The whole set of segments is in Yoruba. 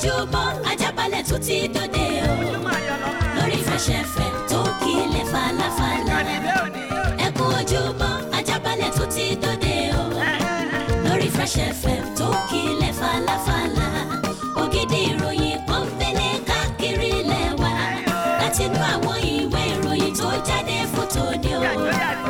ojúbọ ajábalẹ̀ tó ti dòde o lórí fẹsẹ̀fẹ̀ tó kílẹ̀ falafala ẹ kú ojúbọ ajábalẹ̀ tó ti dòde o lórí fẹsẹ̀fẹ̀ tó kílẹ̀ falafala ògidì ìròyìn kan fẹlẹ̀ káàkiri lẹ́wà látinú àwọn ìwé ìròyìn tó jáde fótó ni o.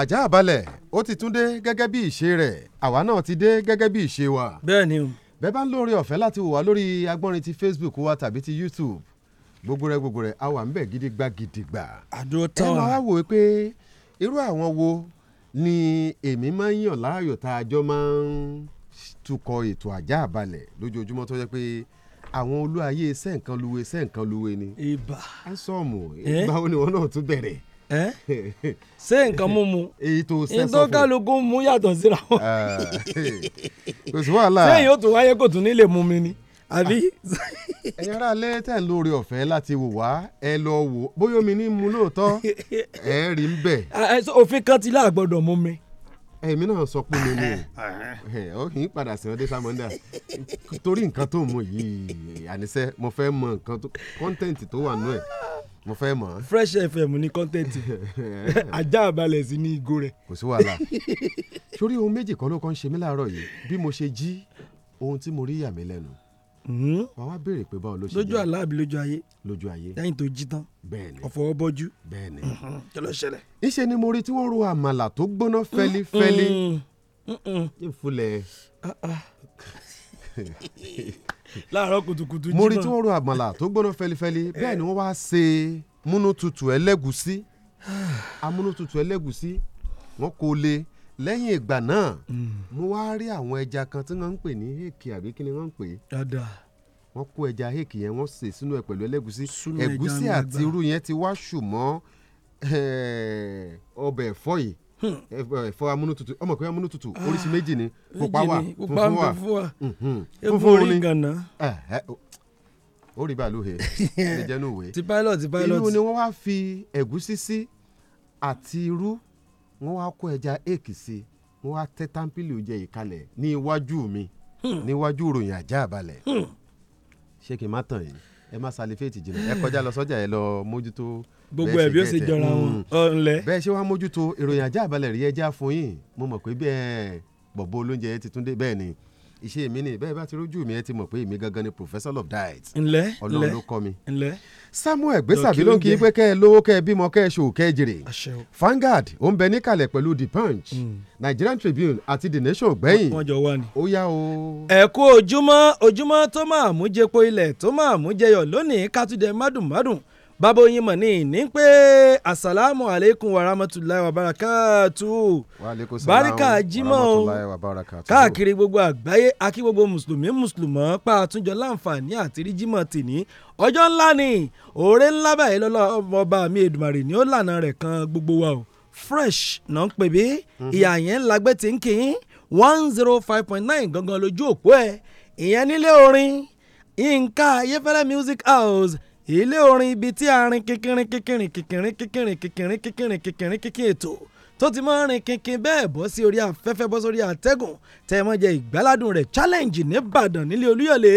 ajá balẹ̀ ó ti tún dé gẹ́gẹ́ bí ìṣe rẹ̀ àwa náà ti dé gẹ́gẹ́ bí ìṣe wa. bẹ́ẹ̀ni o. bẹ́ẹ̀ bá ń lóore ọ̀fẹ́ láti wò wá lórí agbọ́nrin ti Facebook wa tàbí ti YouTube gbogbo rẹ gbogbo rẹ a wà ń bẹ̀ gidigba gidigba. àdúró tán. ẹ máa wò ó pé irú àwọn wo ni èmi máa ń yàn láàyò tá a jọ máa ń tukọ̀ ètò ajá balẹ̀ lójoojúmọ́ tó jẹ́ pé àwọn olú ayé sẹ́ǹkan luwe sẹ́ǹkan luwe ni. ibà. á sọ̀mù ìgbà wo ni wọn náà tún bẹ̀rẹ̀ ṣé nǹkan mímu ìdókàlùkù mú yàtọ̀ síra wọn kò sí wàhálà sẹ́yìn ó tún wáyé kò tún nílé mú mi ni àbí. ẹ̀yin ará alẹ́ tẹ̀ ń lórí ọ̀fẹ́ láti wò wá ẹ lọ wò bóyá omi ní mu lóòótọ́ ẹ rí ń bẹ̀. òfin kan ti láàgbọ́dọ̀ mú mi èmi náà sọ pé mi ni ó kì í padà sí ọdẹ sàmọ́ndà torí nǹkan tó mọ yìí àníṣe mo fẹ́ mọ nǹkan kọ́ńtẹ́ǹtì tó wà nù ẹ̀ mo fẹ́ mọ̀. fresh fm ní content. ajá balẹ̀ sí ní igo rẹ̀. kò sí wàhálà sórí ohun méjì kan ló kàn ń ṣe mí láàárọ̀ yìí bí mo ṣe jí ohun tí mo rí yà mí lẹ́nu. Hmm? wà á béèrè pé báwo ló ṣe jẹ́ lójú àlá àbí lójú ayé lójú ayé lẹ́yìn tó jí tán bẹ́ẹ̀ni ọ̀fọwọ́ bẹ́ẹ̀ni hmm, kí ṣẹlẹ̀. iṣẹ́ ni mo rí tí wọ́n ro àmàlà tó gbóná fẹ́lifẹ́li ìfúnlẹ̀ hmm, láàárọ̀ kùtùkùtù jímọ̀. mo rí tí wọ́n ro àgbàlá tó gbóná fẹlifẹli eh. bẹ́ẹ̀ ni wọ́n wá ṣe múnútutù ẹlẹ́gùsí amúnútutù ẹlẹ́gùsí wọ́n kò le lẹ́yìn ìgbà náà hmm. mo wá rí àwọn ẹja kan tí wọ́n ń pè ní èkì àbí kí ni wọ́n ń pè é wọ́n kó ẹja èkì yẹn wọ́n sè sínú ẹ̀ pẹ̀lú ẹlẹ́gùsí ẹ̀gúsí àti irú yẹn ti wá ṣùmọ́ eh, ọbẹ̀ ẹ̀fọ́ yìí ẹ̀fọ́ hmm. eh, eh, amúnútutù ọmọ pé amúnútutù ah, oríṣi méjì ni pupa wà funfun wà mhm. funfun ni eh, ó rí bàálù he ẹ jẹ́ nù wé. ti pilot ti pilot. irú ni wọ́n wá fi ẹ̀gúsí sí àti irú wọ́n wá kó ẹja èkì sí wọ́n wá tẹ́ támpìlì oúnjẹ yìí kalẹ̀ ní iwájú mi hmm. níwájú ròyìn ajá balẹ̀ hmm. ṣé kí n má tàn yín ẹ má saliféètì jìnnà ẹ kọjá lọ sọ́jà ẹ lọ mójútó gbogbo ẹ̀ bí ó ṣe jọra wọn hmm. ọ̀nlẹ̀. bẹ́ẹ̀ ṣé wàá mójútó ìròyìn ajá àbálẹ̀ rí ẹja fún yín mo mọ̀ pé bẹ́ẹ̀ bọ̀bọ̀ olóúnjẹ ti tún dé bẹ́ẹ̀ ni iṣẹ́ mi ni bẹ́ẹ̀ bá ti rójú mi ẹ ti mọ̀ pé èmi gangan ni professor of diet. ǹlẹ́ ọlọ́run ló kọ́ mi. ǹlẹ́ samuel gbèsàbí ló ń kí pé kẹ́ ẹ lówó kẹ́ ẹ bímọ kẹ́ ẹ ṣòwò kẹ́ ẹ jèrè. Vanguard ó ń bẹ níkàlẹ̀ pẹ̀lú the punch hmm. Nigerian Tribune àti the nation gbẹ̀yìn. wọ́n jọ wá ni. ó yá o. ẹ kú ojúmọ́ ojúmọ́ tó máa mú jẹpo ilẹ̀ tó máa mú jẹyọ̀ lónìí kátúndẹ̀ mádùnmádùn bàbá oyin mọ̀ ní ìní pé asalaamu aleykum wa rahmatulahi wa barakatu barika jimọ̀ o káàkiri gbogbo àgbáyé akí gbogbo mùsùlùmí mùsùlùmọ́ pa àtúnjọ láǹfààní àti rí jimọ̀ tìní ọjọ́ ńlá ni òòrè ńlá báyìí lọ́lọ́ ọba mi èdùmàrè ni ó lànà rẹ̀ kan gbogbo wa o fresh náà ń pè bí mhm. ìyá yẹn lágbé tí ń kì one zero five point nine gangan lójú òpó ẹ̀ ìyẹn nílé orin Yinka Ayefẹ́lẹ́ music house ilé orin ibi tí a rin kíkìrín kíkìrín kíkìrín kíkìrín kíkìrín kíkìrín kíkìrín kíkìrín ètò tó ti máa rin kínkín bẹ́ẹ̀ bọ́ sí orí afẹ́fẹ́ bọ́ sórí àtẹ́gùn tẹ́ ẹ mọ́ jẹ ìgbáládùn rẹ̀ challenge nìbàdàn nílé olúyọ̀lé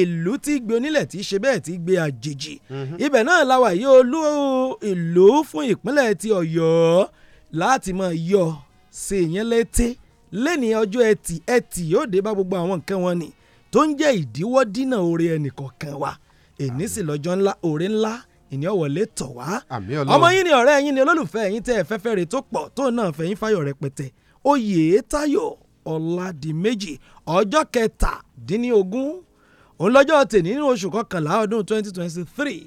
ìlú tí gbé onílẹ̀ tí í ṣe bẹ́ẹ̀ tí gbé àjèjì mhm. ibẹ̀ náà la wà yóò lú ìlú fún ìpínlẹ̀ ti ọ̀yọ́ láti máa yọ sí ìyẹn létí lẹ́ni ọjọ́ ẹtì ẹtì yóò dé bá gbogbo àwọn nǹkan wọn ni tó ń jẹ́ ìdíwọ́ dínà oore ẹnìkọ̀ọ̀kan wa. Mm èní sì lọ́jọ́ ńlá òre ńlá ìní ọ̀wọ̀lé tọ̀ wá ọmọ yín ni ọ̀rẹ́ yín ni olólùfẹ́ yín tẹ́ ẹ fẹ́fẹ́ rè tó pọ̀ tó náà fẹ́yìn fáyọ̀ rẹpẹtẹ oyè táyọ̀ ọ̀làdìmẹ́jì ọjọ́ kẹtàdínlógún òun lọ́jọ́ tèmi nínú oṣù kọkànlá ọdún twenty twenty three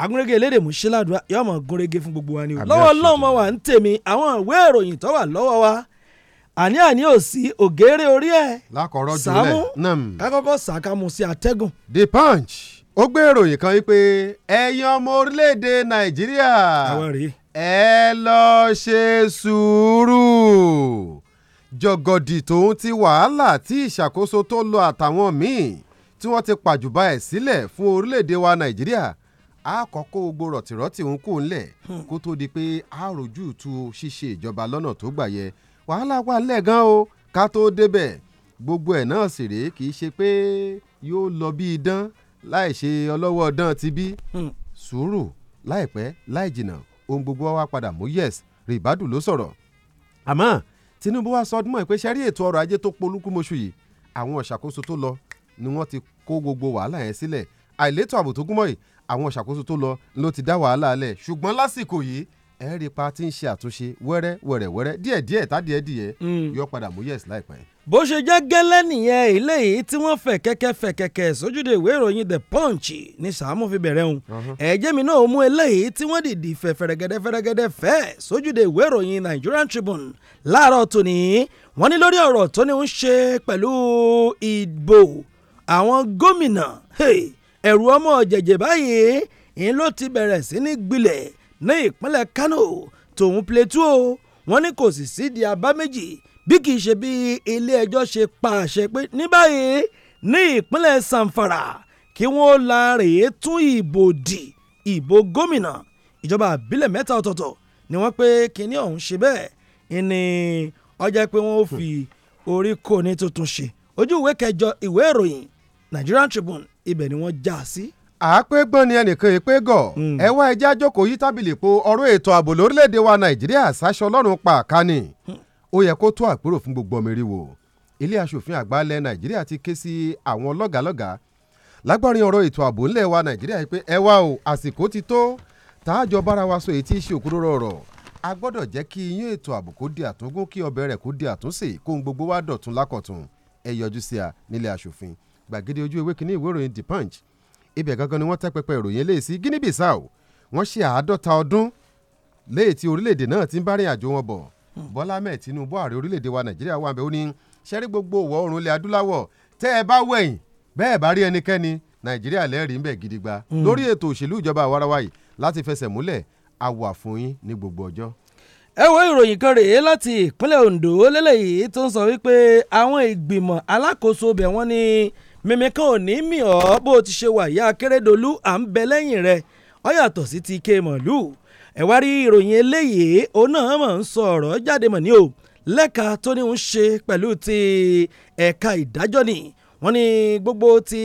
agúnrégé elédè mùsíládùá yóò mọ fún gbogbo wa ni o lọ́wọ́ lọ́mọ wa ń tèmi àwọn ìwé ìròyìn tó wà lọ́wọ́ wa àní àní ò sí ògèrè orí ẹ̀ sàmú kákọ́kọ́ sàkámu sí atẹ́gùn. the punch ó gbé ìròyìn kan wípé ẹ̀yin ọmọ orílẹ̀-èdè nàìjíríà ẹ lọ ṣe sùúrù jọgọdì tòun ti wàhálà tí ìṣàkóso tó lọ àtàwọn míì tí wọ́n ti pàjùbà ẹ̀ sílẹ̀ fún orílẹ̀-èdè wa nàìjíríà a kọ́kọ́ gbogbo rọ̀tìrọ̀tì ń kù ńlẹ̀ kó tó di pé a tu ṣíṣe ìjọba lọ́nà tó gbà yẹ wàhálà wà ńlẹ̀ gan o ká tó débẹ̀ gbogbo ẹ̀ náà sì rèé kì í ṣe pé yóò lọ bí idán láì ṣe ọlọ́wọ́ dán ti bí hmm. sùúrù láìpẹ́ láì jìnnà ohun gbogbo wa padà mú yes ribadu ló sọ̀rọ̀ àmọ́ Tinubu wa sọ ọdún mọ́ ẹ pé sẹ́rí ètò ọrọ̀ ajé tó polúkúmoṣù yìí àwọn ìṣàkóso tó lọ ni wọ́n ti kó gbogbo wàhálà yẹn sílẹ̀ àìlétò ààbò tó gúnmọ́ yìí àwọn ìṣàkóso tó lọ ló ti dá wàhálà alẹ̀ ṣùgbọ́n lásìkò yìí ẹ rí ipa tí ń ṣe àtúnṣe wẹ́rẹ́ wẹ́rẹ́ wẹ́rẹ́ díẹ̀ díẹ̀ tádìẹ díẹ̀ mm. yọ padà mú yẹ̀sì láìpẹ́. bó ṣe jẹ́ gẹ́lẹ́ nìyẹn eléyìí tí wọ́n fẹ̀ kẹ́kẹ́ fẹ̀ kẹ́kẹ́ sójúde ìwé ìròyìn the punch ní sàámù fi bẹ̀rẹ̀ òun uh-huh. ẹ̀jẹ̀ mi náà mú eléyìí tí wọ́n dìdì fẹ̀ fẹ̀rẹ̀gẹ́dẹ́ fẹ̀rẹ̀gẹ́dẹ́ fẹ̀ sójúde ìwé ìròyìn Nigerian Tribune láàárọ̀ tòní wọ́n ní lórí ọ̀rọ̀ tó ní ń ṣe pẹ̀lú ìbò àwọn gómìnà ẹ̀rù ọmọ jẹ̀jẹ̀ báyìí ìyẹn ló ti bẹ̀rẹ̀ sí ní gbilẹ̀ ní ìpínlẹ̀ Kano tòun Plateau o wọ́n ní kò sì sídìí abá méjì bí kì í ṣe bí ilé ẹjọ́ ṣe pa àṣẹ pé ní báyìí ní ìpínlẹ̀ Samfara kí wọ́n la rèé tún ìbò dì ìbò gómìnà ìjọba àbílẹ̀ mẹ́ta ọ̀tọ̀ọ̀tọ̀ ni wọ́n pé kinní ọ̀hún ṣe bẹ́ẹ̀ ìní ọjà pé wọ́n fi orí kò ní tuntun ṣe ojú ìwé kẹjọ ìwé ìròyìn Nigerian Tribune ibẹ̀ ni wọ́n já sí. Si àápégbọ́n ni ẹnìkan èpè gọ̀ hmm. ẹ wá ẹjẹ́ àjókòó yí tábìlì po ọ̀rọ̀ ètò ààbò lórílẹ̀‐èdè wa nàìjíríà sáṣọ ọlọ́run pa àkánì hmm. ó yẹ kó tó àpérò fún gbogbo ọmọ eré wo ilé asòfin àgbà ilẹ̀ nàìjíríà ti ké sí àwọn lọ́gàálọ́gàá lágbárin ọ̀rọ̀ ètò ààbò ńlẹ̀ wa nàìjíríà pé ẹ wá o àsìkò ti tó tààjọ bára wa sọ èyí tí í ṣe òkúrò ọ̀rọ̀ a gbọ́dọ̀ jẹ́ punch ibẹ̀ gangan ni wọ́n tẹ́ pẹpẹ ìròyìn eléyìí sí Guinea Bissau wọ́n ṣe àádọ́ta ọdún léyìí tí orílẹ̀-èdè náà ti ń bá rìn àjò wọn bọ̀ hmm. Bọ́lá Ahmed Tinubu ààrẹ orílẹ̀-èdè wa Nàìjíríà wà bẹ́ẹ̀ ó ní ṣẹ́rí gbogbo ìwọ̀ oòrùn ilẹ̀ adúláwọ̀ tẹ́ ẹ bá wẹ̀yìn bẹ́ẹ̀ bá rí ẹnikẹ́ni Nàìjíríà lẹ́rìí ń bẹ̀ gidigba hmm. lórí ètò òṣèlú ìjọba àwarawa yìí láti fẹsẹ̀ múlẹ̀ àwà fún yín ní gbogbo ọjọ́. ẹ wo ìròyìn kan rèé láti ìpínlẹ̀ Ondo lélẹ́yìí tó ń sọ wípé àwọn ìgbìmọ̀ alákòóso bẹ̀ wọ́n ní mímí kan ò ní mì ọ́ bó o ti ṣe wà ìyá akérèdọ́lù à ń bẹ lẹ́yìn rẹ̀ ọ yàtọ̀ sí ti ike mọ̀lú ẹ̀ wá rí ìròyìn eléyìí òun náà mọ̀ ń sọ ọ̀rọ̀ jáde mọ̀ ní o lẹ́ka tó ní ń ṣe pẹ̀lú ti ẹ̀ka ìdájọ́ ni wọ́n ní gbogbo ti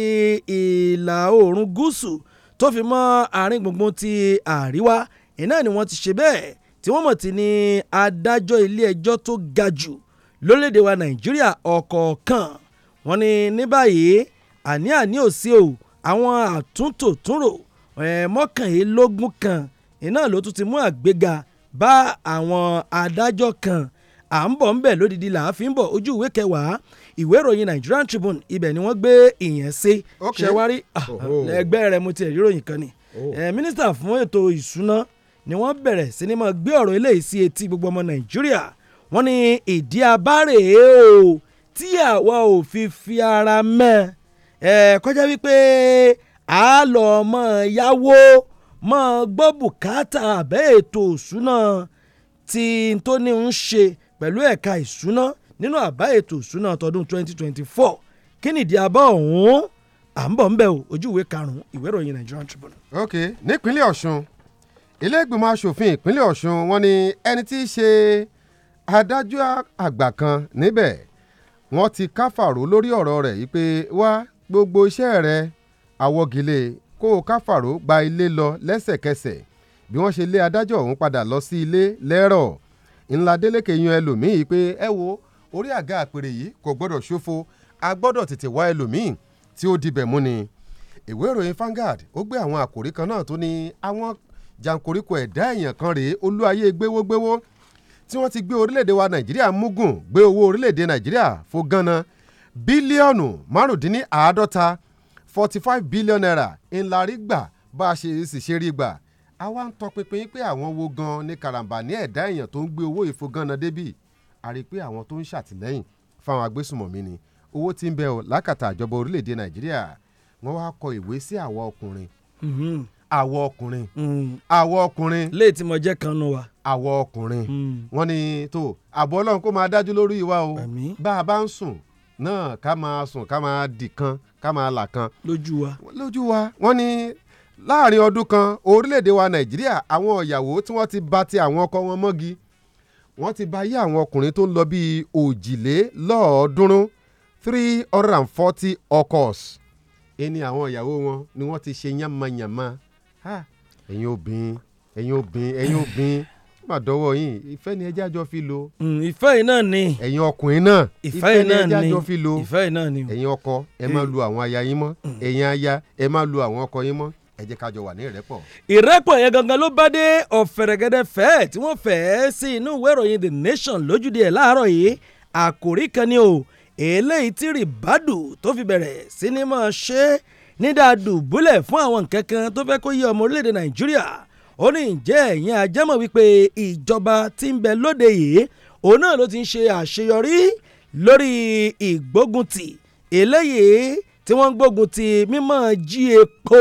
ìlà oòrùn gúúsù tó fi mọ́ àárín gbùngbùn ti àríwá iná ni wọ́n ti ṣe bẹ́ẹ̀ tí wọ́n mọ̀ ti ní adájọ́ ilé ẹjọ́ tó ga jù lórílẹ̀‐èdè wa nàìjíríà ọ̀kọ̀ọ̀kan wọ́n ní ní báyìí àní àní ò sí o àwọn àtúntò túnrò mọ́kànlélógún kan iná ló tún ti mú àgbéga bá àwọn adájọ́ kan à ń bọ̀ ń bẹ̀ lódìdí là á fi ń bọ̀ ojú ìwé kẹwàá ìwé ìròyìn Nigerian Tribune ibẹ̀ ni wọ́n gbé ìyẹn sí ṣẹwárí ah, ẹgbẹ́ rẹ̀ mo ti ẹ̀rí ròyìn kan ni oh. mínísítà fún ètò ìṣúná ni wọ́n bẹ̀rẹ̀ sí ni máa gbé ọ̀rọ̀ eléyìí sí etí gbogbo ọmọ Nàìjíríà wọ́n ní ìdí abáre o tí àwa ò fi fi ara mọ́ ẹ kọjá wípé a lọ mọ yáwó mọ gbọ́ bùkátà àbẹ́ ètò ìṣúná tí n tó ní ń ṣe pẹ̀lú ẹ̀ka ìṣúná nínú àbá ètò ìṣúná tọdún 2024 kí nìdí abọ́ ọ̀hún à ń bọ̀ ń bẹ̀ o ojú ìwé karùn-ún ìwé ìròyìn Nigerian Tribune. ok nípínlẹ̀ Ọ̀ṣun ilé ìgbìmọ̀ asòfin ìpínlẹ̀ Ọ̀ṣun wọ́n ní ẹni tí í ṣe adájọ́ àgbà kan níbẹ̀ wọ́n ti káfàró lórí ọ̀rọ̀ rẹ̀ yìí pé wá gbogbo iṣẹ́ rẹ̀ àwọ̀gìlè kó o káfàró gba ilé lọ lẹ́sẹ̀kẹsẹ̀ bí wọ́n ṣe lé adájọ́ ọ̀hún padà lọ sí ilé lẹ́rọ̀ ńlá délékè yan ẹlòmíì pé ẹ wo orí àga àpèrè yìí kò gbọ́dọ̀ ṣòfò a gbọ́dọ̀ tètè wá ẹlòmíì tí ó dibẹ̀ mú ni ìwé ìròyìn Vanguard ó gbé àwọn àkòrí kan náà tó ní àwọn jàǹkóríkò ẹ̀dá èèyàn kan rèé olú ayé gbéwógbéwó tí wọ́n ti gbé orílẹ̀-èdè wa nàìjíríà Mugun gbé owó orílẹ̀-èdè nàìjíríà fò gánà bílíọ̀nù márùndínláàádọ́ta forty five billion naira ńlá rí gbà bá a ṣe sì ṣe rí gbà àwa ń tọpinpin pé àwọn wo gan ni karambà ní ẹ̀dá èèyàn tó ń gbé owó ìfogánná débì a rí i pé àwọn tó ń ṣàtìlẹ́yìn fáwọn agbésùmọ̀mí ni owó tí ń bẹ ọ lákàtà àjọba orílẹ̀-èdè nàìjíríà wọ́n wá kọ ìwé sí àwa ọkùnrin mm-hmm. àwa ọkùnrin mm. àwa ọkùnrin. léè tí mo jẹ́ wa àwọ̀ ọkùnrin hmm. wọn ni tó àbọ̀ ọlọ́run kó máa dájú lórí wa o bá a bá ń sùn náà ká máa sùn ká máa dì kan ká máa là kan. lójú wa lójú wa wọn ni láàrin ọdún kan orílẹ̀-èdè wa nàìjíríà àwọn ìyàwó tí wọ́n ti ba ti àwọn ọkọ wọn mọ́gi wọ́n ti ba yé àwọn ọkùnrin tó ń lọ bíi òjìlélọ́ọ̀ọ́dúnrún three hundred and forty ọkọ̀s ẹni àwọn ìyàwó wọn ni wọ́n ti ṣe yánmayànma ẹ̀yin obìnrin ẹ̀yin obìnrin ẹ̀yin obìnrin má dọ́wọ́ yín ìfẹ́ ni ẹjẹ́ àjọ fi lo. Mm, ìfẹ́ yìí náà ni. ẹ̀yin ọkùnrin náà ìfẹ́ yìí náà ni ẹjẹ́ àjọ fi lo. ìfẹ́ yìí náà ni. ẹ̀yin ọkọ ẹ má lu àwọn aya yín mọ́ mm. ẹ̀yin aya ẹ má lu àwọn ọkọ yín mọ́ ẹ jẹ́ kájọ wà ní ìrẹ́pọ̀. ìrẹ́pọ̀ yẹn gangan ló bá dé ọ̀fẹ̀rẹ̀gẹ̀dẹ̀ fẹ́ tí wọ́n fẹ́ sí inú ìwé ìròyìn The Nation lójúde ẹ̀ láàárọ̀ yìí àkòrí kan ni o eléyìí tí rìbádù tó fi bẹ̀rẹ̀ sí ni máa ṣe ní dáadùbúlẹ̀ fún àwọn nǹkan tó fẹ́ kó yé ọmọ orílẹ̀-èdè Nàìjíríà ó ní ǹjẹ́ ẹ̀yin ajẹ́mọ̀ wípé ìjọba tí ń bẹ lóde yìí òun náà ló ti ń ṣe àṣeyọrí lórí ìgbóguntì eléyìí tí wọ́n ń gbógun ti mímọ́ jí epo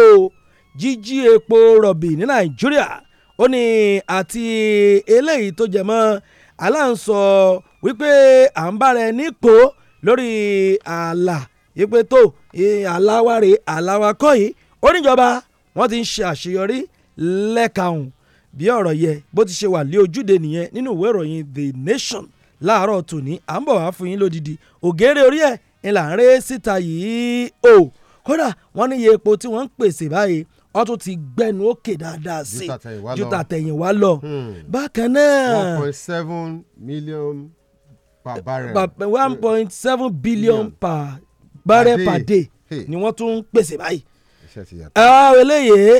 jíjí epo rọ̀bì ní nàìjíríà ó ní àti eléyìí tó jẹ mọ́ aláǹsọ wípé à ń bára ẹni pò lórí ààlà wípé àlàwárí àlàwákọ́ yìí ó níjọba wọ́n ti ń ṣe àṣeyọrí lẹ́kaùn bí ọ̀rọ̀ yẹ bó ti ṣe wà lé ojúde nìyẹn nínú ìwé ìròyìn The Nation láàárọ̀ tòní à ń bọ̀ wá fún yín lódìdí ògèrè orí ẹ̀ ń là ń ré síta yìí o kódà wọ́n níye epo tí wọ́n ń pèsè báyìí wọ́n tún ti gbẹ́nu òkè dáadáa sí ju tàtẹ̀yìnwá lọ hmm. bákan náà. one point seven million per barrel. one point seven billion per barrel per day ni wọ́n tún ń pèsè báyìí Ah eléyìí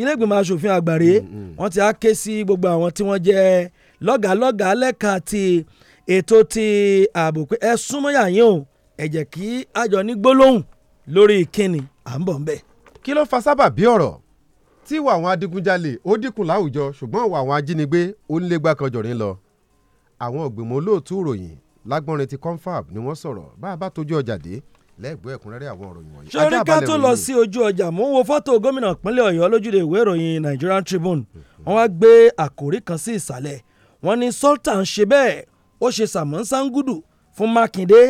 ilé ìgbìmọ̀ asòfin àgbàre mm, mm. wọ́n ti á ké sí gbogbo àwọn tí wọ́n jẹ́ lọ́gàálọ́gàá lẹ́ka ti ètò ti ààbò pé ẹ súnmọ́ yàyín o ẹ jẹ́ kí àjọ ní gbólóhùn lórí ìkíni à ń bọ̀ ńbẹ̀. kí ló fa sábàbí ọ̀rọ̀ tí ìwà àwọn adigunjalè ó dínkù láwùjọ ṣùgbọ́n ìwà àwọn ajínigbé ó ń légbá kan jọ̀rín lọ àwọn ògbìmọ̀ olóòtú ìròyìn lágbọ́nrin ti confab ni wọ́n sọ̀rọ̀ bá a bá tójú ọjà dé lẹ́gbẹ̀ẹ́ ẹ̀kúnrẹ́rẹ́ àwọn ìròyìn wọ̀nyí. sori ká tó lọ sí ojú ọjà mò ń wo fọ́tò gómìnà ìpínlẹ̀ ọ̀yọ́ lójúde ìwé ìròyìn Nigerian Tribune mhm. wọ́n wá gbé àkòrí kan sí ìsàlẹ̀ wọ́n ní Sultan ṣe bẹ́ẹ̀ ó ṣe sàmọ́nsángúdù fún Mákindé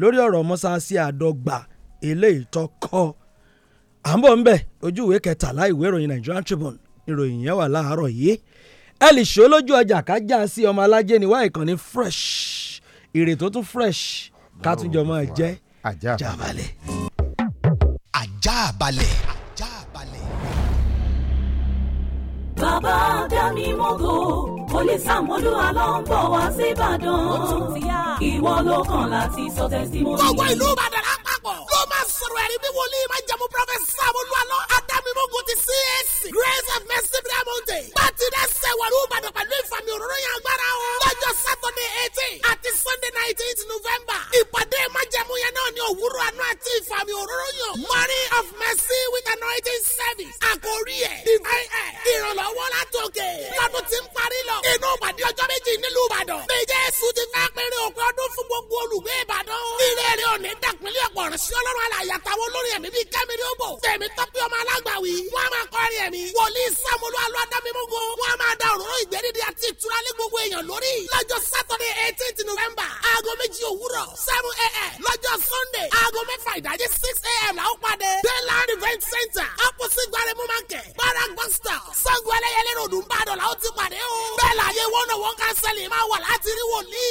lórí ọ̀rọ̀ mọ́sáàsì àdọ́gba eléyìí tó kọ́ à ń bọ̀ ń bẹ̀ ojú ìwé kẹtàlá ìwé ìròyìn Nigerian Tribune ìròyìn yẹn wà láàárọ̀ yìí ẹ lè ṣó lójú ọjà ká fresh ìrètò fresh ká tún jọ ajá balẹ̀. ajá balẹ̀. ajá balẹ̀. bàbá dami mọ́gò olè sàmúlò aláǹbọ̀ wá síbàdàn ìwọ ló kàn láti sọ tẹsítímọ́nì. gbogbo ìlú ìbàdàn lápapọ̀ ló máa sọ̀rọ̀ ẹ̀rí bí wòlíì máa jẹ́mu pírọ́fẹ́sì sàmúlò alọ́ adámímọ́gò CAC Grace of Mercy Diamond. Bàtí dẹ́ sẹ̀wọ̀rù Ìbàdàn pẹ̀lú ìfàmì òróró yẹn agbára o. Lọ́jọ́ Saturday eighteen àti Sunday nineteenth November. Ìpàdé májẹ̀mú yẹn náà ní òwúrọ̀ àná àti ìfàmì òróró yàn. Money of Mercy with anointing service. Àkórí ẹ̀ divine ẹ̀ ìrànlọ́wọ́ látòkè. Lọ́dún ti ń parí lọ. Inú ìpàdé ọjọ́ méjì nílùú Ìbàdàn. Bèjẹ́ Èṣù ti fẹ́ péré òpin ọdún fún gbogbo olùgbé Ìbàdàn. Ìrẹ́ rẹ̀ ò ní dàpínlẹ̀ ọ̀pọ̀ ọ̀rọ̀ sí ọlọ́run àlàyé àtàwọn olórin ẹ̀mí bíi Kẹ́mi Róbò. Tẹ̀mí tọ́pẹ́ ọmọ alágbàwí. Wọ́n á máa k akọrin ẹ̀mí wòlíì sàmúlò alọ́ adámímúgo wọn a máa da òróró ìgbẹ́dídé àti ìtúralé gbogbo èèyàn lórí lọ́jọ́ sátọ́dẹ̀ eighteenth november aago méjì òwúrọ̀ seven a.m. lọ́jọ́ sunday aago mẹ́fà ìdájí six a.m. làwọn pàdé dayland event center opposite gbaremu market barak bus stop sango ẹlẹ́yẹlé ròdùn bàdàn làwọn ti pàdé o bẹ́ẹ̀ láyé wọ́n náà wọ́n kánsẹ́lì máa wà láti rí wòlíì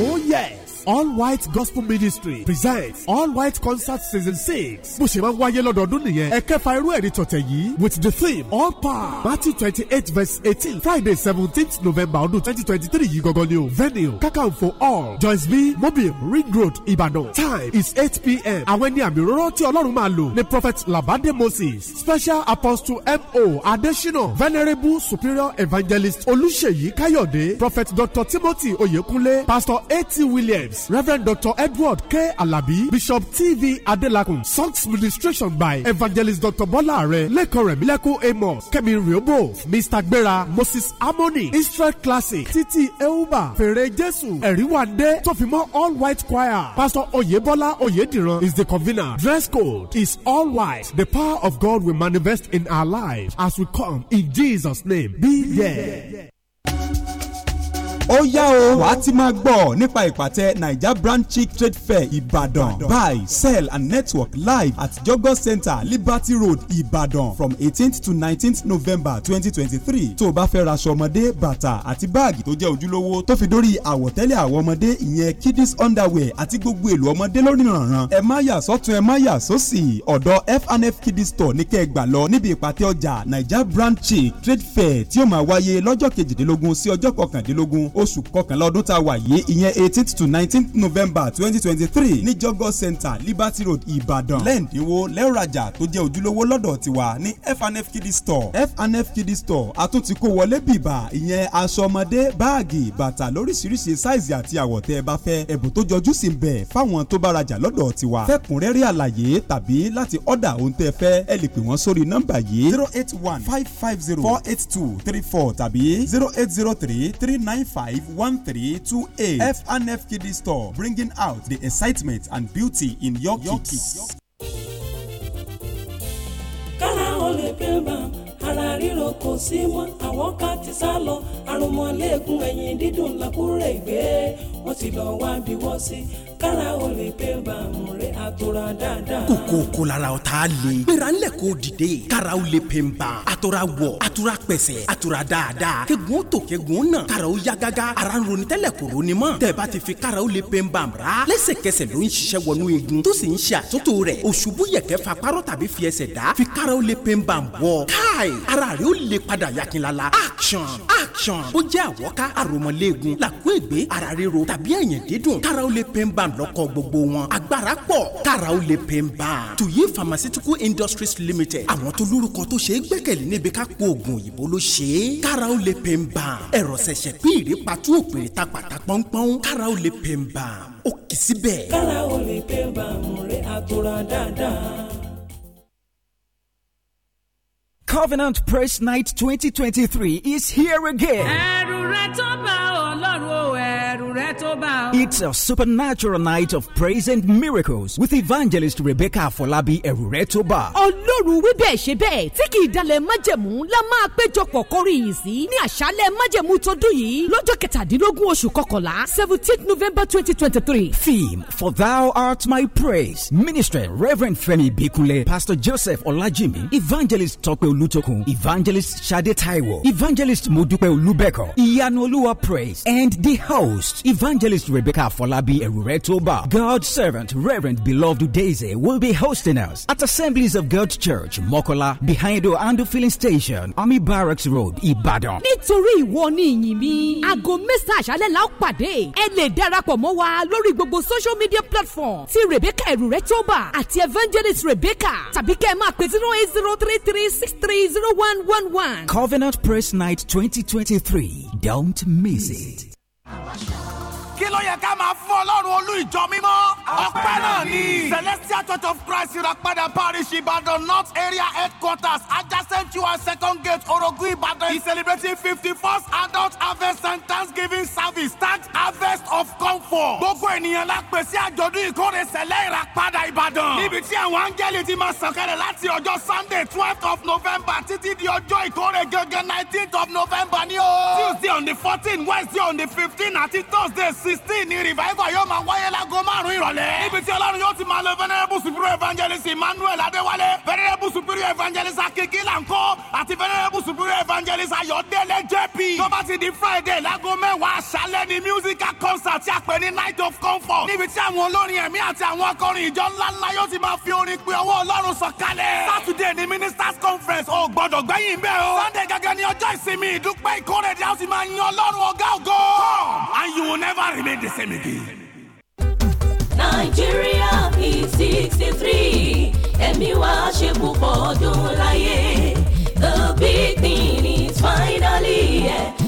Oh yeah! All White Gospel Ministry presents All White Concert Season six. Mo ṣe máa ń wáyé lọ́dọọdún nìyẹn. Ẹ̀kẹfà irú ẹ̀rí tọ̀tẹ̀ yìí with the theme All Power Matthew twenty eight verse eighteen Friday seventeenth November ọdún twenty twenty three yìí gangan ni o. Venue Kakanfo All. Joyce B Mobile Ring Road Ìbàdàn. Time is eight pm. Àwọn ẹni àmì rọ́rọ́ tí Ọlọ́run máa lò ni Prophet Labade Moses Special Apostle M.O. Adesina Venerable Superior Evangelist Olúṣèyí Káyọ̀dé Prophet Dr. Timothy Oyekunle Pastor A.T. Williams Evans Reverend Dr. Edward K. Alabi Bishop T.V. Adelakun Songs Ministration by Evangelist Dr. Bola Are Leko Remileko Amos Kemi Riobo Mr. Gbera Moses Amoni Israel Classic Titi Euba Fèrè Jésù Ẹ̀ríwándé Tófìmọ́ All White Choir Pastor Oyebola Oyediran is the convener. Dress code is all white. The power of God will manifest in our lives as we come in Jesus' name. Be there ó yá o wàá ti máa gbọ́ nípa ìpàtẹ naija brand chic trade fair ìbàdàn buy sell and network live at jogo center liberty road ìbàdàn from eighteenth to nineteenth november twenty twenty three tó o bá fẹ́ raṣọ ọmọdé bàtà àti báàgì tó jẹ́ ojúlówó tó fi dórí àwọ̀tẹ́lẹ̀ àwọn ọmọdé ìyẹn kiddies underwear àti gbogbo èlò ọmọdé lórí ìrànràn ẹ má yà sọ́tún ẹ má yà sósì ọ̀dọ̀ fnf kiddies store ní kẹ́ ẹ gbà lọ níbi ìpàtẹ ọjà naija brand chic trade fair tí ó máa wáyé lọ́jọ́ kejìdínlógún sí ọjọ́ kọkàndínlógún oṣù kọkànlá ọdún tá a wà yìí ìyẹn eighteenth to nineteenth november twenty twenty three ní jọgọ center liberty road ìbàdàn lẹ́ǹdínwó lẹ́ọ̀rajà tó jẹ́ ojúlówó lọ́dọ̀ tiwa ní fnf kiddie store fnf kiddie store àtúntí kó wọlé bìbà ìyẹn aṣọ ọmọdé báàgì bàtà lóríṣiríṣi sáìzì àti àwọ̀ tẹ́ ẹ bá fẹ́ ẹ̀bùn tó jọjú sí ń bẹ fáwọn tó bá rajà lọ́dọ̀ tiwa fẹ́kùnrẹ́rẹ́ àlàyé tàbí láti ọ̀dà ohun tẹ́ fẹ́ ẹ lè pè wọ́n sórí nọ́mbà yìí zero eight one five five zero four eight two three four tàbí zero eight zero three three nine five. Five one three two 1328 FNF Kiddie Store, bringing out the excitement and beauty in your, your kids. kára ó lè pé bá ara ríro kò sí mọ́ àwọn ká ti sá lọ àrùnmọ́lẹ́gùn ẹ̀yìn dídùn làkúrẹ́ ìgbé wọ́n ti lọ wá bí wọ́n sí kára o lè pé bàmù rẹ̀ àtọ́ra dáadáa. kòkòkò lára ọ̀tá le. gbéra ńlẹ̀ kò dìde. kára o lè pè ń ban. wọ̀ àtọ́ra pẹ̀sẹ̀ àtọ́ra dáadáa. kẹ́gun tó kẹ́gun náà. kára o ya gágá. ara ń ronú tẹ́lẹ̀ kò ronú mọ́. tẹ̀bá ti fi kára o lè pè ń ban ra. lẹ́sẹ̀kẹsẹ̀ ló ń ṣiṣẹ́ wọnú igun. tó sì ń ṣe àtúntò rẹ̀. òṣùbù yẹ̀kẹ́ fa párọ̀ tàbí fi ẹsẹ̀ dá. fi kára o lè pè ń ban káì ara rẹ̀ ó lè padà yakinlala action action ó jẹ́ àwọ́ká àròmọléegun làkúègbé ara ríro tàbí ẹ̀yìn dídùn kára ó lè pain ban lọ́kọ̀ gbogbo wọn agbára pọ̀ kára ó lè pain ban tuyi pharmaceutical industries limited àwọn tó lórúkọ tó ṣe é gbẹ́kẹ̀lé níbi ká po oògùn òyìnbó ló ṣe é kára ó lè pain ban ẹ̀rọ ṣẹ̀ṣẹ̀ pín ìrèpàtú òpèrè ta pàtà pọ́npọ́n kára ó lè pain ban ó kì í síbẹ̀. kára ó lè pain ban mo rí àtúrà dáadáa Covenant Press Night 2023 is here again. It's a supernatural night of praise and miracles with evangelist Rebecca Folabi Eruretoba. Ọlọ́run wí bẹ́ẹ̀ ṣe be tí kì dalẹ̀ májẹ̀mú la ma péjọpọ̀ kọrí yìí sí ní àṣálẹ̀ májẹ̀mú tọdún yìí lọ́jọ́ kẹtàdínlógún oṣù kọkànlá seventeenth November twenty twenty three. Theme for thou art my praise minister Reverend Femi Bikunle Pastor Joseph Olajimi Evangelist Tope Olu. olùtòkun evangelist sade taiwo evangelist modupe olùbẹ̀kọ ìyanu olúwa praise and the host evangelist rebecca afolabi eruretoba god servant reverend beloved daisy will be hosting us at assemblies of god church mokola behind oando filling station army barracks road ibadan. nítorí ìwọ ni ìyìn mi aago mẹ́sàn-án àṣálẹ́ la ó pàdé ẹ lè darapọ̀ mọ́ wa lórí gbogbo social media platform ti rebecca eruretoba àti evangelist rebecca tàbí kẹ́ ẹ máa pè zero eight zero three three six three. Covenant Press Night 2023. Don't miss it. kí ló yẹ ká máa fún ọlọ́run olú ìjọ mímọ́. ọpẹ́ náà ni celestial church of christ ìràpadà parish ìbàdàn north area headquarters adjacent to our second gate orogun ìbàdàn is celebrating fifty first adult harvest and thanksgiving service thank harvest of comfort. gbogbo ènìyàn la pè sí àjọ̀dún ìkórè sẹ̀lẹ̀ ìràpadà ìbàdàn. níbi tí àwọn áńgẹ́lì ti máa sọ̀kẹ́rẹ̀ láti ọjọ́ sunday twelve of november títí di ọjọ́ ìkórè gẹ́gẹ́ nineteenth of november ni ó. tuesday on the fourteen wednesday on the fifteen àti thursday sixteen ni revival yóò máa wáyé láago márùn-ún ìrọ̀lẹ́. níbi tí ọlọ́run yóò ti máa lo venerable superior evangelist emmanuel adéwálé venerable superior evangelist akeke lanko àti venerable superior evangelist ayọ̀délé jp. tó bá ti di friday láago mẹ́wàá aṣálẹ́ ni musical concert tí a pè ní night of comfort. níbi tí àwọn olórin ẹ̀mí àti àwọn akọrin ìjọ ńláńlá yóò ti máa fi orin pe ọwọ́ ọlọ́run sọ̀kalẹ̀. saturday ni ministers conference ò gbọ́dọ̀ gbẹ́yìn bẹ́ẹ̀ o. sunday gẹ́gẹ́ ni ọjọ́ ìsinmi ìdúpẹ́ ìkórè remain the same again. Nàìjíríà P sixty three ẹ̀mí wa ṣe púpọ̀ ọdún láyé the big thing is finally here. Yeah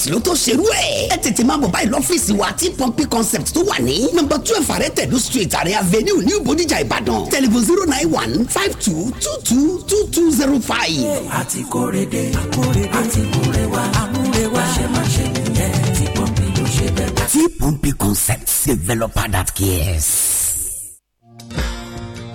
concept ló tó ṣerú ẹ̀. ẹ tètè máa bọ̀ báyìí lọ́fíìsì wa tí pọ́ńpì concept tó wà ní. nọmba twelve àrẹ tẹ̀lú street àrẹ avenue new Bodija Ìbàdàn telephone zero nine one five two two two two two zero five. a ti kórè dé a kórè dé a ti múre wá a múre wá ṣe má ṣe nìyẹn tí pọ́ńpì ló ṣe bẹ́ẹ̀. tí pọ́ńpì concept developer that cares.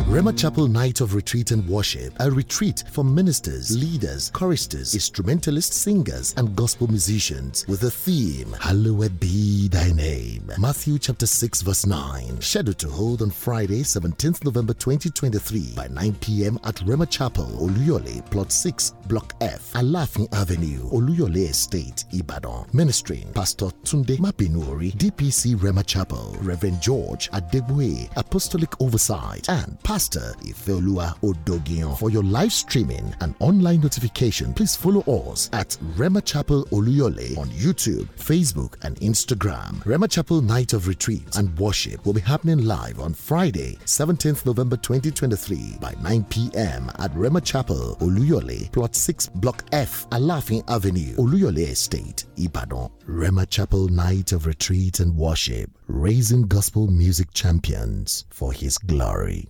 Rema Chapel Night of Retreat and Worship, a retreat for ministers, leaders, choristers, instrumentalists, singers, and gospel musicians with the theme Hallowed be thy name. Matthew chapter 6, verse 9. Scheduled to hold on Friday, 17th November 2023 by 9 p.m. at Rema Chapel, Oluyole, Plot 6, Block F, Alafin Avenue, Oluyole Estate, Ibadan. Ministering Pastor Tunde Mapinuri, DPC Rema Chapel, Reverend George Adebwe, Apostolic Oversight, and Pastor Pastor Odogion. For your live streaming and online notification, please follow us at Rema Chapel Oluyole on YouTube, Facebook, and Instagram. Rema Chapel Night of Retreat and Worship will be happening live on Friday, 17th November 2023 by 9 p.m. at Rema Chapel Oluyole, Plot 6, Block F, Alafin Avenue, Oluyole Estate, Ibadan. Rema Chapel Night of Retreat and Worship, raising gospel music champions for his glory.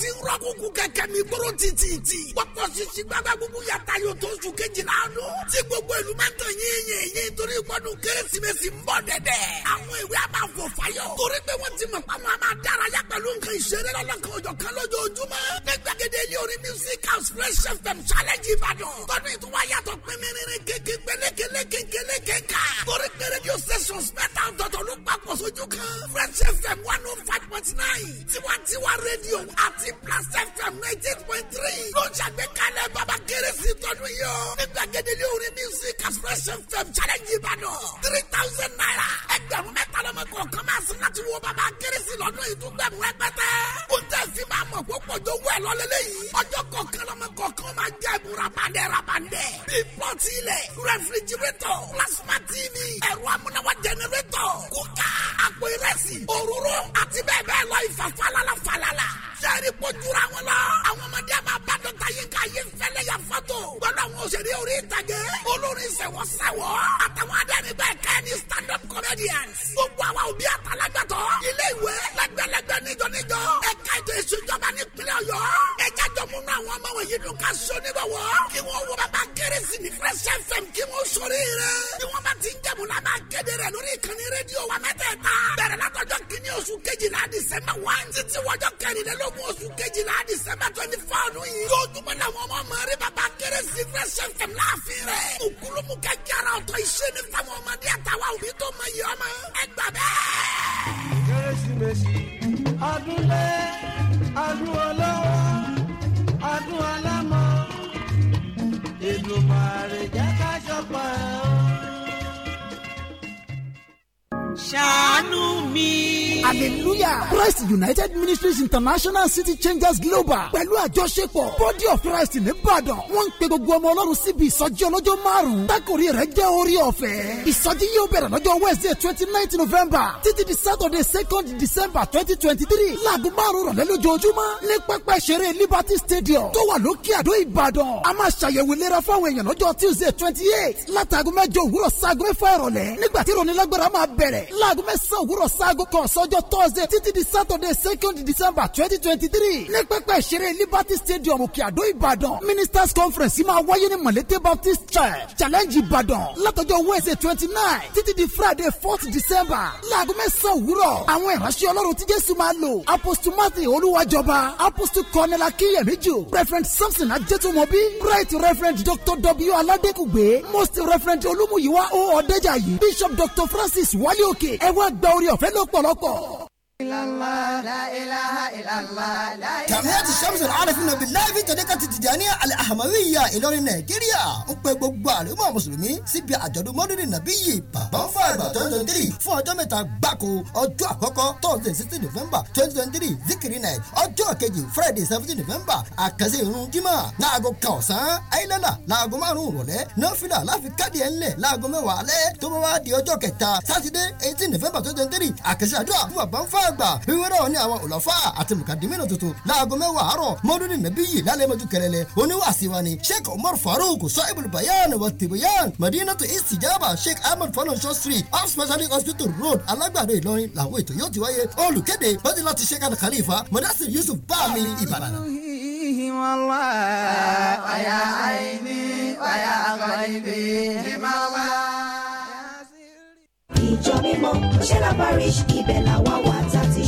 ti rọ́kùnkù kẹ̀kẹ́ mi gbóró títìtì. pọpọ sisi gbàgbà gbogbo yàtá yóò tó oṣù kejìlá ọdún. tí gbogbo ìlú máa ń tàn yín yín yín torí ìpọ́dún kérésìmesì ń bọ̀ dẹ̀dẹ̀. àwọn ìwé a máa fò fayọ̀. torí pé wọ́n ti mọ̀ pé àwọn a máa dárayá pẹ̀lú nǹkan ìṣeré lọ́lọ́kan ọjọ́ kan lójoojúmọ́. ní gbàgede ilé orí music house fresh fm challenge ìbàdàn. tọ́dún ìtura yàtọ̀ pínpín kéke pélékeléke kélékeka. torí pé rédíò stations mẹ́ta ọ̀tọ̀ọ̀tọ̀ ló papọ̀ sójú kan. fresh fm one oh five point nine tiwantiwa rédíò àti ti Blast FM nineteen point three ló ń ṣàgbékalẹ̀ bàbá kérésì tọdún yìí o. ní gbàgede ilé orin music expression fm challenge ìbàdàn three thousand naira ẹgbẹ̀rún mẹ́ta lọ́mọ kọ̀ọ̀kan máa sin láti wo bàbá kérésì lọ́dún ìdúgbẹ̀mú ẹgbẹ́tẹ́. ó ń tẹ̀ sí máa mọ̀ púpọ̀ tó wẹ̀ lọ́lẹ́lẹ́ yìí. ọjọ́ kọ̀ọ̀kan lọ́mọ kọ̀ọ̀kan máa jẹ́ ẹ̀bùn rabandẹ̀ rabandẹ̀. bíi pọ́ọ̀tì ilẹ̀ Refrigerator. plasma tv ẹ̀rọ amúnáwá jẹnẹrétọ̀ kúkà àpò ìrẹsì òróró àti bẹ́ẹ̀ bẹ́ẹ̀ lọ ìfàfàlàlà fàlàlà. sẹ́ẹ̀rì kó jura wọn lọ. àwọn ọmọdé máa bá dọ́ta yìí ká yé fẹ́lẹ́ yà fọ́tò. gbọ́dọ̀ àwọn òṣèré orí ìtàgé. olórin sẹ̀wọ̀sẹ̀wọ̀. àtàwọn adẹ́rìn bẹ́ẹ̀ kẹ́ ni stand up comedians. gbogbo àwa òbí àtàlágbàtọ́. ilé ìwé lẹ́gbẹ̀lẹ́gbẹ̀ níjọ níjọ. ẹ̀ka ètò ìṣèjọba nípínlẹ̀ ọ̀yọ́ àwọn ọmọ wọ̀nyí dùn ká so níbẹ̀ wọ̀. kí wọ́n wọ bàbá kérésì ní fresh fm kí wọ́n sọrí rẹ̀. bí wọ́n bá ti ń jẹ̀mú la bá kéde rẹ̀ lórí ìkànnì rédíò wa mẹ́tẹ̀ẹ̀ta. bẹ̀rẹ̀ látọjọ́ kìíní oṣù kejìlá dísẹ́mbà one títí wọjọ́ kẹrìndínlógún oṣù kejìlá dísẹ́mbà twenty four ọdún yóò túbọ̀ jẹ́ ká ṣọ̀pọ̀ ẹ̀ o ṣàánú mi. hallelujah christ united ministries international city changers global pẹ̀lú àjọṣepọ̀ body of christ nìbàdàn wọ́n ń pe gbogbo ọmọ ọlọ́run síbi ìsọjí ọlọ́jọ́ márùn-ún tákòrí rẹ̀ jẹ́ orí ọ̀fẹ́ ìsọjí yóò bẹ̀rẹ̀ lọ́jọ́ wednesday twenty nine november títí di saturday second december twenty twenty three láago márùn-ún rọ̀lẹ́ lójoojúmọ́ ní pápá ìṣeré liberty stadium tó wà lókè àdó ìbàdàn a máa ṣàyẹ̀wò ìlera fáwọn èèyàn lọ́jọ́ tuesday twenty eight látàgọ́ mẹ́jọ òwúrọ̀ sáàgọ́ mẹ́fà ìrọ̀lẹ́ nígbà tí ìrọ̀nilágbára máa bẹ̀rẹ̀ láago mẹ́sàn-án òwúrọ̀ sáago kan sọ́jọ́ thursday títí di saturday second december twenty twenty three ní pẹ́pẹ́ ìṣeré liberty stadium òkè àdó ìbàdàn ministers conference máa wáyé ní malete baptist church challenge ìbàdàn látọjọ́ wednesday twenty nine títí di friday fourth december láago mẹ́sàn-án òwúrọ̀ àwọn ìránṣẹ́ ọlọ́run tí jésù máa lò apostle matthew olúwàjọba apostle cornel akínyẹ̀mẹ́jọ reverend samson ajẹ́tùmọ̀bí right reverend dr w aládékùgbé most reverend olúmúyíwá o ọ̀dẹ́jàyí bishop dr francis wálé òk lókè ẹ wá gba orí ọ̀fẹ́ lọ́pọ̀lọpọ̀ jamiat shamsul arifin obilayi fi tẹ̀lé kati tijaniya al-ahmadiyya ìlọrin nàìjíríà ń pe gbogbo àlùmọ̀ mùsùlùmí síbi àjọ̀dún mọ́lúdì nàbí yìí bàbá fún àgbà twenty twenty three fún ọjọ́ mẹ́ta gbáko ọjọ́ àkọ́kọ́ thursday sixteen november twenty twenty three zikiri night ọjọ́ kejì friday seventeen november àkàsí irun jimá láago kan ọ̀sán ayélujára láago márùn-ún rọ̀lẹ́ nọ́fìlà láfi káàdì ẹ̀ ńlẹ̀ láago mẹ́wàá alẹ́ tó bá wá di ọjọ́ kẹta sátidé àgbà wíwé náà ní àwọn òlọ́fà àti mùkàdímínà tuntun láago mẹ́wàá àárọ̀ mọ́dúnrún nàbí yìí lálẹ́ mọ́jú kẹrẹlẹ oníwàsíwa ni sheikh umar farouk sọ́ìbùl bayan wa tibuyan madinatu istijaba sheikh ahmed falonsho street off specialist hospital road alágbàdo ìlọrin làwọn ètò yóò ti wáyé olùkéde bọ́dí láti sheikh al khalifa madassir yusuf bami ìbàdàn. ìjọ mímọ́ ṣẹlá parish ibẹ̀ làwa wà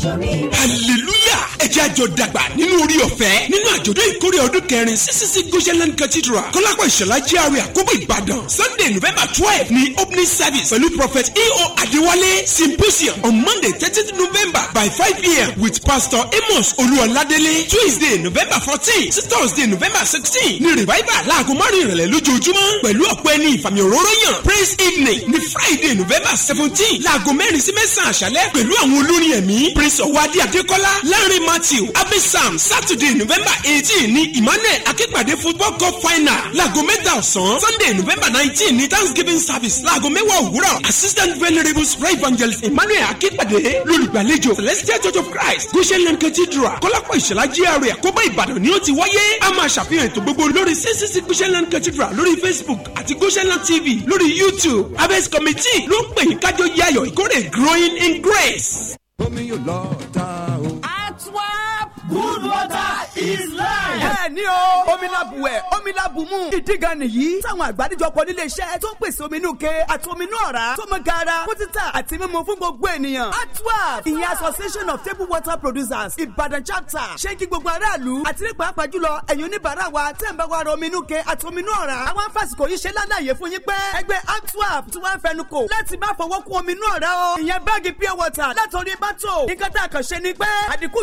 hallelujah ẹ jẹ́ àjọ dàgbà nínú orí ọ̀fẹ́ nínú àjọ̀dún ìkórè ọdún kẹrin ccc goshenland cathedral kọ́lápọ̀ ìṣọ̀lá GRA àkóbọ̀ ìbàdàn sunday november twelve ni opening service pẹ̀lú prophet eo adewale symposium on monday thirteenth november by five pm with pastor amos olúwaladélé tuesday november fourteen sí thursday november sixteen ni revival láago márùn ìrọ̀lẹ́ lójoojúmọ́ pẹ̀lú ọ̀pọ̀ ẹni ìfàmì òróró yàn praise evening ni friday november seventeen láago mẹ́rin sí mẹ́sàn-án àṣálẹ́ pẹ̀lú àwọn olórin ẹ̀mí pr ìṣòwò adé adékọ́lá láàrin matthew abisam saturday november eighteen ní emmanuel akípàdé football cup final láago mẹ́ta ọ̀sán sunday november nineteen ní thanksgiving service láago mẹ́wàá òwúrọ̀ assistant venerable spray evangelist emmanuel akípàdé lólùgbàlejò celestial church of christ goshenland cathedral kọ́lápọ̀ ìṣẹ̀lá gr àkóbá ìbàdàn ni ó ti wáyé a máa ṣàfihàn ètò gbogbo lórí ccc goshenland cathedral lórí facebook àti goshenland tv lórí youtube harvest committee ló ń pè yín kájọ yayọ̀ ìkórè growing in grace omi yóò lọ ta o. at WAP good water is life. ẹ ní o omilabu ẹ omilabu mu ìdígan nìyí táwọn àgbáríjọpọ̀ nílé iṣẹ́ tó pèsè omi inú ke àti omi inú ọ̀rá tó mọ gara fún títà àti mímu fún gbogbo ènìyàn atwap ìyẹn association of table water producers ìbàdàn chapter ṣé kí gbogbo aráàlú àti ní pàápàá jùlọ ẹ̀yin oníbàárà wa tẹ̀ ń bá wa ra omi inú ke àti omi inú ọ̀rá àwọn afásitì yìí ṣe lálàyé fún yín pé ẹgbẹ́ atwap tí wọ́n fẹnu kò láti má fọwọ́ kún omi inú ọ̀rá o ìyẹn báàgì pure water látọ̀rí bátò nǹkan tá a kàn ṣe ni pé àdínkù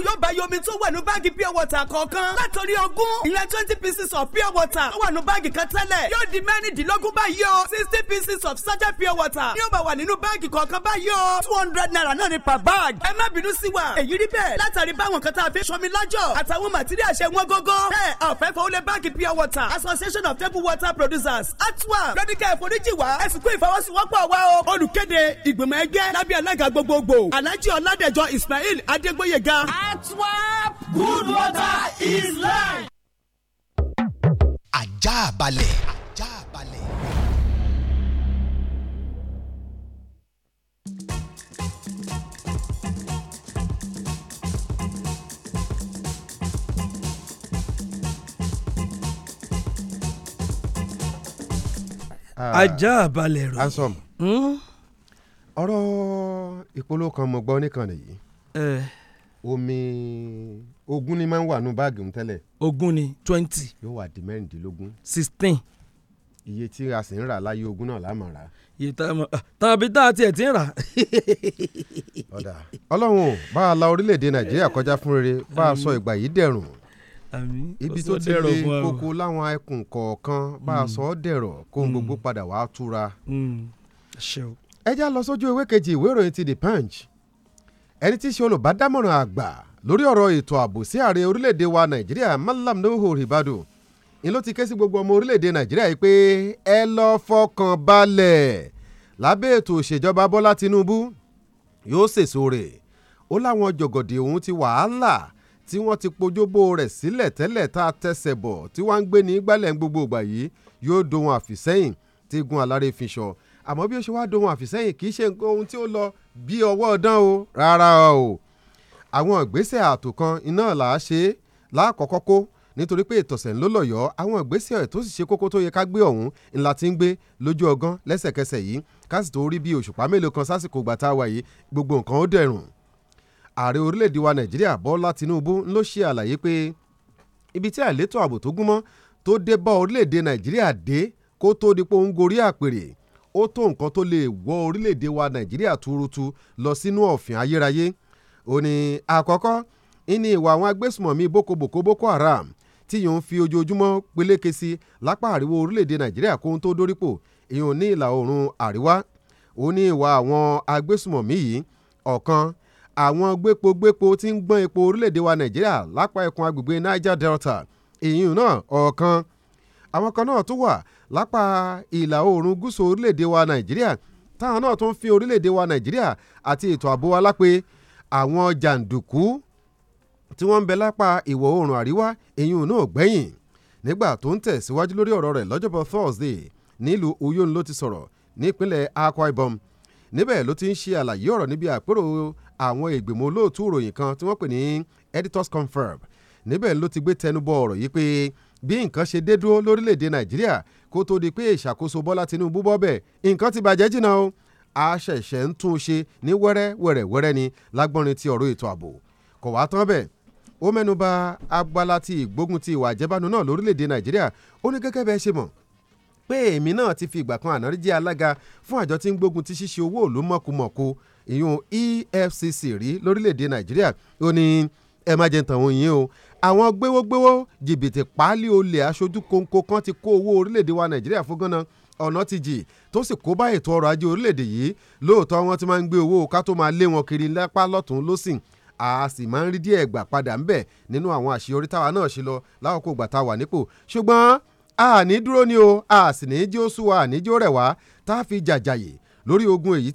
pure water kan kọ̀ọ̀kan látọ̀rí ogún ìyẹn twenty pieces of pure water ó wà nù báàgì kan tẹ́lẹ̀ yóò di mẹ́rìndínlógún báyìí o sixty pieces of sachet pure water ni ó bá wà nínú báàgì kọ̀ọ̀kan báyìí o two hundred naira náà ni per bag ẹ má bínú sí wa èyí rí bẹ́ẹ̀ látàrí báwọn kan tá a fi sọmi lájọ àtàwọn màtíríà ṣe wọ́n gógó bẹ́ẹ̀ ọ̀fẹ́ fowó lé báàgì pure water association of table water producers atwa lọ́díkà ìforíjì wa ẹ̀sìn kú ìfọwọ́sowọ́pọ̀ wa o olùkéde ìgbìmọ̀ ẹgbẹ́ lábẹ́ alága gbogbogbò alhaji ọládẹjọ ismail adégbóyèga. atwa good water is life. ajá balẹ̀. ajá balẹ̀. Ah. ajá balẹ̀ rò. ansom hmm? ọ̀rọ̀ ìpolówó kan mo gbọ́ níkànnì yìí eh. omi ogún ni máa ń wà nù báàgì òun tẹ́lẹ̀. ogún ni twenty. yóò wà di mẹ́rìndínlógún. sixteen. iye tí a sì ń rà láyé ogún náà láàmú ra. iye tàbí ah, tá a tiẹ̀ ti ń rà. ọ̀dà ọlọ́run bá a la orílẹ̀-èdè nàìjíríà kọjá fún rere bá a sọ ìgbà yìí dẹ̀rùn. ibi tó ti le koko láwọn ẹkùn kọ̀ọ̀kan bá a mm. sọ ọ́ dẹ̀rọ̀ kó n mm. gbogbo padà wàá túra. Mm. ẹ já lọ sójú ewé kejì ìwé ìròyìn ti The Punch ẹni tí í ṣe olùbádámọ̀ràn àgbà lórí ọ̀rọ̀ ètò ààbò sí ààrẹ orílẹ̀-èdè wa nàìjíríà Mallam Nuhu Ribadu ni ló ti ké sí gbogbo ọmọ orílẹ̀-èdè nàìjíríà yìí pé ẹ lọ fọkàn balẹ̀ lábẹ́ ètò òṣèjọba Bọ́lá Tinubu yóò sèso rẹ̀ ó láwọn jọ̀gọ̀dì òun ti wàhálà tí wọ́n ti pojúbó rẹ̀ sílẹ̀ tẹ́lẹ̀ tá a tẹsẹ̀ bọ̀ tí wọ́n ń gbé ní gbálẹ̀ gbogbo ìgbà yìí yóò dohun àfìsẹ́yìn tí gun àlárẹ̀ fi sọ àmọ́ bí ó ṣe wá dohun àfìsẹ́yìn kì í ṣe ohun tí ó lọ bí ọwọ́ ọdán o rárá o àwọn ìgbésẹ̀ ààtò kan iná là á ṣe é láàkọ́kọ́ kó nítorí pé ìtọ̀sẹ̀ ló lọ̀yọ́ àwọn ìgbésẹ̀ tó sì ṣe kókó tó yẹ ká gbé ọ̀hún ńlá ti ń gbé lójú ọgán lẹ́sẹ̀kẹsẹ̀ yìí káàsì tó rí bí òṣùpá mélòó kan sásìkò ìgbà tá a wà yìí gbogbo nǹkan ó dẹ̀rùn. ààrẹ orílẹ̀-èdè wa nàìjíríà bọ́lá tinubu ló ṣe àlàyé pé ibi tí àìlétò ààbò tó gúnmọ́ tó dé bá orílẹ̀-èdè nàìjíríà dé kó tó di pé ó ń gorí àpèrè ó tó nǹkan tó lè wọ orílẹ̀-èdè wa nàìjíríà tuurutu lọ sínú ọ̀fìn ayérayé ó ní àkọ́kọ́ ìní ìwà àwọn agbésùmọ̀mí boko boko boko haram tí yòó ń fi ojoojúmọ́ peléke sí lápá àríwá orílẹ̀-èdè nàìjíríà kóhun tó dórípò ìyọ̀n ní ìlà oòrùn àríwá ó ní ìwà àwọn agbésùmọ̀mí yìí ọ̀kan àwọn gbépogbépo tí ń gbọ́n epo orílẹ̀-èdè wa nàìjíríà lápá ẹkùn agbègbè niger delta ìyún náà ọ̀kan àwọn kan náà tún wà lápá ìlà oòrùn gúúsù orílẹ̀-èdè wa nàìjíríà táwọn náà tún fi orílẹ̀-èdè wa nàìjíríà àti ètò ààbò wa lápẹ́ àwọn jàǹdùkú tí wọ́n ń bẹ lápá ìwọ̀ oòrùn àríwá ìyún náà gbẹ̀yìn nígbà tó ń tẹ̀síwájú lórí ọ̀rọ̀ rẹ̀ lọ́jọ́bọ̀ Thursday nílùú Uyo ló ti sọ̀rọ̀ nípínlẹ̀ Akwa Ibom níbẹ̀ ló ti ń ṣe àlàyé ọ̀rọ̀ níbi àpérò àwọn ìgbìmọ̀ olóòtú ìròyìn kan tí wọ́n pè ní editors confab níbẹ̀ ló ti gbé tẹnubọ ọ̀rọ̀ yìí pé bí nǹkan ṣe dé dúró lórílẹ̀‐èdè Nàìjíríà kó tó di pé ìṣàkóso Bọ́lá Tinubu bọ́ bẹ̀ nǹkan ti bàjẹ́ jìnnà o a ṣẹ̀ṣẹ̀ ń tún un ṣe ní wẹ́rẹ́ ni lágbọ́nrin ti ọ̀rọ̀ ètò ààbò kò wá tán bẹ́ẹ̀ ó mẹ́nuba abala ti ìgbógun ti ìwà àjẹbánu náà lórílẹ̀‐èdè nàìjíríà ó ní gẹ́gẹ́ bẹ́ẹ̀ ṣe mọ̀ pé èmi náà ti fi ìgbà kan àná jẹ́ alága fún àjọ tí ń gbógun ti ṣíṣe owó òlú mọ̀kùmọ̀kù ìyún EFCC rí lórílẹ̀‐èdè nàìjíríà ó ní ẹ má jẹ́ tàn yín o àwọn gbéwógbéwó jìbìtì páálí olè aṣojú kóńkó kan ti kó owó orílẹ̀‐èdè wa nàìjíríà fún ganan ọ̀nà ti jì tó sì kó bá ètò ọrọ̀ ajé orílẹ̀-èdè yìí lóòótọ́ wọn ti máa ń gbé owó ká tó máa lé wọn kiri lápá lọ́tún lọ́sìn a sì máa ń rí díẹ̀ gbà padà ń bẹ̀ nínú àwọn àṣeyọrí táwa náà ṣe lọ lákòókò ìgbà tá a wà nípò ṣùgbọ́n àní dúró ni o a sì ní jí ó sú wa àní jí ó rẹ̀ wá tá a fi jàjàyè lórí ogun èyí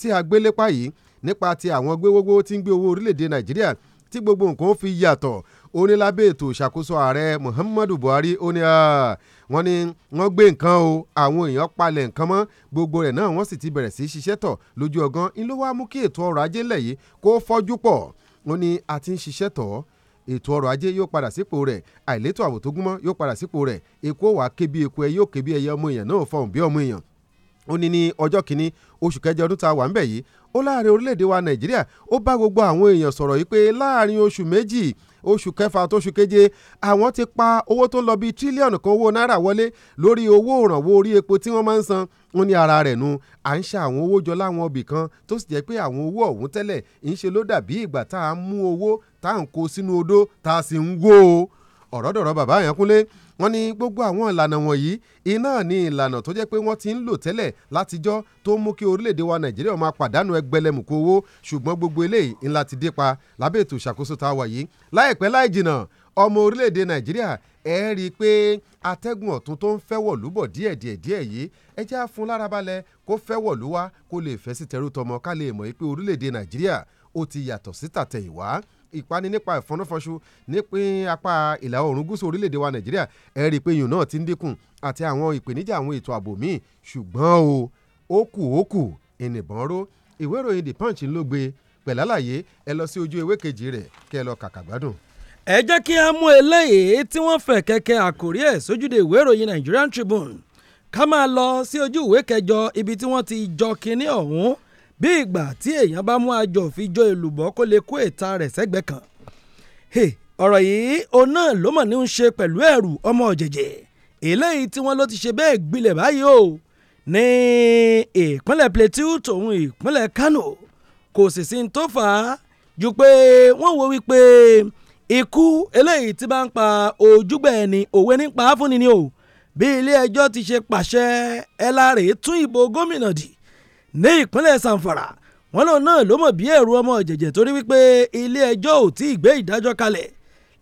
tí a gbé lépa yìí nípa ti àwọn gbéwógbó tí ń gbé owó orílẹ̀-èdè nàìjíríà tí gbogbo nǹkan ó fi yàtọ̀ onílábẹ́ ètò ìṣàkóso ààrẹ muhammadu buhari ó ní wọ́n ní wọ́n gbé nǹkan o àwọn èèyàn palẹ̀ nǹkan mọ́ gbogbo rẹ̀ náà wọ́n sì ti bẹ̀rẹ̀ sí ṣiṣẹ́ tọ̀ lójú ọgán ń ló wá mú kí ètò ọrọ̀ ajé ńlẹ̀ yìí kó fọ́jú pọ̀ wọ́n ní a ti ń ṣiṣẹ́ tọ̀ ètò ọrọ̀ ajé yóò padà sípò rẹ̀ àìlétò ààbò tó gúnmọ́ yóò padà sípò rẹ̀ èkó wàá kébi èkó ẹ yóò kébi ẹyẹ ọmọ èèyàn náà fọhùn bí ọmọ èèyàn ó ní ní ọjọ́ kìíní oṣù kẹjọ ọdún tá a wà ń bẹ̀ yìí ó láàrin orílẹ̀-èdè wa nàìjíríà ó bá gbogbo àwọn èèyàn sọ̀rọ̀ yìí pé láàrin oṣù méjì oṣù kẹfà tóṣù keje àwọn ti pa owó tó ń lọ bíi tírílíọ̀nù kan owó náírà wọlé lórí owó òrànwó orí epo tí wọ́n máa ń san ó ní ara rẹ̀ nu à ń ṣe àwọn owó jọ láwọn ibì kan tó sì jẹ́ pé àwọn owó ọ̀hún tẹ́lẹ̀ ń ṣe ló dàbí ìgbà tá à mú owó tá à ń kó sínú odó tá a sì ń wó o ọ̀rọ̀ bàbá yẹn kúnlé wọ́n ní gbogbo àwọn ìlànà wọ̀nyí iná ní ìlànà tó jẹ́ pé wọ́n ti ń lò tẹ́lẹ̀ látijọ́ tó mú kí orílẹ̀-èdè wa nàìjíríà máa pàdánù ẹgbẹ̀lẹ́mùkú owó ṣùgbọ́n gbogbo eléyìí ńlá ti dé pa lábẹ́ ètò ìṣàkóso tá a wà yìí láìpẹ́ láì jìnnà ọmọ orílẹ̀-èdè nàìjíríà ẹ rí i pé atẹ́gùn ọ̀tún tó ń fẹ́ wọ̀lú bọ̀ díẹ̀díẹ̀ díẹ̀ yìí ẹ já fún lárabalẹ̀ kó fẹ́ wọ̀lú wá kó lè fẹ́ sí tẹrú ká lè mọ̀ pé orílẹ̀-èdè nàìjíríà ó ti yàtọ̀ sí tàtẹ̀yìnwá ìpani nípa ìfọnúfọṣu nípìn apá ìlà oòrùn gúúsù orílẹ̀-èdè wa nàìjíríà ẹ̀rí pé yùn náà ti ń dínkù àti àwọn ìpèníjà àwọn ètò ààbò míì ṣùgbọ́n o ó kù ó kù ìnìbọn ró ìwé ìròyìn the punch ló gbé pẹ̀lálàyé ẹ lọ sí ojú ewé kejì rẹ̀ kẹ́ ẹ lọ kàkà gbádùn ẹ jẹ́ kí a mú eléyìí tí wọ́n fẹ̀ kẹ̀kẹ́ àkórí ẹ̀ sójúde ìwé ìròyìn Nigerian Tribune ká máa lọ sí ojú ìwé kẹjọ ibi tí wọ́n ti jọ kínní ọ̀hún bí ìgbà tí èèyàn bá mú ajọ̀ fi jó èlùbọ́ kó lè kó ìta rẹ̀ sẹ́gbẹ́ kan ọ̀rọ̀ yìí òun náà ló mọ̀ ní ń ṣe pẹ̀lú ẹ̀rù ọmọ ọ̀jẹ̀jẹ̀ eléyìí tí wọ́n ló ti ṣe bẹ́ẹ̀ gbilẹ̀ báyìí o ní ìpínlẹ̀ Plateau tòun ìpínlẹ̀ Kano kò sì sí tó fà á ju pé wọ́n wo wípé ikú eléyìí tí bá ń pa ojúgbẹ́ ẹni òwe nípa fúnni ni o bí ilé ẹjọ́ ti ṣe pàṣẹ ẹ la rèé tún ìbò gómìnà dì ní ìpínlẹ̀ sanfara wọn lòun náà ló mọ̀ bí ẹ̀rù ọmọ jẹ̀jẹ̀ torí wípé ilé ẹjọ́ ò tí ì gbé ìdájọ́ kalẹ̀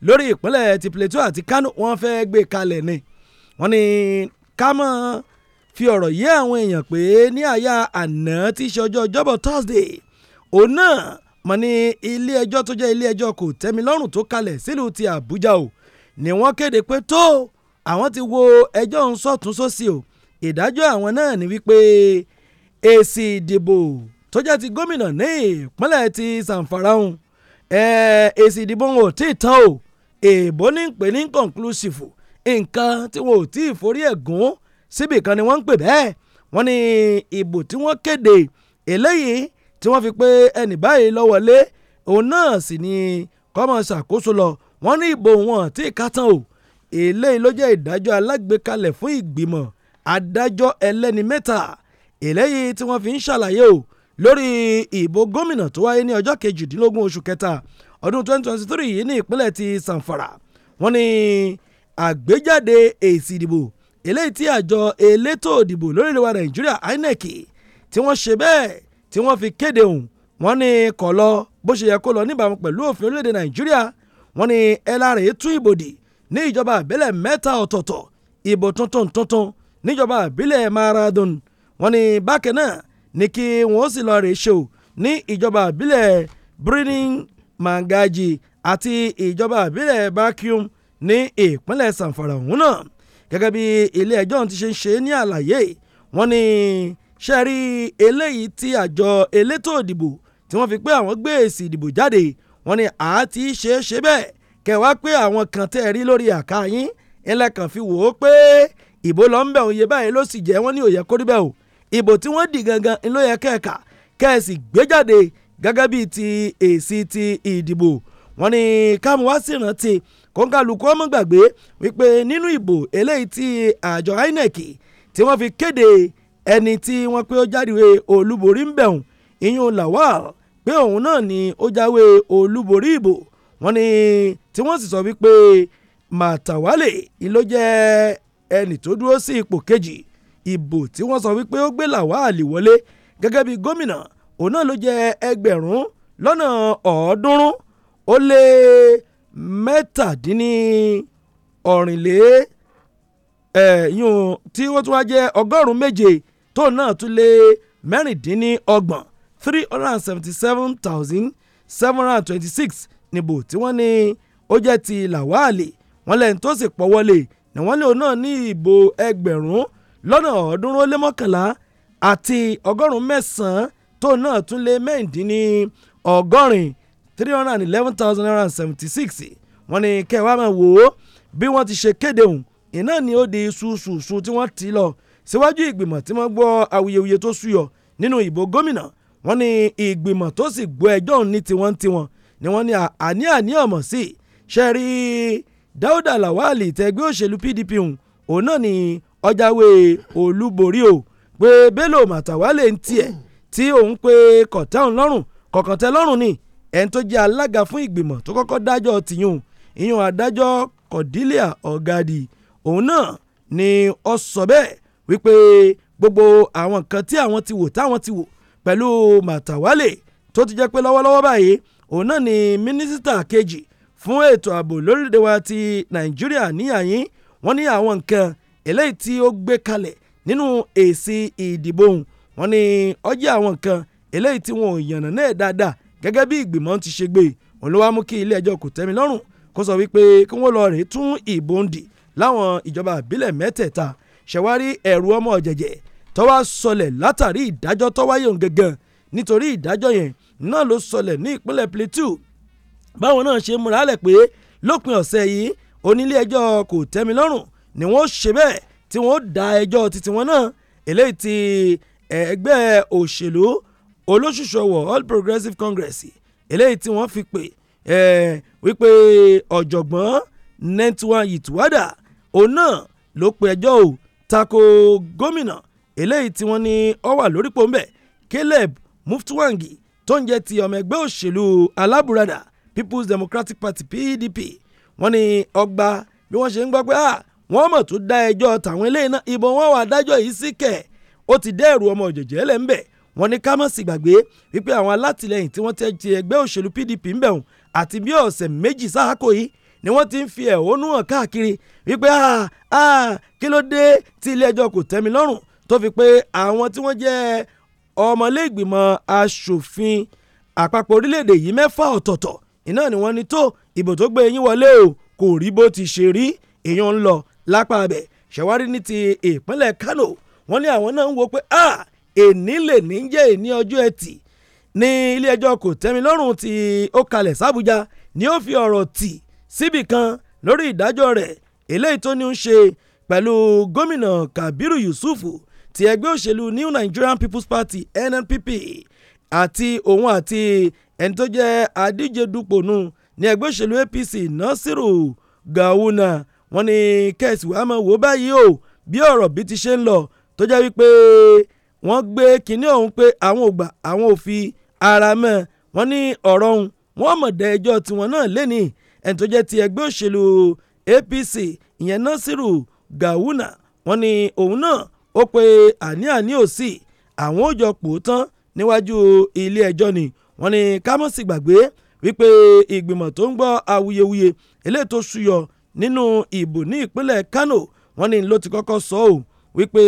lórí ìpínlẹ̀ ti Plateau àti Kano wọ́n fẹ́ gbé kalẹ̀ ni wọ́n ní ká mọ́ fi ọ̀rọ̀ yé àwọn èèyàn pé ní àyà àná tí í ṣe ọjọ́ ọjọ́bọ̀ Thursday òun náà mọ̀ ní ilé ẹjọ́ tó jẹ́ ilé ẹjọ́ kò tẹ́milọ́rùn tó kalẹ̀ sílùú ti Àbújá o ni wọ́n kéde pé tó àwọn ti wo ẹjọ́ ń sọ̀tún sósì o ìdájọ́ àwọn náà ni wípé èsì ìdìbò tó jẹ́ ti gómìnà ní ìpínlẹ̀ ti sanfarahun èsì ìdìbò wọn ò tí ì tán o èèbó ní pè ní conclusive nǹkan tí wọn ò tí ì forí ẹ̀ gún síbì kan ni wọ́n ń pè bẹ́ẹ̀ wọ́n ní ìbò tí wọ́n kéde eléyìí tí wọ́n fi pé ẹnì báyìí ló wọlé òun náà sì ni kọ́mọ ṣàkóso lọ wọ́n ní ìbò wọn tí ì kátán o eléyìí ló jẹ́ ìdájọ́ alágbèékalẹ̀ fún ìgbìmọ̀ adájọ́ ẹlẹ́ni mẹ́ta eléyìí tí wọ́n fi ń ṣàlàyé o lórí ìbò gómìnà tó wáyé ní ọjọ́ kejìdínlógún oṣù kẹta ọdún 2023 yìí ní ìpínlẹ̀ ti sanfara wọ́n ní àgbéjáde èsì ìdìbò eléyìí tí àjọ elétò ìdìbò lórílẹ̀ wa nàìjíríà inec tí wọ́n ṣe bẹ́ẹ̀ tí wọ́n fi kéde òun wọ́n ní kọ̀ lọ bó ṣe yẹ kó lọ níbàámu pẹ̀lú òfin orílẹ̀-èdè nàìjíríà wọ́n ní ẹlárè tún ìbòdì ní ìjọba àbílẹ̀ mẹ́ta ọ̀tọ̀ọ̀tọ̀ ìbò tuntun tuntun níjọba àbílẹ̀ maradon wọ́n ní bákan náà ní kí wọ́n sì lọ rèé ṣe o ní ìjọba àbílẹ̀ Birnin Mangaji àti ìjọba àbílẹ̀ Bakium ní ìpínlẹ̀ Zamfara ọ̀hún náà gẹ́gẹ́ bí ilé ẹjọ́ ti ṣe ń ṣe ní àlàyé wọ́n ní ṣẹ́rí eléyìí tí àjọ elétò ìdìbò tí wọ́n fi pé àwọn gbé èsì ìdìbò jáde wọ́n ní àá ti ṣe é ṣe bẹ́ẹ̀ kẹwàá pé àwọn kan tẹ́ ẹ rí lórí àká yín fi wò ó pé ìbò lọ ń bẹ̀ báyìí ló sì jẹ́ wọ́n ní òye kórìbẹ̀ o ìbò tí wọ́n dì gangan ló yẹ kẹ́ẹ̀ka kẹ́ẹ̀sì gbé jáde gẹ́gẹ́ bíi ti èsì ti ìdìbò wọ́n ní káàmù wá sí ìrántí kóńkàlùkù ọmọ gbàgbé wípé nínú ìbò eléyìí tí àjọ INEC tí wọ́n fi kéde ẹni tí wọ́n pé ó jáde olúborí ń bẹ̀hùn ìyún Lawal pé òun náà ni ó jáwé olúborí ìbò wọ́n ní tí wọ́n sì sọ wípé Màtàwálè ló ẹni tó dúró sí ipò kejì ìbò tí wọ́n sọ wípé ó gbé Làwálì wọlé gẹ́gẹ́ bí gómìnà òun náà ló jẹ ẹgbẹ̀rún lọ́nà ọ̀ọ́dúnrún ó lé mẹ́tàdínní ọ̀rìnlé ẹ̀yún tí wọ́n tún wá jẹ́ ọgọ́rùn-ún méje tó náà tún lé mẹ́rìndínní ọgbọ̀n three hundred and seventy seven thousand seven hundred and twenty six níbo tí wọ́n ní ó jẹ́ ti Làwálì wọ́n lẹ́yìn tó sì pọ̀ wọlé ni wọ́n ní òun náà ní ìbò ẹgbẹ̀rún lọ́nà ọ̀ọ́dúnrún ó lé mọ́kànlá àti ọgọ́rùn-ún mẹ́sàn-án tó náà tún lé mẹ́ǹdínní ọgọ́rin three hundred and eleven thousand nine hundred and seventy six wọ́n ní kẹwàá máa wò ó bí wọ́n ti ṣe kéde òun iná ni ó di ṣùṣùṣù tí wọ́n ti lọ síwájú ìgbìmọ̀ tí wọ́n gbọ́ awuyewuye tó ṣúyọ nínú ìbò gómìnà wọ́n ní ìgbìmọ̀ tó sì gbọ́ ẹjọ́ ní tiwọn tiwọn ni wọ́n ní àní àní ọmọ sí i ṣe rí Dáúdà Làwálì tẹgbẹ́ òṣèlú PDP òun náà ni ọjàwé olúborí o pé Bello Matawalle ń tiẹ̀ tí òun pé kọ̀tẹ́hùn lọ́rùn kọ̀kọ̀tẹ́ lọ́rùn ni ẹni tó jẹ́ alága fún ìgbìmọ̀ tó kọ́kọ́ dájọ́ tìyún ìyún adájọ́ Cordelia Ọ̀gádì òun náà ni ó sọ bẹ́ẹ̀ wípé gbogbo àwọn nǹkan tí àwọn ti wò táwọn ti wò pẹ̀lú Matawalle tó ti jẹ́ pé lọ́wọ́lọ́wọ́ báyìí òun náà ni mínísítà kejì fún ètò ààbò lórílẹ̀‐èdè wa ti Nàìjíríà níyàyín wọ́n ní àwọn nǹkan eléyìí tí ó gbé kalẹ̀ nínú èsì ìdìbò òun wọ́n ní ọjọ́ àwọn kan eléyìí tí wọn ò yànnà náà dáadáa gẹ́gẹ́ bí ìgbìmọ̀ ti ṣe gbé òun ló wá mú kí ilé ẹjọ́ kò tẹ́mi lọ́rùn kó sọ wípé kí wọ́n lọ rèé tún ìbò ń dì láwọn ìjọba ìbílẹ̀ mẹ́tẹ̀ẹ̀ta ṣẹ̀wárí ẹ̀rù ọmọ jẹ̀jẹ̀ tọ́wá sọlẹ̀ látàrí ìdájọ́ tọ́wáyé òun gangan nítorí ìdájọ́ yẹn náà ló sọlẹ̀ ní ìpínlẹ̀ Plateau báwọn náà ṣe múra lẹ̀ pé lópin ọ̀sẹ̀ yìí onílé ẹjọ́ kò tẹ́mi lọ́rùn ni wọ́n ṣe bẹ́ẹ̀ tí wọ́n da ẹjọ́ títí wọn náà eléyìí ti ẹgbẹ́ òṣèlú olóṣùṣọwọ̀ All Progressives Congress eléyìí tí wọ́n fi pè wípé ọ̀jọ̀gbọ́n nẹ́tíwá yìtúwádà òun náà ló pe ẹjọ́ o tako gómìnà eléyìí tí wọ́n ní ọ wà lórípò ńbẹ̀ Caleb Muftuwangi tó ń jẹ́ ti ọmọ ẹgbẹ́ òṣèlú alábùradà People's Democratic Party PDP wọ́n ní ọgbà bí wọ́n ṣe ń gbọ́ pé ah wọ́n mọ̀ tún dá ẹjọ́ tàwọn eléyìí náà ìbò wọn wà dájọ́ yìí sí kẹ̀ ó ti dẹ́rù ọmọ òjòjẹ́ lẹ̀ ń bẹ̀ wọ́n ní ká má sì gbàgbé wípé àwọn alátìlẹyìn tí wọ́n ti ẹgbẹ́ òṣèlú PDP ń bẹ̀ àti bí ọ̀sẹ̀ méjì sáàkó yìí ni wọ́n ti ń fi ẹ̀hónú hàn káàkiri wípé ah ah kí ló dé tí ilé ẹjọ́ kò tẹ́mi lọ́rùn tó fi pé àwọn tí wọ́n jẹ́ ọmọlẹ́gbìmọ̀ asòfin àpapọ̀ orílẹ̀-èdè yìí mẹ́fà ọ̀tọ̀ọ̀tọ̀ iná ni wọ́n ní tó ìbò tó gbé yín wọlé o kò rí bó ti ṣe rí èèyàn ń lọ lápá abẹ́ ṣẹ̀wárí ní ti ìpínlẹ̀ Kano wọ́n ní àwọn náà ń wo pé èní lè ní jẹ́ èní ọjọ́ ẹtì ní ilé ẹjọ́ kòtẹ́milọ́rùn tí ó kalẹ̀ sábújá ni ó fi ọ̀rọ̀ tì síbì kan lórí ìdájọ́ rẹ̀ eléyìí tó ní ń ṣe pẹ̀lú gómìnà Kabiru Yusufu ti ẹgbẹ́ òṣèlú New Nigerian People's Party NNPP àti òun àti ẹni tó jẹ́ adíje dupò nù ní ẹgbẹ́ òṣèlú APC Nasiru Gawuna wọ́n ní kẹ́sì wàá mọ̀ wò báyìí o bí ọ̀rọ̀ bí ti ṣe ń lọ tó jẹ́ wípé wọ́n gbé kinní ọ̀hún pé àwọn ò gbà àwọn ò fi ara mọ́ wọ́n ní ọ̀rọ̀ ọ̀hún wọ́n mọ̀ dá ẹjọ́ tiwọn náà lẹ́ni ẹni tó jẹ́ ti ẹgbẹ́ òṣèlú APC ìyẹn Nasiru Gawuna wọ́n ní òun náà ó pe àní-àní ò sí àwọn òjò pò tán níwájú ilé ẹjọ́ ni wọ́n ní kámọ́sì gbàgbé wípé ìgbìmọ̀ tó ń gbọ́ awuyewuye eléètò ṣúyọ nínú ìbò ní ìpínlẹ̀ Kano wọ́n ní ló ti kọ́kọ́ sọ ọ́ wípé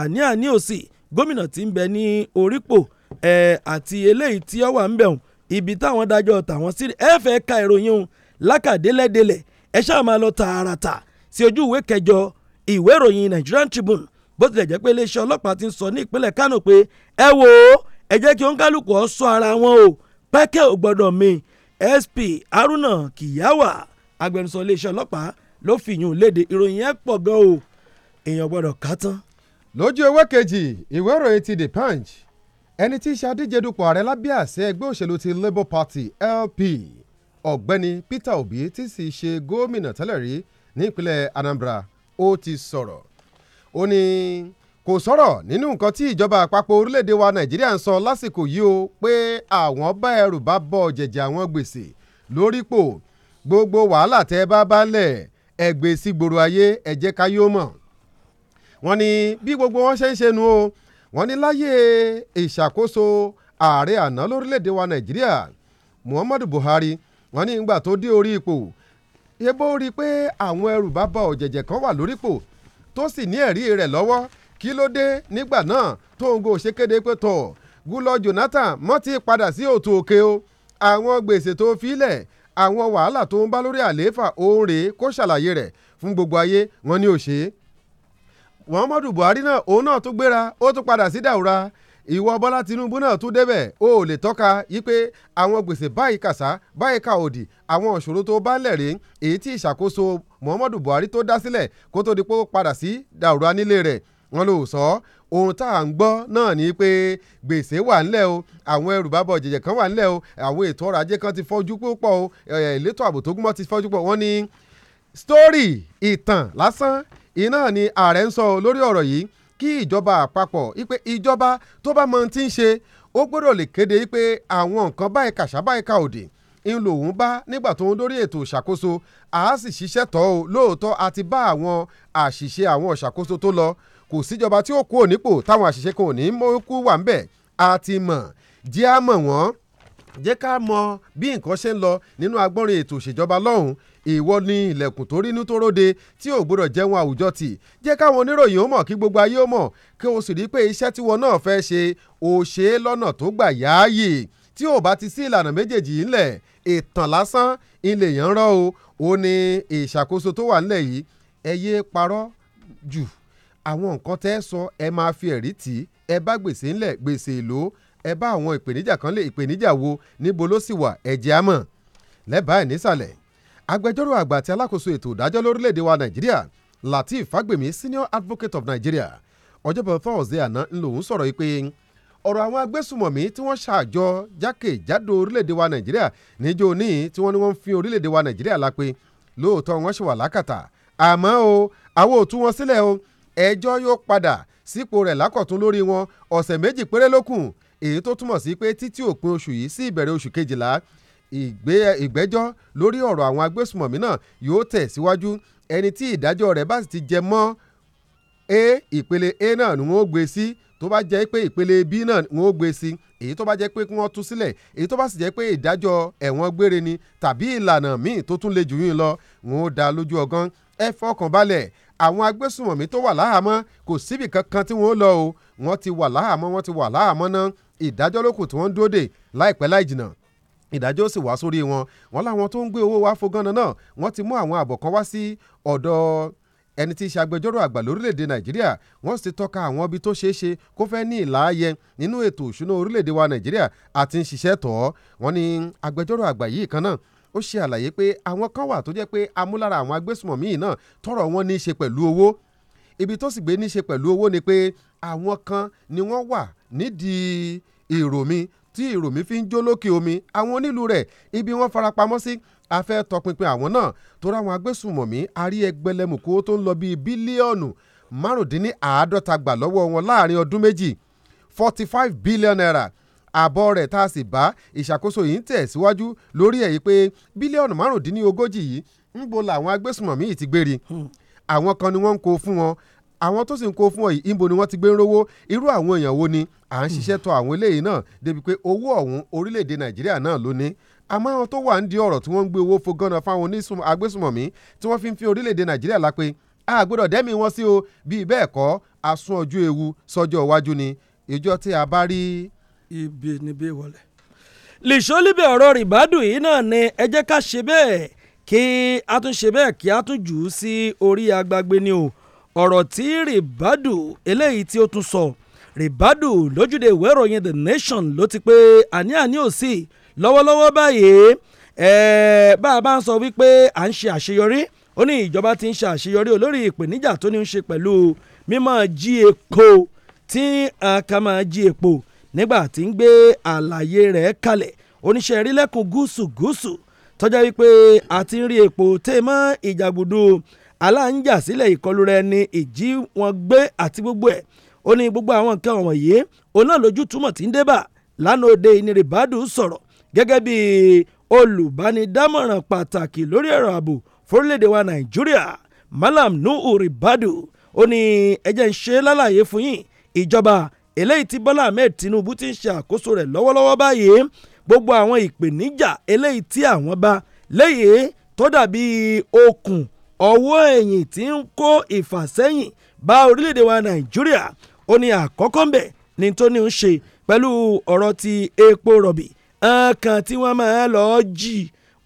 àní àní òsì gómìnà tí ń bẹ ní orípò ẹ̀ àti eléyìí tí ó wà ń bẹ̀ hùn ibi táwọn dájọ́ tàwọn sí ẹ fẹ́ ka ìròyìn òun lákàdélẹ́dẹ́lẹ̀ ẹ ṣáà máa lọ tààràtà sí ojú ìwé kẹjọ ìwé ìròyìn Nigerian Tribune bó tilẹ̀ jẹ́ pé iléeṣẹ́ ọlọ́pàá ti ń sọ ní ìpínlẹ̀ Kano pé ẹ wò ẹ jẹ́ kí oníkálukú ọ sọ ara wọn o pẹ́kẹ́ ò gbọ́dọ̀ mi SP Haruna Kiyawa agbẹnusọ iléeṣẹ́ ọlọ́pàá ló fìyún léde ìròyìn yẹn pọ̀ gan o èèyàn gbọ́dọ̀ ká tán. lójú ewé kejì ìwé ìròyìn ti the punch ẹni tí í ṣe adíje dupò ààrẹ lábẹ́ àṣẹ ẹgbẹ́ òṣèlú ti labour party lp ọ̀gbẹ́ni peter obi tí sì ṣe gómìnà tẹ́lẹ̀ rí nípínlẹ̀ anambra ó ti sọ̀rọ̀ ó ní kò sọ̀rọ̀ nínú nǹkan tí ìjọba àpapọ̀ orílẹ̀-èdè wa nàìjíríà ń sọ lásìkò yìí o pé àwọn bá ẹrù bá bọ̀ jẹ̀jẹ̀ àwọn gbèsè lórípò gbogbo wàhálà tẹ́ ẹ bá bálẹ̀ ẹ gbé sí gbòòrò ayé ẹ jẹ́ ká yóò mọ̀ wọ́n ní bí gbogbo wọn ṣe ń ṣe nu o wọ́n ní láyé ìṣàkóso ààrẹ àná lórílẹ̀‐èdè wa nàìjíríà muhammadu buhari wọ́n ní ìgbà tó dé orí ipò ebó rí i pé àwọn ẹrù bàbá ọ̀jẹ̀jẹ̀ kan wà lórípò tó sì ní ẹ̀rí rẹ̀ lọ́wọ́ kí ló dé nígbà náà tóun kò ṣe kéde pé tọ̀ gúlọ jonathan mọ́ ti padà sí òtún òkè o àwọn gbèsè tó fi lẹ̀ àwọn wàhálà tó ń bá lórí àlééfà òun rèé kó ṣàlàyé rẹ̀ fún gbogbo ayé wọn ni ò ṣe é muhammadu buhari náà òun náà tún gbéra ó tún padà sí dàwúrà ìwọ bọ́lá tinubu náà tún débẹ̀ o ò lè tọ́ka yí pé àwọn gbèsè báyìí kàsá báyìí ka òdì àwọn ìṣòro tó bá lẹ̀ èyí tí ìṣàkóso muhammadu buhari tó dá sílẹ̀ kó tó di pé ó padà sí dàrúra nílé rẹ̀ wọ́n ló sọ ohun tá à ń gbọ́ náà ni pé gbèsè wà ńlẹ̀ o àwọn ẹrù bábọ̀ jẹ̀jẹ̀ kan wà ńlẹ̀ o àwọn ètò ọrọ̀ ajé kan ti fọ́jú púpọ̀ o ìletò ààbò tó gúnmọ́ ti fọ́jú púpọ̀ wọ́n ní sítórì ìtàn lásán iná ni ààrẹ ń sọ lórí ọ̀rọ̀ yìí kí ìjọba àpapọ̀ ipe ìjọba tó bá mọ ti ń ṣe ó gbọ́dọ̀ lè kéde pé àwọn nǹkan báyìí kàṣà báyìí ka òdì ń lòun bá nígbà tó ń dórí ètò ìṣàkóso àá sì ṣiṣẹ́ tọ́ o lóòótọ́ àti bá àwọn àṣìṣe àwọn ìṣàkóso tó lọ kò síjọba tí ó kú ònípò táwọn àṣìṣe kan ò ní mọ́kú wà ń bẹ̀ a ti mọ̀ jẹ́ a mọ̀ wọ́n jẹ́ ká mọ bí nǹkan ṣe ń lọ nínú agbọ́nrin ètò òṣèjọba lọ́hùn ìwọ ni ilẹ̀kùn tó rínú tó róde tí ò gbọdọ̀ jẹun àwùjọ tì jẹ́ káwọn oníròyìn ó mọ̀ kí gbogbo ayé ó mọ̀ kí o sì rí pé iṣẹ́ tí wọn náà fẹ́ ṣe ò ṣe é lọ́nà tó gbà yáàyè tí ò bá ti sí ìlànà méjèèjì ńlẹ̀ ìtàn lásán ilé yẹn ń rọ́ o ò ní ìṣàkóso tó wà ńlẹ̀ yìí ẹ yé parọ́ jù àwọn nǹkan tẹ́ ẹ sọ ẹ máa fi ẹ̀rí tì í ẹ bá gbèsè ńlẹ̀ gbèsè èlò ẹ bá àwọn ìpèníjà kan lé ìpèníjà wo níbo ló sì wà ẹ̀jẹ̀ á mọ̀ lẹ́bàá ẹ̀ nísàlẹ̀ agbẹjọ́rò àgbà àti alákòóso ètò ìdájọ́ lórílẹ̀‐èdè wa nàìjíríà lateef fagbemi senior advocate of nigeria ọjọ́bọ̀ thursday àná ńlòún sọ̀rọ̀ yìí pé ọ̀rọ̀ àwọn agbésùmọ̀mí tí wọ́n ṣàjọ jákèjádò orílẹ̀‐èdè wa nàìjíríà níjó ní tí wọ́n ní wọ́n ń fi orílẹ̀‐èdè wa nàìjíríà lápè lóòótọ́ wọ́n ṣì wà lákàtà àmọ́ o àwọn ò tú wọn sílẹ̀ o ẹjọ́ yóò padà sípò rẹ̀ lákọ̀tún lórí wọn ọ̀sẹ̀ méjì péré ló kù èyí tó túmọ̀ sí pé títí òpin oṣù yìí sí ìbẹ̀rẹ̀ oṣù kejìlá ìgbẹ́jọ́ lórí ọ̀rọ̀ àwọn agbésùmọ̀mí náà yóò tẹ̀ síwájú ẹni tí ìdájọ́ rẹ̀ bá sì ti jẹ mọ́ a ìpele a náà ni wọ́n gbé sí tó bá jẹ́ pé ìpele b náà ni wọ́n gbé sí èyí tó bá jẹ́ pé kí wọ́n tú sílẹ̀ èyí tó bá sì jẹ́ pé ìdájọ́ ẹ̀wọ̀n gbére ni tàbí ìlànà míì tó tún le jù yín lọ wọn ó dá lójú ọgán ẹ fọkàn balẹ̀ àwọn agbésùnmọ̀mí tó wà láhàámọ́ kò síbì kankan tí wọ́n lọ o wọ́n ti wà láhàámọ́ wọ́n ti wà láhàámọ́ náà ìdájọ́ ló kù tí wọ́n ń dúró dè láìpẹ́ láì jìnnà ìdájọ́ sì wá sórí wọn wọn láwọn tó ń gbé owó wá fogánná náà wọ́n ti mú àwọn àbọ̀ kan wá sí ọ̀dọ̀ ẹni tí í ṣe agbẹjọ́rò àgbà lórílẹ̀‐èdè nàìjíríà wọ́n sì tọ́ka àwọn ibi tó ṣeé ṣe kó fẹ́ ní ìlàáyẹ nínú ètò òṣùná orílẹ̀‐èdè wa nàìjíríà àti ń ṣiṣẹ́ tọ̀ ọ́ wọ́n ní agbẹjọ́rò àgbà yìí kan náà ó ṣe àlàyé pé àwọn kan wà tó jẹ́ pé amúlára àwọn agbésùmọ̀mí náà tọ̀rọ̀ wọn ní í ṣe pẹ̀lú owó ibi tó sì gbé ní í ṣe pẹ̀lú owó ni pé àwọn kan ni wọ́n wà nídìí èrò mi tí èrò mi fi ń jó lókè omi àwọn onílù rẹ̀ ibi wọ́n farapamọ́ sí afẹ́ tọpinpin àwọn náà tó ráwọn agbésùmọ̀mí arí ẹgbẹ̀lẹ́mùkú tó ń lọ bíi bílíọ̀nù márùndínláàádọ́ta gbà lọ́wọ́ wọn láàrin ọdún méjì forty five billion naira àbọ̀ rẹ̀ tá a sì bá ìṣàkóso yìí ń tẹ̀síwájú lórí ẹ̀ yìí pé bílíọ̀nù márùndínlógójì yìí ń bo làwọn agbésùnmọ̀mí yìí ti gbére hmm. àwọn kan ni wọ́n ń kó fún wọn àwọn tó sì ń kó fún ọ yìí ìbò ni wọ́n ti gbé ń rówó irú àwọn èèyàn wo ni à ń ṣiṣẹ́ tọ àwọn eléyìí náà débi pé owó ọ̀hún orílẹ̀-èdè nàìjíríà náà ló ní àmọ́ àwọn tó wà ń di ọ̀rọ̀ tí wọ́n ń gbé owó fogánná fáwọn agbésùmọ̀mí tí wọ́n fi ń fi orílẹ̀-èdè nàìjíríà lápé a gbọ́dọ̀ dẹ́mi wọn sí o bíi bẹ́ẹ̀ kọ́ asun ọjọ́ ewu sọ́jọ́ iwájú ni ìjọ tí a bá rí ibi níbí wọlé. lìṣọ́líbì ọ̀rọ̀ rìbádùn yìí náà ni ẹ jẹ́ ká ṣe bẹ́ẹ̀ kí a tún ṣe bẹ́ẹ̀ kí a tún jù ú sí orí agbágbé ni o ọ̀rọ̀ tí rìbádùn eléyìí tí ó tún sọ rìbádùn lójúde ìwé ìròyìn The Nation ló ti pé àní-àní ò sí lọ́wọ́lọ́wọ́ báyìí ẹ̀ẹ́ bá a bá ń sọ wípé à ń ṣe àṣeyọrí ó ní ìjọba ti ń ṣe àṣeyọrí olórí ìpèníjà tó ní ń ṣe pẹ̀lú mímọ́ jí epo tí a kà máa jí epo nígbà tí ń gbé àlàyé rẹ̀ kalẹ̀ oníṣẹ́ erílẹ̀kùn gúúsù gúúsù tọ́já wípé a ti ń rí epo tẹ́ mọ́ ìjàgùdù aláǹjà sílẹ̀ ìkọlù rẹ̀ ni ìjí wọn gbé àti gbogbo ẹ̀ ó ní gbogbo àwọn nǹkan wọ̀nyí òun náà lójú túmọ̀ tí ń débà lánàá òde ìnirìbádùn sọ̀rọ̀ gẹ́gẹ́ bí olùbánidámọ̀ràn pàtàkì lórí ẹ̀rọ ààbò fórílẹ̀-èdè wa nàìjíríà malam nuhu badu ó ní ẹjẹ́ ń ṣe lálàyé fún yín ìjọba eléyìí tí Bọ́lá Ahmed Tinubu ti ń ṣe àkóso rẹ̀ lọ́wọ́lọ́wọ́ báyìí gbogbo àwọn ìpèníjà eléyìí tí àwọn bá léyìí tó dàbí okùn ọwọ́ ẹ̀yìn tí ń kó ìfàsẹ́yìn bá orílẹ̀-èdè wa Nàìjíríà ó ní àkọ́kọ́ ń bẹ̀ ní tó ní ń ṣe pẹ̀lú ọ̀rọ̀ ti epo rọ̀bì ọkàn tí wọ́n máa lọ́ọ́ jì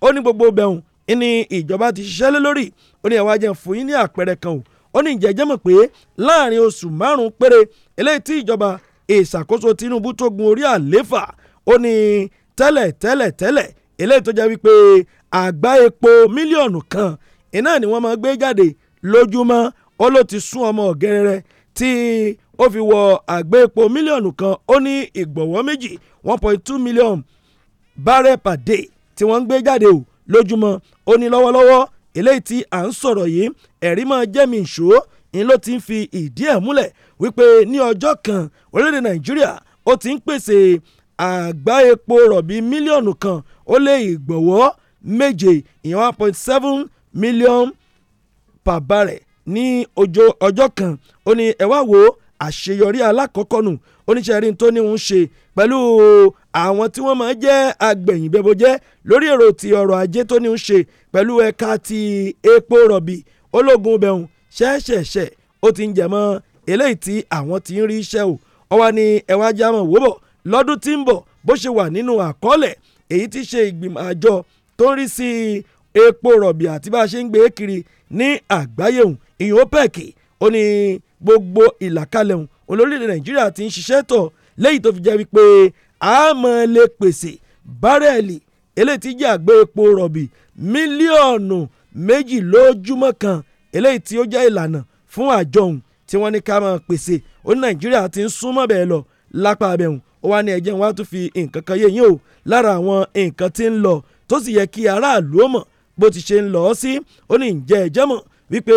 ó ní gbogbo bẹ̀rùn ní ìjọba ti ṣiṣẹ́ lé lórí ó ní ẹ̀wá fún yín ní àpẹẹrẹ kan ó ní ìjẹ́jẹ́ mọ̀ pé láàrin oṣù márùn-ún péré eléyìí tí ìjọba ìṣàkóso Tinubu tó gun orí àléfà ó ní tẹ́lẹ̀ tẹ́lẹ̀ tẹ́lẹ̀ eléyìí tó jẹ́ wípé àgbá epo mílíọ̀nù kan iná ni wọ́n máa gbé jáde lójúmọ́ ó ló ti sún ọmọ ọ̀gẹ́rẹ́rẹ́ tí ó fi wọ àgbá epo mílíọ̀nù kan ó ní ìgbọ̀wọ́ méjì one point two million barrel per day tí wọ́n ń gbé jáde o lójúmọ́ ó ní lọ́wọ́lọ́wọ́ eléyìí tí à ń sọ̀rọ̀ yìí ẹ̀rí máa jẹ́mi ìṣó ń ló ti ń fi ìdí ẹ̀ múlẹ̀ wípé ní ọjọ́ kan orílẹ̀-èdè nàìjíríà ó ti ń pèsè àgbá epo rọ̀bì mílíọ̀nù kan ó lé ìgbọ̀wọ́ méje ìyẹn one point seven million per barrel ní ojo ọjọ́ kan ó ní ẹ wá wò ó àṣeyọrí alákọ̀ọ́kọ́ nù oníṣẹ́rí tó ní ń ṣe pẹ̀lú àwọn tí wọ́n máa jẹ́ agbẹ̀yìnbẹ́bọjẹ́ lórí èrò ti ọrọ̀ ajé tó ní ń ṣe pẹ̀lú ẹ̀ka ti epo rọ̀bì ológun bẹ̀hùn ṣẹ́ṣẹ̀ṣẹ̀ ó ti ń jẹmọ́ eléyìí tí àwọn ti ń rí iṣẹ́ o ọwọ́ ni ẹ̀wọ̀n ajá mọ̀ bọ̀ lọ́dún tí ń bọ̀ bó ṣe wà nínú àkọọ́lẹ̀ èyí tí ṣe ìgbìmọ̀ àjọ tó ń rí sí epo rọ̀bì àti bá a ṣe ń gbé kiri ní àgbáyé òun ìyẹn OPEC ó ní gbogbo ìlàkalẹ̀ òun olórílẹ̀ Nàìjíríà ti ń ṣiṣẹ́ tọ̀ lẹ́yìn tó fi jẹ́ wípé a máa lè pèsè bárẹ́ẹ̀lì eléyìí tí jẹ́ àgbẹ̀ epo rọ̀bì mílíọ̀nù méjì lójúmọ́ kan eléyìí tí ó jẹ́ ìlànà fún àjọ òun tí wọ́n ní ká máa pèsè ó ní nàìjíríà ti ń súnmọ́ bẹ́ẹ̀ lọ lápá abẹ́hùn ó wá ní ẹ̀jẹ̀ wọn á tún fi nǹkan kan yé yín o lára àwọn nǹkan tí ń lọ tó sì yẹ kí aráàlú ó mọ̀ bó ti ṣe ń lọ ọ́ sí ó ní ǹjẹ́ ẹ̀jẹ̀ mọ̀ wípé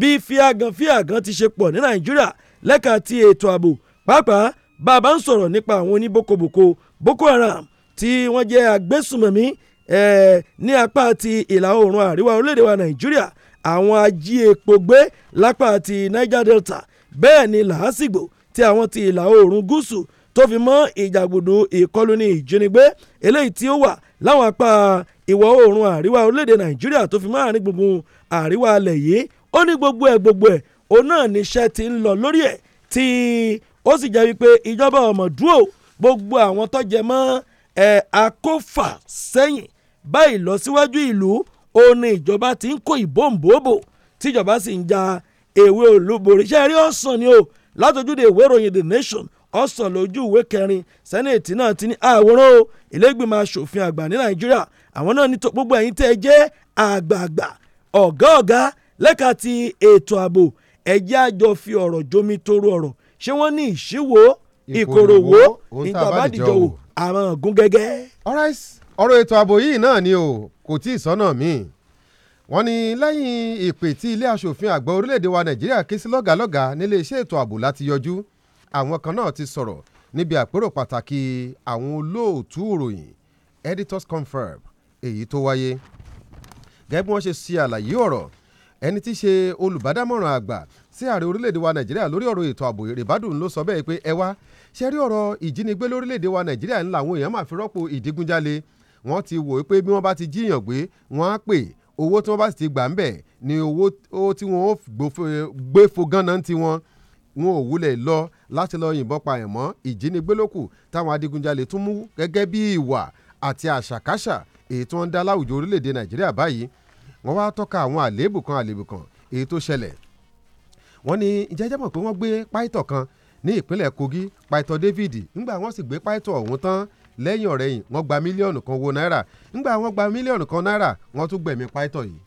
bí fíàgàn fíàgàn ti ṣe pọ̀ ní nàìjíríà lẹ́ka ti ètò ààbò pàápàá bá a bá ń sọ̀rọ̀ nípa àwọn oníbokoboko boko haram tí wọ́n jẹ́ agbésùmọ̀mí ní apá ti ìlà oòrùn àríwá orílẹ̀-èdè wa nàìjíríà àwọn ají epo gbé lápá ti Niger Delta bẹ́ẹ̀ ni làásìgbò tí àwọn ti ìlà oòrùn gúúsù tó fi mọ́ ìjàgùdù ìkọlù ní ìjínigbé eléyìí tí ó wà láwọn apá ìwọ̀ oòrùn àríwá orílẹ̀-èdè Nàìjíríà tó fi mọ́ àárín gbùngbùn àríwá alẹ̀ yìí ó ní gbogbo ẹ̀ gbogbo ẹ̀ òun náà níṣẹ́ ti ń lọ lórí ẹ̀ tí ó sì jẹ́ wípé ìjọba ọ̀mọ̀dúró gbogbo àwọn tó mọ́ ẹ̀ akófà sẹ́yìn báyìí lọ síwájú ìlú ó ní ìjọba ti ń kó ìbòǹbòbò tíjọba sì ń ja ewé olúborí ṣe rí ọ̀sán ni o látọjúde ìwé ìròyìn The Nation ọ̀sán lójú ìwé kẹrin sẹ́nẹ̀tì náà ti ní àwòrán o ilégbìmọ̀ asòfin àgbà ní Nàìjíríà àwọn náà ní tó gbogbo ẹ̀yin tẹ́ ẹ jẹ́ àgbààgbà ọ̀gá ọ̀gá lẹ́ka ti ètò ààbò ẹ̀jẹ̀ àjọ fi ọ̀rọ̀ jomi toro ọ̀rọ̀ ṣé wọ́n ní ìṣíwò ìkòròwò ìtàbádìjọ wò àmọ́ ọ̀gún gẹ́gẹ́. All right ọ̀rọ̀ ètò ààbò yìí náà ni o kò tí ì sọ́nà míì wọ́n ní lẹ́yìn ìpè tí ilé aṣòfin àgbà orílẹ̀-èdè wa nàìjíríà ké sí lọ́gàálọ́gàá nílé iṣẹ́ ètò ààbò láti yọjú àwọn kan náà ti sọ̀rọ̀ níbi àpérò pàtàkì àwọn olóòtú ìròyìn editors confirm èyí tó wáyé gẹ́gẹ́ bí wọ́n ṣe ṣe àlàyé ọ̀rọ̀ ẹni tí í ṣe olùbádámọ̀ràn àgbà sí ààrẹ orílẹ̀-èdè wa nàìjíríà lórí ọ̀rọ̀ ètò ààbò ìrìbádùn ló sọ bẹ́ẹ̀ pé ẹ wá ṣe rí ọ̀rọ̀ ìjínigbé lórílẹ̀-èdè wa nàìjíríà ńlá àwọn èèyàn máa fi rọ́pò ìdígunjalè wọ́n ti wò pé bí wọ́n bá ti jíyàn gbé wọ́n á pè owó tí wọ́n bá sì ti gbà ń bẹ̀ ni owó tí wọ́n ó gbé fo gánà ti wọn wọn ò wúlẹ̀ lọ láti lọ yìnbọn pa ẹ̀ mọ́ ìjínigbé lókù táwọn adigunjalè tún mú gẹ́gẹ́ bí ìwà àti àṣàkáṣà èyí tí wọ́n ń dá láwùjọ orílẹ̀-èdè nàìjíríà báyìí wọ́n wá tọ́ka àwọn àléébù kan àléébù kan èyí tó ṣẹlẹ̀ wọ́n ní ìjẹ́jẹ́ mọ̀ pé wọ́n gbé páìtọ̀ kan ní ìpínlẹ̀ kogi páìtọ̀ david ńgbà wọ́n sì gbé páìtọ̀ ọ̀hún tán lẹ́yìn ọ̀rẹ́yìn wọ́n gba mílíọ̀nù kan owó náírà ńgbà wọ́n gba mílíọ̀nù kan náírà wọ́n tún gbẹ̀mí pító yìí.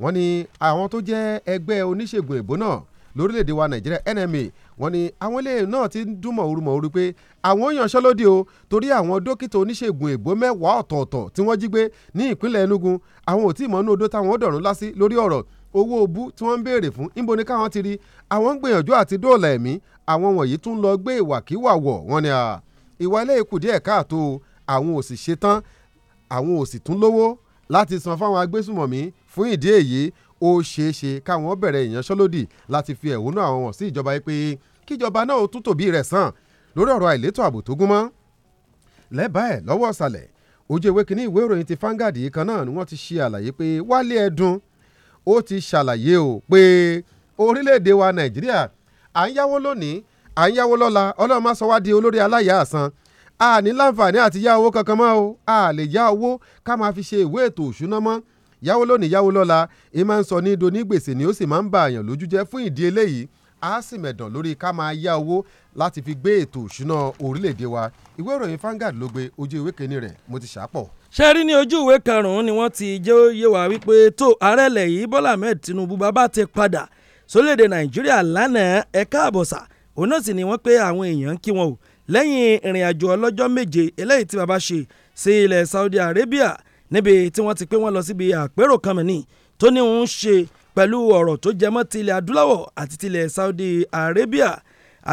wọ́n ní àwọn tó jẹ́ ẹgbẹ́ oníṣègùn èbó náà lórílẹ̀‐èdè wa nàìjíríà NMA wọ́n ní àwọn ilé náà ti ń dúnmọ̀ orúmọ̀ orí pé àwọn òyànṣẹ́lódì o torí àwọn dókítà oníṣègùn èbó mẹ́wàá ọ̀tọ̀ọ̀tọ̀ tí wọ́n jí gbé ní ìpínlẹ̀ Enugu àwọn ò tí ì mọ̀ nínú odó táwọn ó dọ̀rùn lásì lórí ọ̀rọ̀ owó obú tí wọ́n ń béèrè fún níbo ni káwọn ti rí àwọn ń gbìyànjú àti dóòlà ẹ̀mí àwọn wọ̀nyí tún lọ gbé ìwàkiwà wọ̀ wọ́n ní a ìwà ilé ikù díẹ̀ káàtó àwọn ò sì ṣetán àwọn ò sì tún lówó láti san fáwọn agbésùmọ̀mí fún ìdí èyí ó ṣeé ṣe káwọn bẹ̀rẹ̀ ìyanṣẹ́lódì láti fi ẹ̀hónú àwọn wọn sí ìjọba yìí pé kíjọba náà ó tún tòbí rẹ̀ sàn lórí ọ̀rọ̀ àìlétò ààbò tó gúnmọ́ lẹ́bàá ẹ̀ lọ́wọ́ ọ̀sàlẹ̀ ojú ewé kínní ìwé ìròyìn ti fangad yìí kan náà ni wọ́n ti ṣe àlàyé pé wálé ẹ̀dùn ó ti ṣàlàyé o pé orílẹ̀-èdè wa nàìjíríà à ń yáwó lónìí à ń yáwó lọ́la ọlọ́run má sọ wá di olórí aláyà àsan a ní láǹfààní àti yá owó kankan mọ́ o a lè yá owó ká máa fi ṣe ìwé ètò òṣúná mọ́ yáwó lónìí yáwó lọ́la ẹ máa ń sọ ní do ní gbèsè ni ó sì máa ń bà àyàn lójú jẹ́ fún ìdí eléyìí a sì mẹ̀dàn lórí ká máa yá owó láti fi gbé ètò òṣúná orílẹ̀-èdè wa ìwé ìròyìn Vanguard ló gbé ojú ìwé kìíní rẹ̀ mo ti ṣàpọ̀ ṣe ní ojú ìwé karùn-ún ni wọ́n ti jẹ́ òye wá wípé tó ààrẹ ilẹ̀ yìí Bọ́lá Ahmed Tinubu bàbá ti padà sólédè Nàìjíríà lánàá ẹ̀ka àbọ̀sà òun náà sì ni wọ́n pé àwọn èèyàn ń kí wọn o lẹ́yìn ìrìn àjò ọlọ́jọ́ méje eléyìí tí bàbá ṣe sí ilẹ̀ Saudi Arabia níbi tí wọ́n ti pé wọ́n lọ síbi àpérò kan mìíní tó ní òun ṣe pẹ̀lú ọ̀rọ̀ tó jẹmọ́ ti ilẹ̀ adúláwọ̀ àti ti ilẹ̀ Saudi Arabia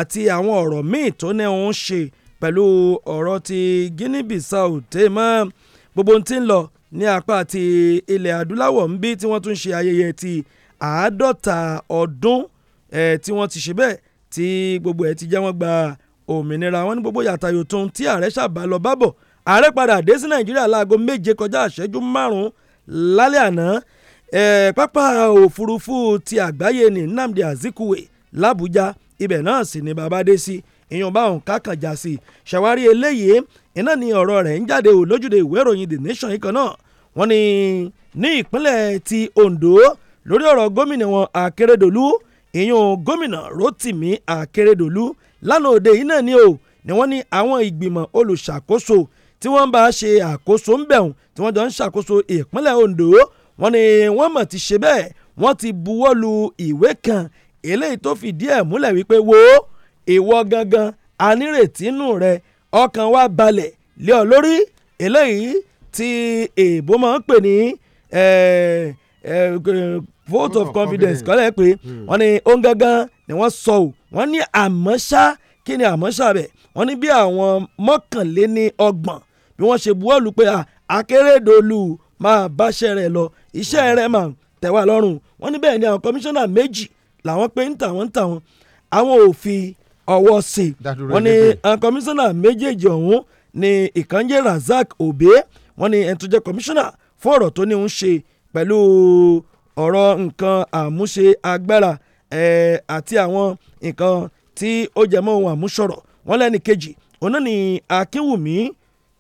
àti àwọn ọ̀rọ̀ míì tó ní òun ṣe pẹ̀lú ọ̀rọ̀ ti Guinea Bissau tẹ́ mọ́ gbogbo ohun tí ń lọ ní apá ti ilẹ̀ adúláwọ̀ ń bí tí wọ́n tún ṣe ayẹyẹ ti àádọ́ta ọdún tí wọ́n ti ṣe bẹ́ẹ̀ tí gbogbo ẹ̀ ti jẹ́ wọ́n gba òmìnira wọn ní gbogbo yàtàyò tó ń tí ààrẹ ṣàbà lọ bábọ̀ ààrẹ padà dé sí nàìjíríà láago méje kọjá àṣẹjú márùn-ún lálẹ́ àná pápá òfurufú ti àgbáyé ní Nnamdi Azikiwe làbújá ibẹ̀ náà sì ni bàbá dé sí ìyọ̀nba ọ̀hún kákànjá sí ṣàwárí eléyìí iná ni ọ̀rọ̀ rẹ̀ ń jáde ò lójúde ìwé ìròyìn The Nation kan náà wọ́n ní ní ìpínlẹ̀ ti Ondo lórí ọ̀rọ̀ gómìnà wọn Akérédolú ìyún gómìnà Rotimi Akeredolu lánàá òde yìí náà ni o ni wọ́n ní àwọn ìgbìmọ̀ olùṣàkóso tí wọ́n ń bá ṣe àkóso ń bẹ̀hùn tí wọ́n jọ ń ṣàkóso ìpínlẹ̀ Ondo wọ́n ní wọ́n mọ̀ ti ṣe bẹ́ẹ̀ wọ́n ti buwọ́ lu ìwé kan eléyìí tó fìdí ẹ̀ múlẹ̀ wípé wo ìwọ gangan anírètí nù rẹ ọkàn wa balẹ̀ lé ọ lórí eléyìí tí èèbó máa ń pè ní vote of confidence kọ́lẹ̀ pé hmm. wọ́n ní ohun gangan ni wọ́n sọ ò wọ́n ní àmọ́ ṣá kí ni àmọ́ ṣá bẹ̀ wọ́n ní bí àwọn mọ́kànléní ọgbọ̀n bí wọ́n ṣe buwọ́lù pé akérèdọ́lù máa báṣẹ́ rẹ̀ lọ iṣẹ́ hmm. rẹ̀ máa tẹ̀wá lọ́rùn wọ́n ní bẹ́ẹ̀ ni àwọn kọmíṣánná méjì làwọn pé ń tàwọn ń tàwọn àwọn ò fi ọwọ́ sí i wọ́n ní àwọn kọmíṣánná méjèèjì ọ̀hún ni ìkànjẹ́ Razak Obe wọ́n ní ẹni tó jẹ́ kọmíṣánná fún ọ̀rọ̀ tó ní ń ṣe pẹ̀lú ọ̀rọ̀ nǹkan àmúṣe agbára àti àwọn nǹkan tí ó jẹmọ́ ohun àmúṣọ̀rọ̀ wọn lẹ́nì kejì òun náà ni Akínwùmí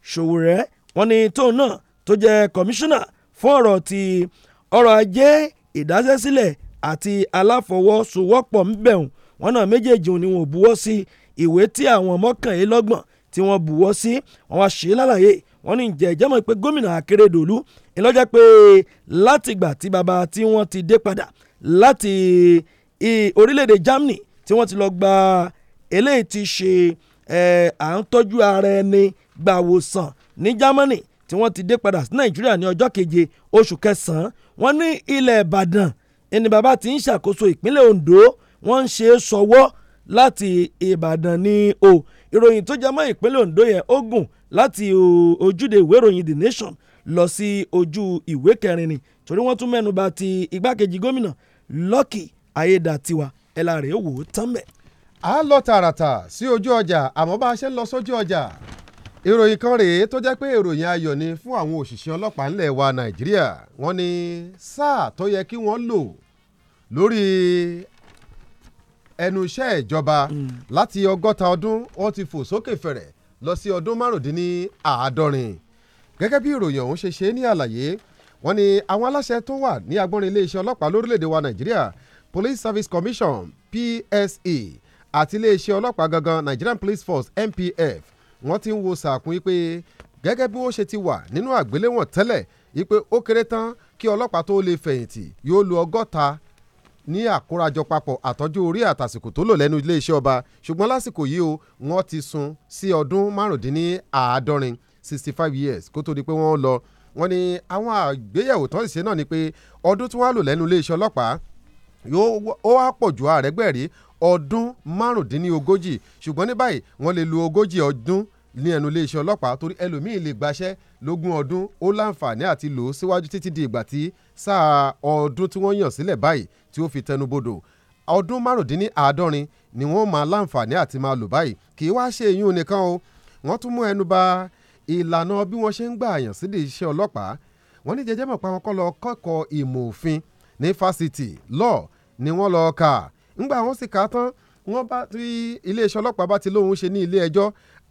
Ṣòwòrẹ́ wọn ni tóun náà tó jẹ́ kọmíṣánná fún ọ̀rọ̀ ti ọrọ̀ ajé ìdásẹ́sílẹ̀ àti aláfọwọ́sowọ́pọ̀ ńbẹ̀hùn wọn náà méjèèjì ni wọn ò buwọ́ sí ìwé tí àwọn mọ́kànlélọ́gbọ̀n tí wọ́n buwọ́ sí wọn wá ṣe lálàyé wọn ní ǹjẹ́ pé gómìnà Akérédolú ìlọ́jẹ́ pé látìgbà tí bàbá tí wọ́n ti dé padà láti orílẹ̀-èdè Germany tí wọ́n ti lọ gba eléyìí ti ṣe à ń tọ́jú ara ẹni gbàwòsàn ní Germany tí wọ́n ti dé padà sí Nàìjíríà ní ọjọ́ keje oṣù kẹsàn-án wọ́n ní ilẹ̀ Ìbàdàn ẹni bàbá tí ń ṣàkóso ìpínlẹ̀ Ondo wọ́n ń ṣe é sọwọ́ láti Ìbàdàn ní o ìròyìn tó jẹ mọ́ ìpínlẹ̀ Ondo yẹn ó gùn láti ojúde ìwé ìròyìn The Nation lọ sí ojú ìwé kẹrin torí wọ́n tún mẹ́nuba ti igbákejì gómìnà Lucky Ayédàtiwa ẹ̀ la rèé wò ó tán bẹ́ẹ̀. a lọ tààràtà sí ojú ọjà àmọ́ bá a ṣe ń lọ sójú ọjà ìròyìn kan rèé tó jẹ́ pé ìròyìn ayọ̀ ni fún àwọn òṣìṣẹ́ ọlọ́pàá ńlẹ̀ wa Nàìjíríà wọ́n ní sáà tó yẹ kí wọ́n lò lórí ẹnu iṣẹ́ ìjọba mm. láti ọgọ́ta ọdún wọ́n ti fò sókè fẹ̀rẹ̀ lọ sí ọdún márùndínláàádọ́rin gẹ́gẹ́ bí ìròyìn ọ̀hún ṣe ṣe ní àlàyé wọ́n ni àwọn aláṣẹ tó wà ní agbọ́nrin iléeṣẹ́ ọlọ́pàá lórílẹ̀‐èdè wa nàìjíríà police service commission psa àti iléeṣẹ́ ọlọ́pàá gangan nigerian police force npf wọ́n ti ń wo sàkún pé gẹ́gẹ́ bí wọ́n ṣe ti wà nínú àgbéléwọ̀n tẹ́lẹ̀ wípé ó kéré tán kí ọlọ́pàá tó lè fẹ̀yìntì yóò lo ọgọ́ta ní àkórajọ papọ̀ àtọ́jú orí àtàsìkò tó lò lẹ́nu iléeṣẹ́ ọba ṣùgbọ́n lásìkò yìí o wọ́n ti sún sí ọdún márùndínláàádọ́rin sixty five years kó tó di pé wọ́n lọ wọ́n ní àwọn àgbéyẹ̀wò tán ṣe náà ni pé ọdún tí wọ́n lò lẹ́nu iléeṣẹ́ ọlọ́pàá yóò ó wá pọ̀ ju àrẹ́gbẹ̀rí ọdún márùndínlógójì ṣùgbọ́n ní báyìí wọ́n lè lo ogójì ọdún ní ẹnu iléeṣẹ́ ọlọ́pàá torí ẹlòmíì lè gbaṣẹ́ lógún ọdún ó láǹfààní àti lò ó síwájú títí di ìgbà tí sáà ọdún tí wọ́n yàn sílẹ̀ báyìí tí ó fi tẹnubodò ọdún márùndínláàádọ́rin ni wọ́n máa láǹfààní àti máa lò báyìí kì í wá ṣe èyí nìkan o wọ́n tún mú ẹnu bà ìlànà bí wọ́n ṣe ń gbà àyàn sídìí iṣẹ́ ọlọ́pàá wọ́n ní jẹjẹ́ mọ̀ pé àwọn kọ́ lọ kọ́kọ́ ìmọ̀ òfin ní fásitì lọ́ọ̀ ni wọ́n lọ kà ńgbà wọ́n sì kà tán wọ́n bá rí iléeṣẹ́ ọlọ́pàá bá ti lóhun ṣe ní ilé ẹjọ́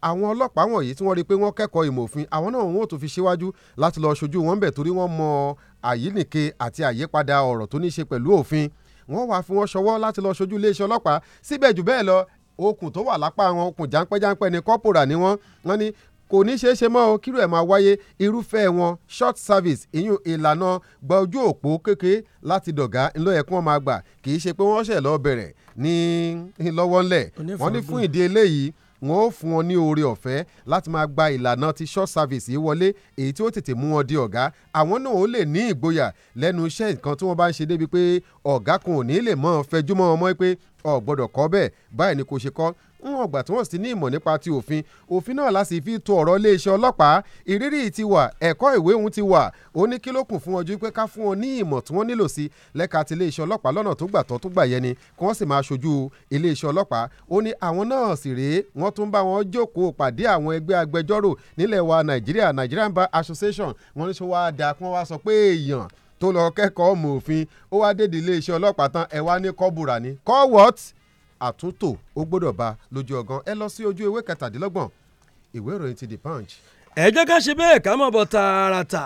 àwọn ọlọ́pàá wọ̀nyí tí wọ́n rí i pé wọ́n kẹ́kọ̀ọ́ ìmọ̀ òfin àwọn náà wọn ò tún fi síwájú láti lọ́ọ́ ṣojú wọn bẹ̀ torí wọ́n mọ àyínìke àti àyípadà ọ̀rọ̀ tó ní ṣe pẹ̀lú òfin wọ́n wàá fi wọ́n ṣọwọ́ láti lọ́ọ́ ṣojú iléeṣẹ́ ọlọ́pàá síbẹ̀ jù bẹ́ẹ̀ lọ okùn tó wà lápá wọn okùn jáńpẹ́jáńpẹ́ ni kọ́pòrà ni wọ́n wọ́n ní kò ní ṣeé ṣe mọ́ o kírò ẹ̀ máa wáyé irúfẹ́ wọn short service ìyún ìlànà gba ojú òpó kékeré láti dọ̀gá ńlọ ẹ̀kún ọmọ àgbà kì í ṣe pé wọ́n ṣẹ̀ lọ bẹ̀rẹ̀ ní lọ́wọ́ ńlẹ̀ wọ́n ní fún ìdí eléyìí wọn ó fún wọn ní oore ọ̀fẹ́ láti máa gba ìlànà ti short service yìí wọlé èyí tí ó tètè mú wọn di ọ̀gá àwọn náà ó lè ní ìgboyà lẹ́nu iṣẹ́ nǹkan tí wọ́n bá ń ṣe débi pé ọ̀gá kan ò ní lè mọ́ ọmọ pé ọ̀ gbọ́dọ̀ kọ́ bẹ́ẹ̀ báyìí ni kò ṣe kọ́ níwọ̀n ìgbà tí wọ́n sì ní ìmọ̀ nípa ti òfin òfin náà láti fi tó ọ̀rọ̀ iléeṣẹ́ ọlọ́pàá ìrírí ti wà ẹ̀kọ́ ìwé òun ti wà ó ní kí ló kù fún ọjọ́ pé ká fún wọn ní ìmọ̀ tí wọ́n nílò sí lẹ́ka ti iléeṣẹ́ ọlọ́pàá lọ́nà tó gbà tọ́ tó gbà yẹn ni kí wọ́n sì máa ṣojú iléeṣẹ́ ọlọ́pàá ó ní àwọn náà sì rèé wọ́n tún bá wọn jókòó pàdé àwọn ẹgbẹ́ agbẹjọ́rò nílẹ̀ wa Nàìjíríà Nigerian Bar Association wọ́n ní sọ wá dáa kí wọ́n wá sọ pé èèyàn tó lọ kẹ́kọ̀ọ́ mọ̀ òfin ó wá dédìí iléeṣẹ́ ọlọ́pàá tán ẹ̀ wá ní kọ́bùrà ni kọ́ what àtúntò ó gbọ́dọ̀ bá lójú ọgán ẹ lọ sí ojú ewé kẹtàdínlọ́gbọ̀n ìwé ìròyìn ti The Punch. ẹ jẹ́ ká ṣe bẹ́ẹ̀ ká mọ̀ bọ̀ tààràtà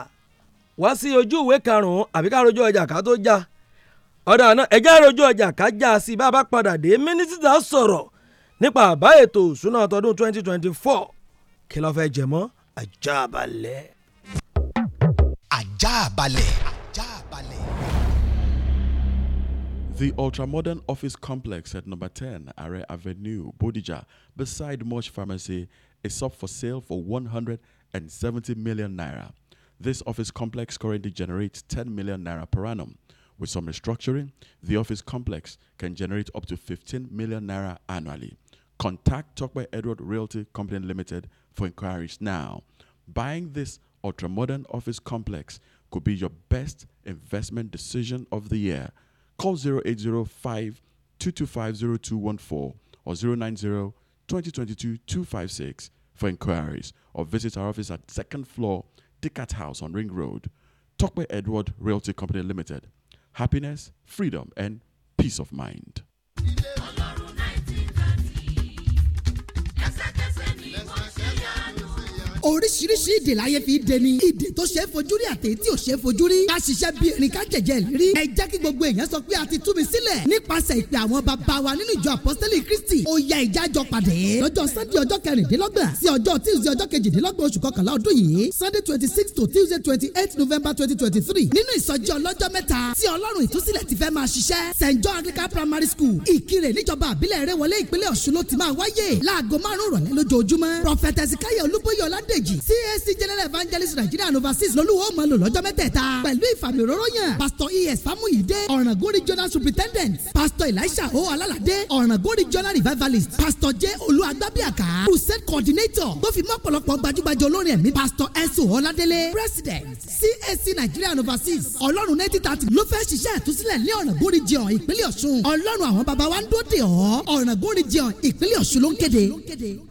wá sí ojú ìwé karùn-ún àbí ká rojú ọjà ká tó já ọ̀dà náà ẹ jẹ́ rojú ọjà ká já sí bá a bá padà dé mínísítà sọ̀rọ̀ nípa àbá ètò ìṣúná tọdún 2024 kí ló fẹ́ jẹ mọ́ àjàbalẹ̀. àjàbalẹ̀. The ultra modern office complex at number 10 Are Avenue, Bodija, beside Mosh Pharmacy, is up for sale for 170 million naira. This office complex currently generates 10 million naira per annum. With some restructuring, the office complex can generate up to 15 million naira annually. Contact Talk by Edward Realty Company Limited for inquiries now. Buying this ultra modern office complex could be your best investment decision of the year. Call 0805 225 0214 or 090 2022 256 for inquiries or visit our office at second floor Ticket House on Ring Road, Tokwe Edward Realty Company Limited. Happiness, freedom, and peace of mind. oríṣiríṣi ìdè láyé fi dẹni ìdè tó ṣe é fojú rí àti tí ò ṣe é fojú rí ká ṣiṣẹ́ bí erin ká jẹ̀jẹ̀ rí ẹ jẹ́ kí gbogbo èèyàn sọ pé a ti tú mi sílẹ̀ nípasẹ̀ ìpè àwọn bàbá wa nínú ìjọ apọ́sítẹ́lì kristi ó ya ìjájọ pàdé lọ́jọ́ sunday ọjọ́ kẹrìndínlọ́gbà sí ọjọ́ tuesday ọjọ́ kejìdínlọ́gbọ̀n oṣù kọkànlá ọdún yìí sunday twenty six to tuesday twenty eight november twenty twenty three nínú ìsọjí ọlọ́jọ́ mẹ́ta tí ọlọ́run ìtúsílẹ̀ ti fẹ́ máa ṣiṣẹ́ st john anglican primary school ìkirè níjọba àbílẹ̀ rẹwọlé ìpínlẹ̀ ọ̀ṣun ló ti máa wáyé láago márùn-ún rọ̀lẹ́ lójoojúmọ́ prọfẹtẹsì káyọ̀ olúbóyè ọ̀ládé méjèèjì CAC general evangelist nigeria and overseas lolúwo mọ̀ lò lọ́jọ́ mẹ́tẹ̀ẹ̀ta pẹ̀lú ìfàmìróróyàn pastor es famuyide ọ̀ràngún regional superintendent pastor elisha o alalade ọ̀ràngún regional revivalist pastor j olú agbábíàká crusade coordinator tó fi mọ́ ọ̀pọ̀lọpọ̀ gbajúgbajù olórin ẹ̀mí pastor esu ọládélé president CSC nigeria and overseas ọlọ́run ninety thirty ló fẹ́ ṣiṣẹ́ àtúnṣílẹ̀ ní ọ̀ràngún region ìpínlẹ̀ ọ̀ṣun ọlọ́run àwọn baba wa ń dóde ọ̀ ọ̀ràngún region ìpínlẹ̀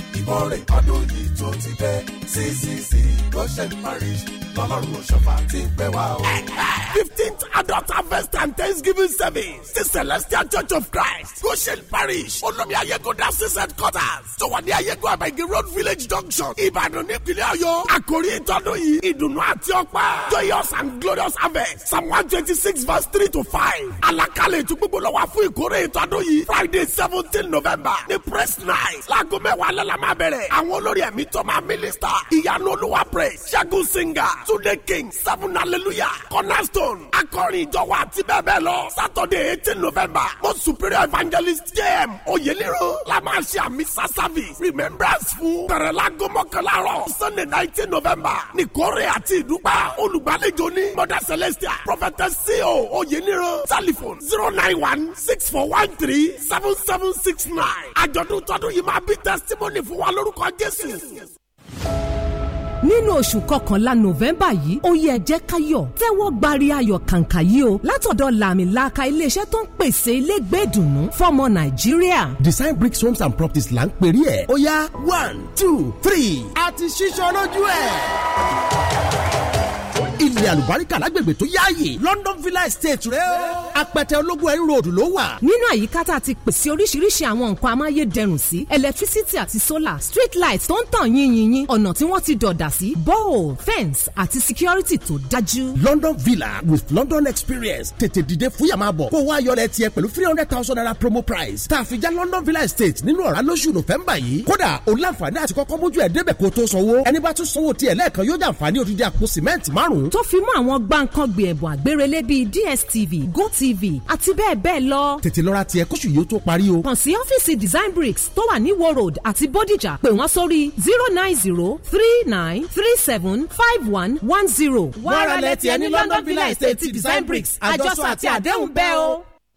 ìmọ̀ràn adóyè tó ti dé ccc goshen parish lọ́lọ́run ọ̀ṣọ́fà ti ń pẹ́ wá o. fifteenth adult harvest and thanksgiving service the celestial church of christ goshen parish olómi ayégo diocese quarters. tó wà ní ayégo abẹ́gi road village junction ìbàdàn nípínlẹ̀ ọ̀yọ́ àkórí ìtọ́dún yìí ìdùnnú àti ọpẹ́ joyous and glorious harvest psalm one twenty six verse three to five àlàkalẹ̀ ètò gbogbo lọ́wọ́ fún ìkórè ìtọ́dún yìí friday seventeen november ní press night láago mẹ́wàá lẹ́la máa máa bẹ̀rẹ̀ àwọn olórí ẹ̀mí tó máa mínísítà ìyanu olúwa praise ṣẹ́gun singa today king seven hallelujah cornerstone akọrin ìjọwọ́ àti bẹ́ẹ̀ bẹ́ẹ̀ lọ saturday eighteen november most superior evangelist jm Oyeliro, la máa ṣe àmì sasavi remembrance fún bẹ̀rẹ̀ láago mọ́kànlá sunday nineteen november ní kórè àti ìdúpẹ́ olùgbàlejò ní mother celestia prophetess co oyelero telephone zero nine one six four one three seven seven six nine àjọ̀dún tọdún yìí máa bí testimony fún wa lórúkọ Jésù nínú oṣù kọkànlá nọ́vẹ́mbà yìí ó yẹ jẹ́ káyọ̀ tẹ́wọ́ gbari ayọ̀ kàǹkà yìí o látọ̀dọ̀ làmìlaka iléeṣẹ́ tó ń pèsè ilé gbẹ́dùnú fọmọ nàìjíríà. design bricks homes and properties là ń pèrè ẹ̀ ó yá one two three àti ṣíṣọ́ lójú ẹ̀ ilẹ̀ àlùbáríkà lágbègbè tó yáàyè London Villa Estate rẹ o. apẹtẹ ológun ẹ̀rí road ló wà. nínú àyíká tá a ti pèsè oríṣiríṣi àwọn nǹkan amáyédẹrùn sí electricity àti solar street light tó ń tàn yín yín yín ọ̀nà tí wọ́n ti dọ̀dà sí borehole fence àti security tó dájú. London Villa with London experience tètè dìde fúyà máa bọ̀ kó wá yọlẹ̀ tiẹ̀ pẹ̀lú three hundred thousand naira promo price tá a fi já London Villa Estate nínú ọ̀rá lóṣù November yìí kódà o láǹfààní àti kọ́kọ́ mójú ẹ̀ débẹ̀ kó tó sanwó ẹni bá tún sanwó tiẹ̀ lẹ́ẹ̀kan yóò jàǹfààní odidi àpò sìmẹ́ǹtì márùn márùn-ún tó fi mọ́ àwọn gbàǹkangbè ẹ̀bùn àgbérelé bíi DSTV GoTV àti bẹ́ẹ̀ bẹ́ẹ̀ lọ. tètè lọ́ra tiẹ̀ kóṣù yìí ó tó parí o. kàn sí ọ́fíìsì Design Bricks tó wà ní Iwo Road àti Bódìjà pè wọ́n sórí zero nine zero three nine three seven five one one zero. wàrà lẹ́tì ẹni London Villa Estate Design Bricks àjọsọ àti àdéhùn bẹ́ẹ̀ o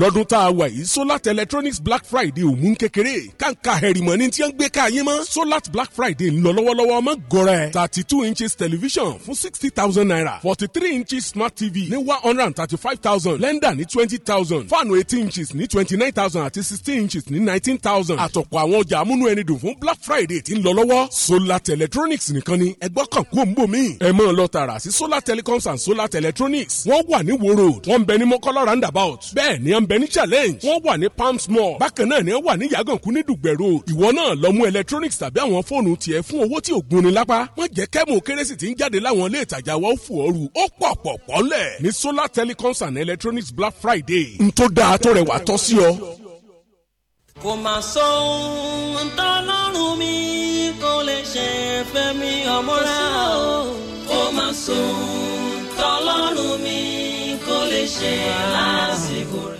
lọ́dún tá a wà yìí solar electronics black friday ò mú kékeré kàǹkà hẹ̀rìmọ̀ ni tí wọ́n gbé ká mọ́ solar black friday ń lọ lọ́wọ́lọ́wọ́ ọmọ gọ̀rẹ́ thirty two inches television fún sixty thousand naira forty three inches smart tv ní one hundred and thirty five thousand blender ní twenty thousand fáànù eighteen inches ní twenty nine thousand àti sixteen inches ní nineteen thousand àtọ̀pọ̀ àwọn ọjà amúnú ẹni dùn fún black friday tí ń lọ lọ́wọ́ solar electronics nìkan ni ẹgbọ́ kan kú òǹbò mi. ẹ mọ̀ lọ tààrà sí solar telecoms and solar electronics wọ́n wà ní wo road wọ́n ń bẹ ní mọ́kọ́lá roundabout bẹ́ẹ̀ ni à ń bẹ challenge wọ́n wà ní palms mall bákan náà ni wọ́n wà ní yàgànkú ní dùgbẹ̀rù ìwọ náà lọ mú electronics tàbí àwọn fóònù tiẹ̀ fún owó tí ò gunni lápá wọ́n jẹ́ kẹ́mù kérésì tí ń jáde láwọn ilé ìtajà wa ó fò ooru ó pọ̀ pọ̀ pọ́lẹ̀ ní solar telecoms and electronics black friday n tó dáa tó rẹwà tọ́ sí ọ. kò mà sọ ohun tọ́lọ́run mi kò lè ṣe fẹ́ mi ọmọ rẹ̀ o kò mà sọ ohun tọ́lọ́run mi kò lè ṣe lásìkò rẹ̀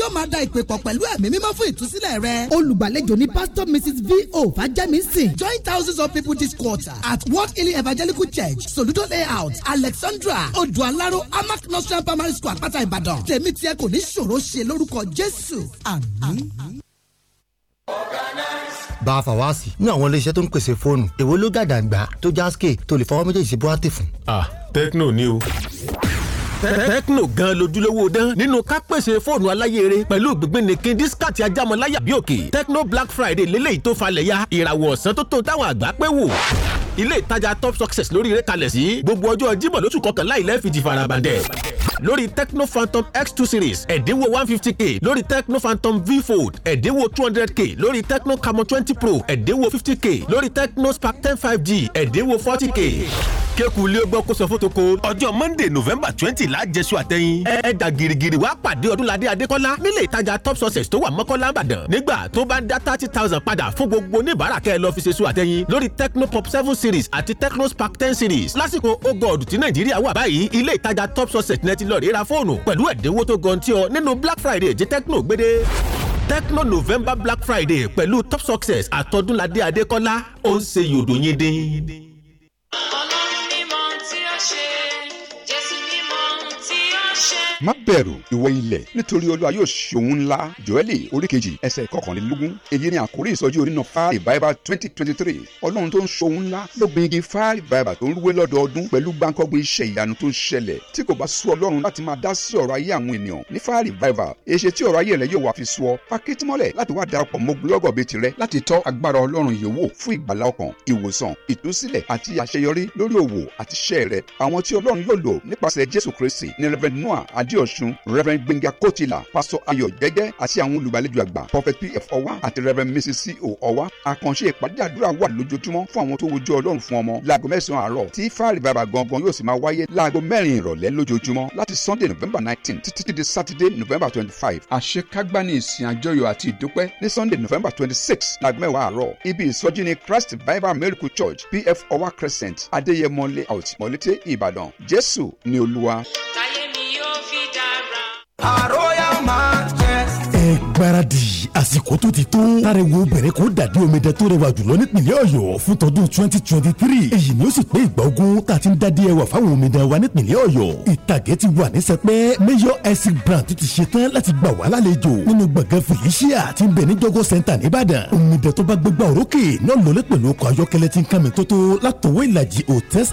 y yóò máa da ìpè pọ̀ pẹ̀lú ẹ̀mí mímọ́ fún ìtúsílẹ̀ rẹ. olùgbàlejò ni pastor mrs v o join thousands of people this quarter at world healing evangelical church soludo layout alexandra odualaro amak nursery primary school àpáta ìbàdàn tèmi tiẹ̀ kò ní ṣòro ṣe lórúkọ jésù àmín. bá a fà wá sí ní àwọn iléeṣẹ́ tó ń pèsè fóònù èwo ló gàdàgbà tó jáske tó lè fọwọ́ méjèèjì sí búrátì fún. ah tecno ni o tẹ́kínò gan lójúlówó dán nínú ká pèsè fóònù aláyèrè pẹ̀lú gbígbínnikin dískàtì ajámọ̀láyà bí òkè tẹ́kínò black friday lélẹ́yìí tó falẹ̀ ya ìràwọ̀ ọ̀sán tó tó táwọn àgbà pé wò ilé ìtajà top success lórí eré kalẹ̀ sí gbogbo ọjọ́ jímọ̀ lóṣù kọkànlá ilẹ̀ fìdí farabandẹ̀ lórí tecno phantom x2 series ẹ̀dínwó 150k lórí tecno phantom v fold ẹ̀dínwó 200k lórí tecno Camo 20 pro ẹ̀dínwó 50k lórí tecno spark 10 5g ẹ̀dínwó 40k kéku ilé ọgbọ́n kó sọ fún toko ọjọ́ monday november twenty lájẹsùn àtẹ̀yìn ẹ̀ẹ́dà gírígírí wàá pàdé ọdúnladé adékọ́lá nílé ìtajà top success tó wà mọ́kọ́lá ìbàdàn nígbà tó bá ń dá thirty thousand padà fún gbogbo oníbàárà kẹ́ ẹ lọ fi ṣe sùn àtẹ̀yìn lórí tecno pop seven series àti tecno spark ten series lásìkò ogod tí nàìjíríà wà báyìí ilé ìtajà top success náà ti lọ rí ra fóònù pẹ̀lú ẹ̀dínwó tó gan tí ọ nínú black friday jẹ́ tecno gbédè tecno november black friday pẹ̀lú top success àtọ́dúnladé adékọ́lá ó ń ṣe yòdòyìn dín. má bẹ̀rù ìwọ ilẹ̀ nítorí olúwa yóò ṣe ohun ńlá jọ́ẹ́lì oríkejì ẹsẹ̀ kọkànlélógún èyí ni àkórí ìsọjí onínà fáàlì báíbà twenty twenty three ọlọ́run tó ń ṣe ohun ńlá ló gbin igi fáàlì báíbà tó ń rúwé lọ́dọọdún pẹ̀lú gbáǹkọ́gbìn iṣẹ́ ìyanu tó ń ṣẹlẹ̀ tí kò bá sú ọlọ́run láti máa dá sí ọ̀rọ̀ ayé àwọn ènìyàn ní fáàlì báíbà èṣe tí ọ̀rọ̀ ayé rẹ yóò wá fi sú ọ pàkẹ́tì mọ́lẹ̀ láti wá darapọ̀ mọ́ búlọ́gọ̀ bíi tirẹ̀ láti tọ́ agbára ọlọ́run yìí wò fún ìgbàlá ọkàn ìwòsàn ìtúsílẹ̀ àti àṣeyọrí lórí òwò àti iṣẹ́ rẹ̀ àwọn tí ọlọ́run yóò lò nípasẹ̀ jésù kristi ní rẹ́fẹ̀núà ad ìdágbójú ọ̀ṣun reverend gbẹ̀ngà kòtìlà pásọ ayọ̀ jẹ́jẹ́ àti àwọn olùgbàlejò àgbà prophet pf ọwá àti reverend mrs co ọwá àkànṣe ìpàdé àdúrà wà lójoojúmọ́ fún àwọn tó wojú ọlọ́run fún ọmọ láago mẹ́sàn-án àárọ̀ tí fáàrí bàbà gangan yóò sì máa wáyé láago mẹ́rin ìrọ̀lẹ́ lójoojúmọ́ láti sunday november nineteen títí di saturday november twenty-five àṣekágbá ní ìsìn àjọyọ̀ àti ìdúpẹ́ ní sunday november twenty-six láago mẹ́wàá àárọ̀ ibi ìsọjí ní christ bible miracle church pf ọwá crescent adéyẹmọlé àwòtí mọ̀lété ìbàdàn jésù ni olúwa. táyé Arroz gbáradì àsìkò tó ti tó táriwo bẹ̀rẹ̀ kó dàdí omidan tó rẹwà jùlọ nípìnlẹ̀ ọ̀yọ́ fún tọdún twenty twenty three èyí ni ó sì pé ìgbà ogún tá a ti ń dádí ẹwà fáwọn omidan wa nípìnlẹ̀ ọ̀yọ́ ìtàgé ti wà ní sẹpẹ́ mayor essex brand ti ṣe tán láti gbà wá lálejò nínú gbọ̀ngàn felicia ti ń bẹ ní jọgọ center nìbàdàn omidan tó bá gbégbá òrókè náà lọlé pẹ̀lú ọkọ̀ ayọ́kẹ́lẹ́ ti ń kàmì tótó látọwọ́ ìlàjì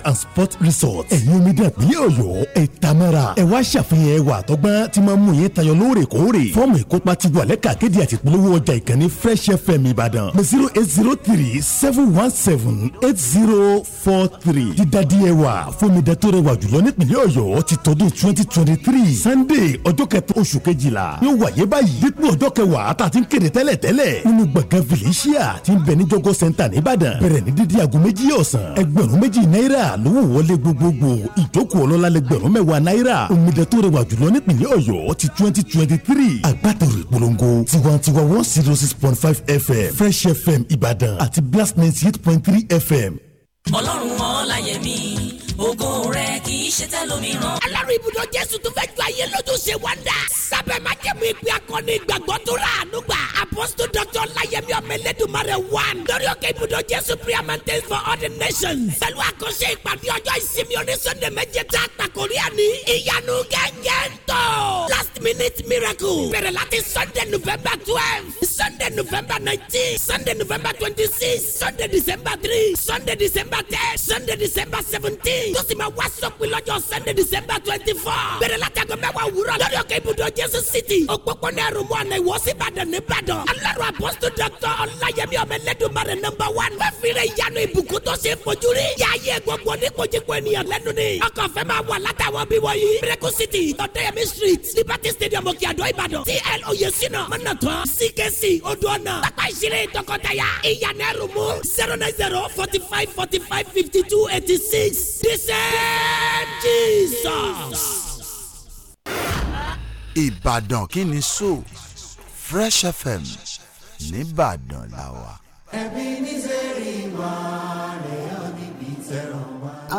and sports resort ẹ̀yin omidan ìpínlẹ̀ ọ̀yọ́ ẹ̀ tamara ẹ̀ wá ṣàfihàn ẹwà àtọ́gbọ́n ti máa mú yín tayọ lóòrèkóòrè fọ́ọ̀mù ìkópa ti lẹ́ka akéde àti polówó ọjà ìkànnì fresh fm ìbàdàn pé zero eight zero three seven one seven eight zero four three dídádìẹ wà fúnmidà tó rẹwà jùlọ nípìnlẹ̀ ọ̀yọ́ ti tọdún twenty twenty three sunday ọjọ́ kẹta oṣù kejìlá yóò wáyé báyìí dípò ọjọ́ kẹwàá tá a ti ń kéde tẹ́lẹ̀ tẹ́lẹ̀ nínú gbọ̀ngàn felicia ti ń bẹ ní jọgọ́ sẹ́ńtà nìbàdàn bẹ̀rẹ̀ ní dídí aago méjì ọ̀sán ẹgbẹ̀rún méjì náírà lówó wọlé gbogbogbò ìjókòó ọlọ́lá lẹ́gbẹ̀rún mẹ́wàá náírà omidan tó rẹwà jùlọ nípìnlẹ̀ ọ̀yọ́ ti twenty twenty three agbátẹrù ìpolongo wo tiwantiwa one zero six point five fm fresh fm Ibadan àti blast ninety eight point three fm. ọlọ́run ọ̀la yẹmi ogun kì í ṣe tẹ́lómi rán lórí ibùdó jésù tó fẹ́ ju ayé lójú ṣe wọ́ndà. sábẹ́ máa jẹ́ mu ìpè akọni ìgbàgbọ́ tó rà àánú gbà. apọ́sítò dọ́tọ̀ láyẹ̀mí ọmọ ẹlẹ́dùnmarè one. lórí òkè ibùdó jésù prayer mountain for all the nations. pẹ̀lú àkọsí ìpàdé ọjọ́ ìsinmi onísọ̀ndẹ̀ méje tá a tàkórí ẹ̀ ní. ìyanu gẹ́gẹ́ ń tọ̀. last minute miracle. bẹ̀rẹ̀ láti sunday november twelve sunday november nineteen sunday november twenty six sunday december three sunday december ten sunday december seventeen. tó sì máa wá sọ pé lọ́jọ́ sunday december twenty twenty four. bẹ̀rẹ̀ láti aago mẹ́wàá wúrọ̀ lórí òkè ibùdó jésù city òpópónà ẹrùmú ọ̀nà ìwọ̀sí ìbàdàn nìbàdàn. alárò apọ́sítò dọ́kítọ̀ ọláyẹmí ọmọ ẹlẹ́dùnmarè nọmba one. wọ́n fi rẹ̀ ìyanu ìbùkún tó ṣe fojú rí. yà á yẹ gbogbo ní kojíko ènìyàn lẹ́nu ni. ọkọ̀ fẹ́ máa wà látàwọn bí wọ̀nyí. miracle city ọ̀dẹ́yẹmí street liberty stadium òkè àdó ìbàdàn. tl oyesina mọ́nàtọ́ ckc odò ọ̀nà. pápá ìṣeré tọkọtaya ìyànà ẹrùmú zero nine zero forty five forty five fifty two eighty six. the same jesus. Ìbàdàn kí ni so Fresh FM nìbàdàn làwà. ẹbí ní sẹ́rí wá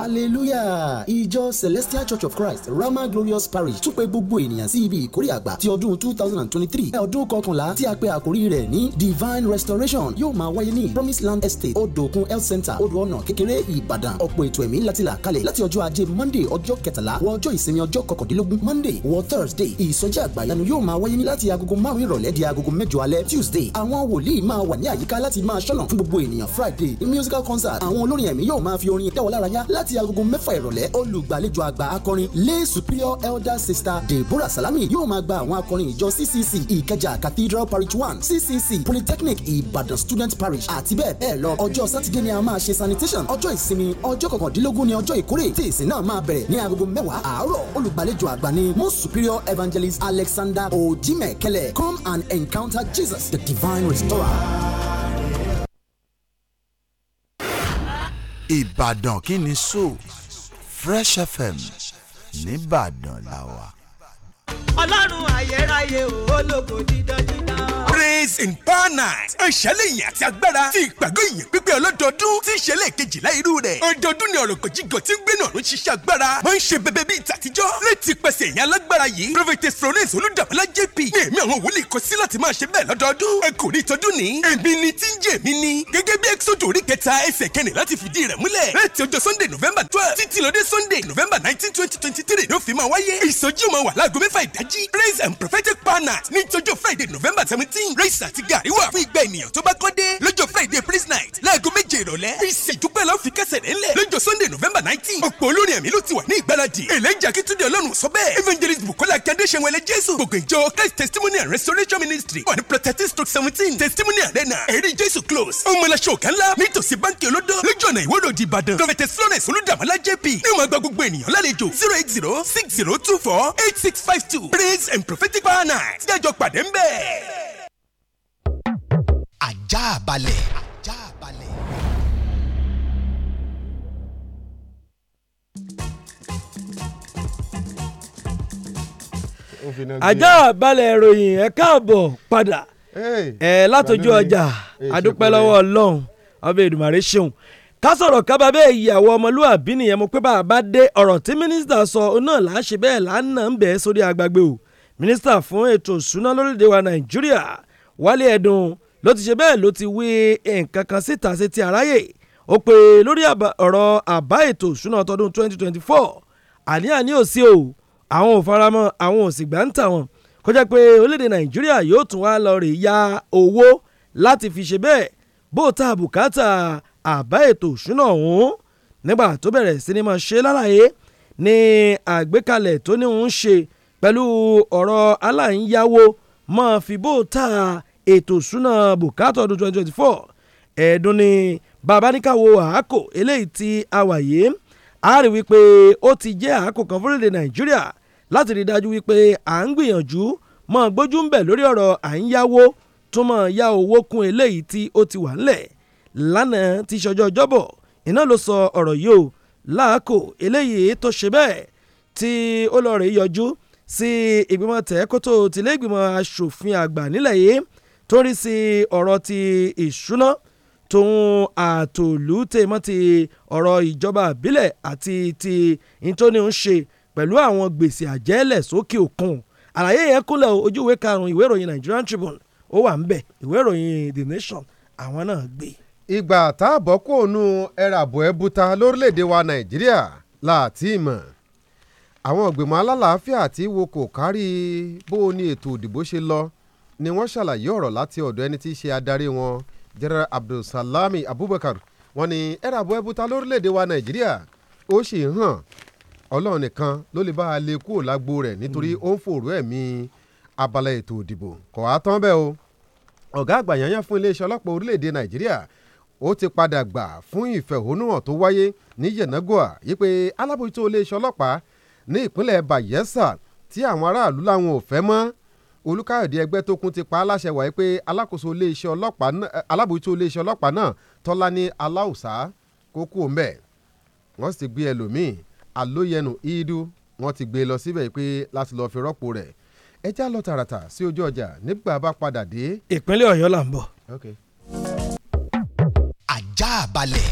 hallelujah ìjọ celestial church of christ rama glorious parish tún pè gbogbo ènìyàn sí ibi ìkórè àgbà ti ọdún two thousand and twenty-three ọdún kọkànlá tí a pè àkórí rẹ̀ ní divine restoration yóò máa wáyé ní promise land estate odòkun health center odò ọ̀nà kékeré ìbàdàn ọ̀pọ̀ ètò ẹ̀mí láti là kalẹ̀ láti ọjọ́ ajé monday ọjọ́ kẹtàlá wọ ọjọ́ ìsinmi ọjọ́ kọkàndínlógún monday wọ thursday ìsọjí àgbàyanu yóò máa wáyé ní láti agogo márùn ìrọ̀lẹ́ di agogo mẹ́jọ alẹ́ tuesday àwọn wòlíì máa wà ní àyíká láti máa ṣọ́nà fún gbogbo ènìyàn friday musical concert àwọn olórin ẹ̀mí yóò máa fi orin dáwọ́ yá láti agogo mẹ́fà ìrọ̀lẹ́ olùgbàlejò àgbà akọrin lay superior elder sister deborah salami yóò máa gba àwọn akọrin ìjọ ccc ìkẹjà cathedral parish one ccc polytechnic ìbàdàn student parish àti bẹ́ẹ̀ bẹ́ẹ̀ lọ ọjọ́ sátidé ni a máa ṣe sanitation ọjọ́ ìsinmi ọjọ́ kọkàndínlógún ni ọjọ́ ìkórè tí ìsìn náà máa bẹ̀rẹ̀ ní agogo mẹ́wàá àárọ̀ olùgbàlejò àgbà ni most superior evangelist alexander ojimekele come and encounter jesus the divine restorer. Ìbàdàn kí ni so Fresh FM nìbàdàn la wà. Ọlọ́run ayérayé ò ó lógo dídọ́jú praise in power night. ìṣẹ̀lẹ̀ ìyìn àti agbára ti ìpàgọ́ ìyìn pípẹ́ ọlọ́dọọdún tí ìṣẹ̀lẹ̀ kejìlá irú rẹ̀. ọdọọdún ni ọ̀rọ̀ gọ̀jígọ̀ tí ń gbénà ló ń ṣiṣẹ́ agbára. wọ́n ń ṣe bẹbẹ bíi tàtijọ́. létí pẹsẹ̀ ìyẹn alágbára yìí. prophetess florence olùdàmọ́lá jp. ní èmi àwọn wòlíì kọ sí láti máa ṣe bẹ́ẹ̀ lọ́dọọdún. ẹ kò ni tí ń jẹ́ èmi ni. gẹ́gẹ́ bí exodo orí kẹta ẹsẹ̀ kẹrin láti sunday november twelve títí lọ dé sunday november nineteen twenty twenty three ló fi máa wáyé. ìsọjí máa wà láago mẹ́fà ìdájí. and prophetic power night ní tọjọ́ friday november seventeen raise rice àti gàrí wà fún igba ènìyàn tó bá kọ́ dé lọ́jọ́ friday praise night láago méje ìrọ̀lẹ́ bísí ìdúpẹ́ lọ́ọ́ fi kẹsẹ̀ rẹ̀ ńlẹ̀ lọ́jọ́ sunday november nineteen ọ̀pọ̀ olórin ẹ̀mí ló ti wà ní ìgbáradì èlẹ́jà kìtúndé ọlọ́run sọ bẹ́ẹ̀ evangelist bukola akande ṣẹ̀wẹ̀lẹ̀ jésù gbogbo ìjọ christ testimony and restoration ministry wà ní protecting stroke seventeen testimony arena ẹ̀rí jésù close ọmọlẹ́sọ̀ ọ̀gá ńlá nítòsí báńkì olódó lójú ọ̀nà ìwọ́dọ̀ di ìbàdàn prọfẹ̀tẹ̀ florence olùdàmọ́lá jp ní ìmọ̀ àgbà gbogbo ènìyàn lálejò zero eight zero six zero two four eight six five two praise and prophetic power night jẹ́jọ́ pàdé ńbẹ̀. ajá balẹ̀. ajá balẹ̀. ajá balẹ̀ ìròyìn padà ẹ̀ látọjú ọjà adúpẹ́ lọ́wọ́ ọlọ́run ọbẹ̀ ṣeun ká sọ̀rọ̀ ìyàwó ọmọlúwàbí nìyẹn mo pé bàbá dé ọ̀rọ̀ tí mínísítà sọ bẹ́ẹ̀ ń bẹ̀ẹ́ sórí agbágbé o mínísítà fún ètò ìṣúná nàìjíríà wálé ẹ̀dùn ló ti ṣe bẹ́ẹ̀ ló ti wí nǹkan kan síta sí ti aráyè ó pé lórí ọ̀rọ̀ àbá ètò ìṣúná tọdún 2024 àní-àní ò sí o àwọn ò faramọ́ àwọn ò sì gbà ń tà wọ́n kó pé orílẹ̀-èdè nàìjíríà yóò tún wá lọ rè ya owó láti fi ṣe bẹ́ẹ̀ bó ta bùkátà àbá ètò ìṣúná ọ̀hún nígbà tó bẹ̀rẹ̀ sí ni máa ṣe lálàyé ní àgbékalẹ̀ tó ní òun ṣe pẹ̀lú ọ̀rọ̀ aláìyáwó máa fi bó ta ètò ìṣúná bùkátà ọdún 2024 ẹ̀ẹ́dún ni bàbá ní ká wo àákò eléyìí tí a wà yìí a rí wípé ó ti jẹ́ àákò kan fúnlẹ̀dẹ̀ nàìjíríà láti rí dájú wípé à ń gbìyànjú mọ́ gbójú ń bẹ̀ lórí ọ̀rọ̀ à ń yáwó tó mọ̀ ya owó kún eléyìí tí ó ti wà ńlẹ̀ lánàá ti ṣọjọ́ ọjọ́bọ̀ iná ló sọ ọ̀rọ̀ yìí o láàkò eléyìí tó ṣe bẹ́ẹ̀ tí ó lọ rèé yọjú sí ìgbìmọ̀ tẹ́kótó tìlẹ́gbìmọ̀ asòfin àgbà nílẹ̀ yìí torí sí ọ̀rọ̀ ti ìṣúná tòun àtòlù tèmọ́ ti ọ̀rọ̀ ìjọba àbílẹ̀ àti ti ìtọ́ni ń ṣe pẹ̀lú àwọn gbèsè àjẹ́lẹ̀ sókè òkun àlàyé yẹn kúnlẹ̀ ojúwe karùn-ún ìwé ìròyìn Nigerian Tribune ó wà ń bẹ̀ ìwé ìròyìn The Nation àwọn náà gbé. ìgbà táàbọ̀ kó ònú ẹ̀ràbù ẹ̀bùta lórílẹ̀‐èdè wa Nàìjíríà láti mọ̀ àwọn ìgbìmọ̀ alálàáfíà tí wo kò kárí bó o ní ètò òdìbò ṣe lọ ni wọ́n ṣàlàyé ọ̀rọ̀ láti ọ̀dọ̀ ẹni tí í ṣe adarí wọn general abdulsalami abubakar wọ́n ní ẹ̀rà bọ́ ẹ̀bùta lórílẹ̀‐èdè wa nàìjíríà ó sì ń hàn ọlọ́run nìkan ló lè bá a lè kúrò lágbo rẹ̀ nítorí ó ń fòrò ẹ̀mí abala ètò òdìbò kò á tán bẹ́ẹ̀ o ọ̀gá àgbà yanyan fún iléeṣẹ́ ọlọ́pàá orílẹ̀‐èdè nàìjíríà ó ti padà gbà fún ìfẹ̀hónúhàn tó wáyé ní yenagoa yípe alábòjútó iléeṣẹ́ ọlọ́pàá ní ìpínlẹ̀ bayelsa tí àwọn aráàlú làwọn ò fẹ́ mọ́ olùkàyọ̀dé ẹgbẹ́tókun ti pa á láṣẹ wáyé pé alákòóso iléeṣẹ́ ọlọ́pàá náà eh, alábòójútó iléeṣẹ́ ọlọ́pàá náà tọ́lání aláùsá kó kú òun bẹ̀ wọ́n sì ti gbé ẹlòmíì àlóyẹnu ìdú wọ́n ti gbé e lọ síbẹ̀ pé láti lọ́ọ́ fi rọ́pò rẹ̀ ẹ lọ tààràtà sí ojú ọjà nígbà bá padà dé. ìpínlẹ̀ ọ̀yọ́ là ń bọ̀. àjà balẹ̀.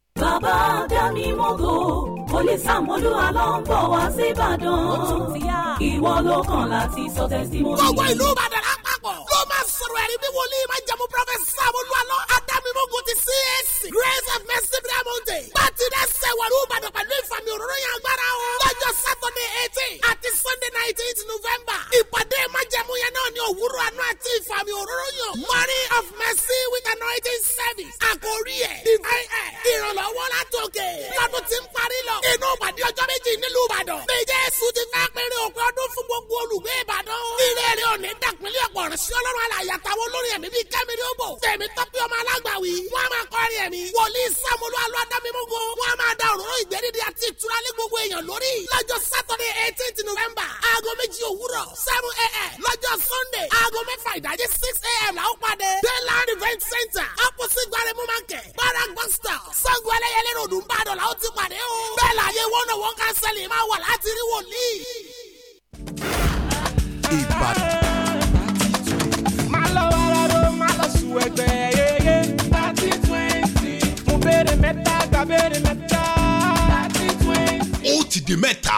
bàbá dami mogo olùsàmúlò alọ́ńbọ̀ wá síbàdàn ìwọ ló kàn láti sọ tẹsítímọ́nì. gbogbo ìlú ìbàdàn lápapọ̀ ló máa sọ̀rọ̀ ẹ̀rí bí wòlíì máa jẹ̀mú pírọ́fẹ́sà olúwalọ́ adámímógó ti CAC grace of mercy diamond pàtí dẹ́sẹ̀ wọ̀lú ìbàdàn pẹ̀lú ìfàmì òróró yẹn agbára o lọ́jọ́ sátọ́dẹ̀ eighteen àti sunday nineteen november ìpàdé máa jẹ̀mú bẹ́ẹ̀ náà ni òwúrọ̀ àánú àti ìfàmì òróró yàn. morning of mercy with anointing service. àkórí ẹ̀ divine ẹ̀ ìrànlọ́wọ́ látòkè. lọ́dún tí ń parí lọ. inú ìpàdé ọjọ́ méjì nílùú ìbàdàn. bí jésù ti fẹ́ péré òpin ọdún fún gbogbo olùgbé ìbàdàn. ire rẹ̀ ò ní dàpínlẹ̀ ọ̀pọ̀ rẹ̀ sí ọlọ́run alàyè àtàwọn olórí ẹ̀mí bíi kẹ́mírí ó bò. tèmi tọ́pẹ́ ọmọ alágbàwí. wọ́n á máa kọrin ẹ̀mí. wòlíì sàmúlò alọ́dámímúgo. wọ́n á máa da òróró ìgbẹ́dídì àti ìtura lé gbogbo èèyàn lórí. lọ́jọ́ sátọ̀dẹ̀ eighteen november aago méjì òwúrọ̀ seven a.m. lọ́jọ́ Sunday aago mẹ́fà ìdájí six a.m. la ó pàdé Dayland event center opposite gbaremu market barak Sango Ẹlẹ́yẹlé ròdù ń bàdàn la ó ti pàdé o bẹ́ẹ̀ la yẹ wọ́n náà wọ́n kánsẹ́lì máa wà láti rí wòlíì. Ìbàdàn. Máa lọ wàrà ló máa lọ sùn ẹgbẹ́ yeye thirty twenty mo béèrè mẹ́ta gbà béèrè mẹ́ta thirty twenty. Ó ti di mẹ́ta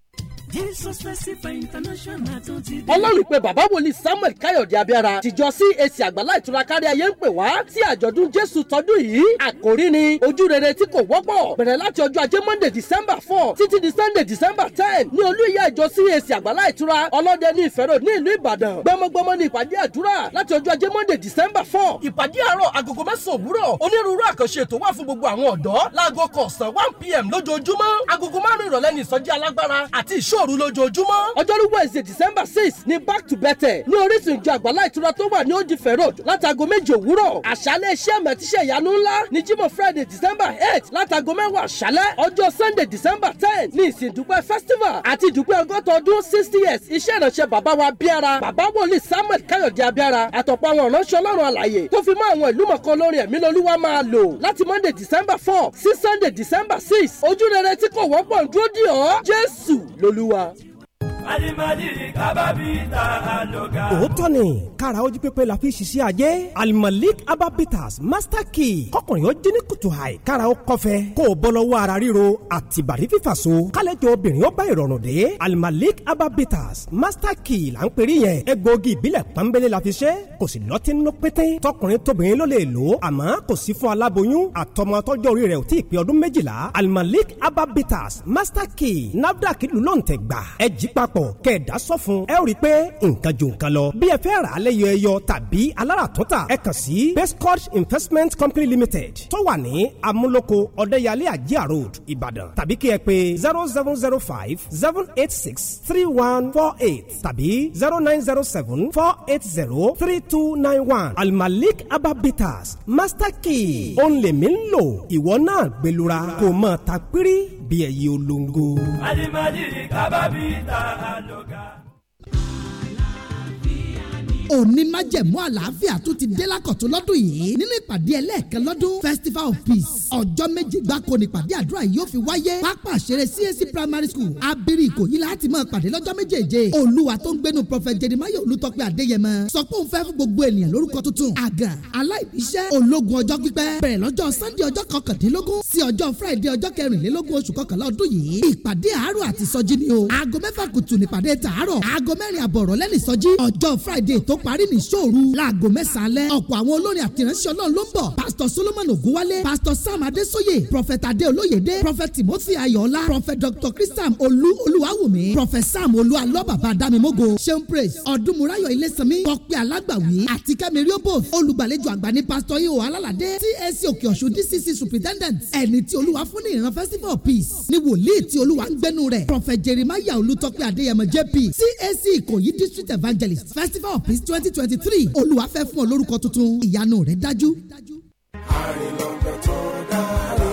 ọlọ́run pé bàbá wòlíì samuel káyọ̀dé abíára tìjọ sí èsì àgbàlá ìtura kárí ayé ń pè wá sí àjọ̀dún jésù tọdún yìí àkòrí ni ojú rere tí kò wọ́pọ̀ bẹ̀rẹ̀ láti ọjọ́ ajé monday december four títí di sunday december ten ní olú ìyá ìjọ sí èsì àgbàlá ìtura ọlọ́dẹ ní ìfẹ́rò ní ìlú ìbàdàn gbọmọgbọmọ ní ìpàdé àdúrà láti ọjọ́ ajé monday december four ìpàdé àárọ̀ agogo mẹ́sàn-án òwúrọ̀ onírúurú àkànṣe ètò wà fún gbogbo àwọn one pm lójoojúmọ́ agogo márùn-ún ìrọ̀lẹ́ ní ìsọjí alágbára àti òru lójoojúmọ́. ọjọ́rú wẹ̀sì december six ni back to bẹ́tẹ̀ ní orísun ìjọ àgbàlá ìtura tó wà ní old ife road látago méje òwúrọ̀ àṣálẹ̀ iṣẹ́ mẹ̀tíṣẹ́ ìyanu ńlá ni jímọ̀ friday december eight látago mẹ́wàá àṣálẹ̀ ọjọ́ sunday december ten Ni ìsìn dúpẹ́ festival àti dúpẹ́ ọgọ́ta ọdún sixty years iṣẹ́ ìránṣẹ́ bàbá wa abíára bàbá wòlíì samuel káyọ̀dé abíára àtọ̀pọ̀ àwọn ìránṣẹ́ ọlọ́run àlàyé tó fi mọ́ àwọn ìlú mọ̀kan olórin ẹ̀mí lolúwa máa lò láti monday december four sí sunday december six ojúrere tí kò wọ́pọ̀ ń dúró dì ọ́ jésù lolúwa sua. alimaliki ababita aloga. òótọ́ ni kára ojú pépé la fi ṣiṣẹ́ ajé alimalik ababitas master key kọkùnrin ó jí ní kùtù àì kára ó kọfẹ kó o bọ́ lọ́wọ́ ara ríro àtibàrí fífàso kálẹ̀jọ obìnrin ó bá ìrọ̀rùn dé alimalik ababitas master key là ń pèrè yẹn egbòogi ìbílẹ̀ pọ́nbélé la fi ṣe kò sì lọ́tí nínú pété tọkùnrin tóbìnrin ló lè lò àmọ́ kò sí fún aláboyún àtọmọ orí rẹ̀ ò tí ì pé ọdún méjìlá alimalik ababitas master key nafdac lulọ̀ǹtẹ̀ gbà ẹ jí papọ̀ kọ̀ọ̀kan kẹ̀ẹ́dá sọ fún ẹ ó rí i pé nǹkan ju nǹkan lọ. bí ẹ fẹ́ rà á lẹ́yọ ẹyọ tàbí aláràtúntà ẹ kàn sí bestcourt investment company limited tó wà ní amúlòkó ọ̀dẹ́yàlẹ́ àjíà road ìbàdàn tàbí kí ẹ pé zero seven zero five seven eight six three one four eight tàbí zero nine zero seven four eight zero three two nine one almalik ababitas master key òun lèmi ń lò ìwọ náà gbẹlura kò mọ̀ ta pírí bí ẹ̀yìn olóńgó. adimadi kábàbí ta. Dialoga. òní májẹ̀mú àlàáfíà tún ti dé lákọ̀tún lọ́dún yìí nínú ìpàdé ẹlẹ́ẹ̀kan lọ́dún festival of peace ọjọ́ méje gbáko ni ìpàdé àdúrà yóò fi wáyé pápá àṣẹrẹ CAC primary school abiri ìkòyí láti máa pàdé lọ́jọ́ méjèèje olúwa tó ń gbénu prophet Jeremiah olùtọ́pẹ́ adéyẹmọ sọ pé òun fẹ́ fún gbogbo ènìyàn lórúkọ tuntun àgàn aláìníṣẹ́ ológun ọjọ́ pípẹ́ bẹ̀rẹ̀ lọ́jọ́ sunday ọjọ́ kọkàndínlógún sí ọjọ́ friday ọjọ́ kẹrìnlélógún oṣù kọkànlá ọdún yìí ìpàdé àárọ̀ àti sọjí ni o aago mẹ́fà kùtù nípàdé tààrọ̀ aago mẹ́rin àbọ̀rọ̀ lẹ́nìí sọjí ọjọ́ friday tó parí ní sóòru láago mẹ́sàn-án alẹ́ ọ̀pọ̀ àwọn olórin àtìránṣẹ́ ọlọ́run ló ń bọ̀ pásítọ̀ solomon ogunwálé pásítọ̀ sam adésóyè prọfẹ̀t adé olóyèdé prọfẹ̀t timothy ayọ̀ọ́lá prọfẹ̀t dr christian olú olúwàwùmí prọfẹ̀t sam olú alọ́bàbà adámimógo seun praise ọ̀dúnmúráyọ̀ ilésanmi kọ́pẹ́ alágbàwí àti kẹ́mi riobof olùgbàlejò àgbà ní pásítọ̀ ihò alálàdé csc òkè dcc superintendent ẹni tí olúwa fún festival of peace ni wòlíì tí jeremiah olùtọ́pẹ́ adéyẹmọ jp csc ìkòyí district evangelist festival of peace twenty twenty three olúwa fẹ́ fún ọ lórúkọ tuntun ìyanu rẹ̀ dájú. àrìnlọ́gbẹ̀ tó dára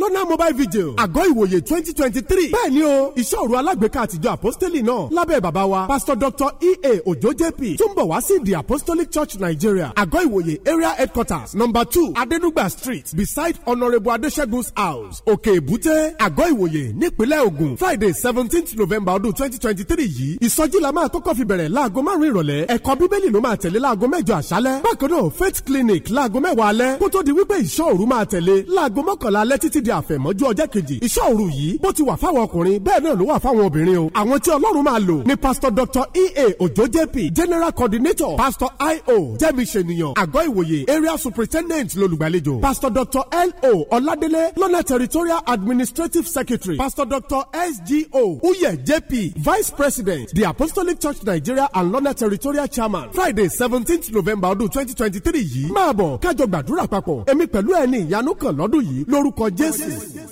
lọ́nà mobile video. àgọ́ ìwòye twenty twenty three bẹ́ẹ̀ ni o iṣẹ́ òru alágbèéká àtijọ́ apostoli náà lábẹ́ bàbá wa pastor doctor ea ojo jp tó ń bọ̀ wá sí the apostolic church nigeria àgọ́ ìwòye area headquarters number two adenugba street beside honourable adesegun's house òkè èbúté àgọ́ ìwòye nípínlẹ̀ ògùn friday seventeenth november ọdún twenty twenty three yìí ìsọjí la máa kọ́kọ́ fi bẹ̀rẹ̀ láago márùn-ún ìrọ̀lẹ́ ẹ̀kọ́ bíbélì ló máa tẹ̀lé láago mẹ́jọ àṣálẹ́ bákan náà faith clinic láago mẹ́wàá alẹ́ kó tó di wípé ìṣọ́ òru máa tẹ̀lé láago mọ́kànlá kọkànlá alẹ́ di àfẹ̀mọ́jú ọjọ́ kejì ìṣọ́ òru yìí bó ti wà fáwọn ọkùnrin bẹ́ẹ̀ náà ló wà fáwọn obìnrin o àwọn tí ọlọ́run máa lò ni pastor Doctor ea ojo jp general coordinator pastor io jẹ́mi ṣènìyàn àgọ́ ìwòye area superintendent lolùgbàlejò pastor dr lo ọládélé lọ́nà territorial administrative secretary pastor dr sgo uye jp vice president the apostolic church nigeria and lọ́nà territorial chairman friday seventeenth november ọdún twenty twenty three yìí máa bọ̀ kájọ gbàdúrà papọ̀ èmi pẹ̀lú ẹni ìyanu kan lọ́dún yìí lórí lórúkọ Jésù.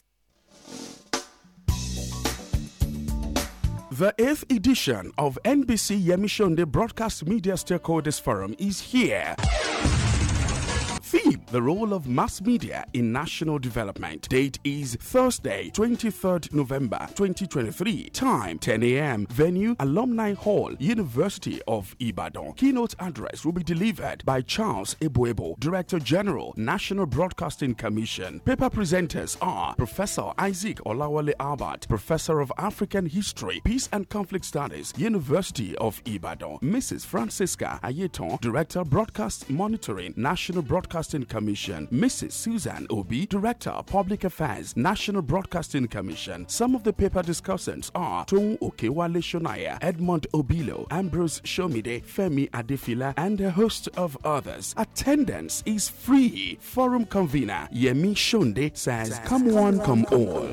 The eighth edition of NBC Yemishonde Broadcast Media Stakeholders Forum is here the role of mass media in national development. Date is Thursday, 23rd November 2023. Time 10 a.m. Venue Alumni Hall, University of Ibadan. Keynote address will be delivered by Charles Ebuebo, Director General, National Broadcasting Commission. Paper presenters are Professor Isaac Olawale Albert, Professor of African History, Peace and Conflict Studies, University of Ibadan. Mrs. Francisca Ayeton, Director Broadcast Monitoring, National Broadcasting Commission. Commission, Mrs. Susan Obi, Director of Public Affairs, National Broadcasting Commission. Some of the paper discussants are Tung Okewale Shonaya, Edmond Obilo, Ambrose Shomide, Femi Adefila, and a host of others. Attendance is free. Forum convener Yemi Shonde says, Come, come on, come, come all.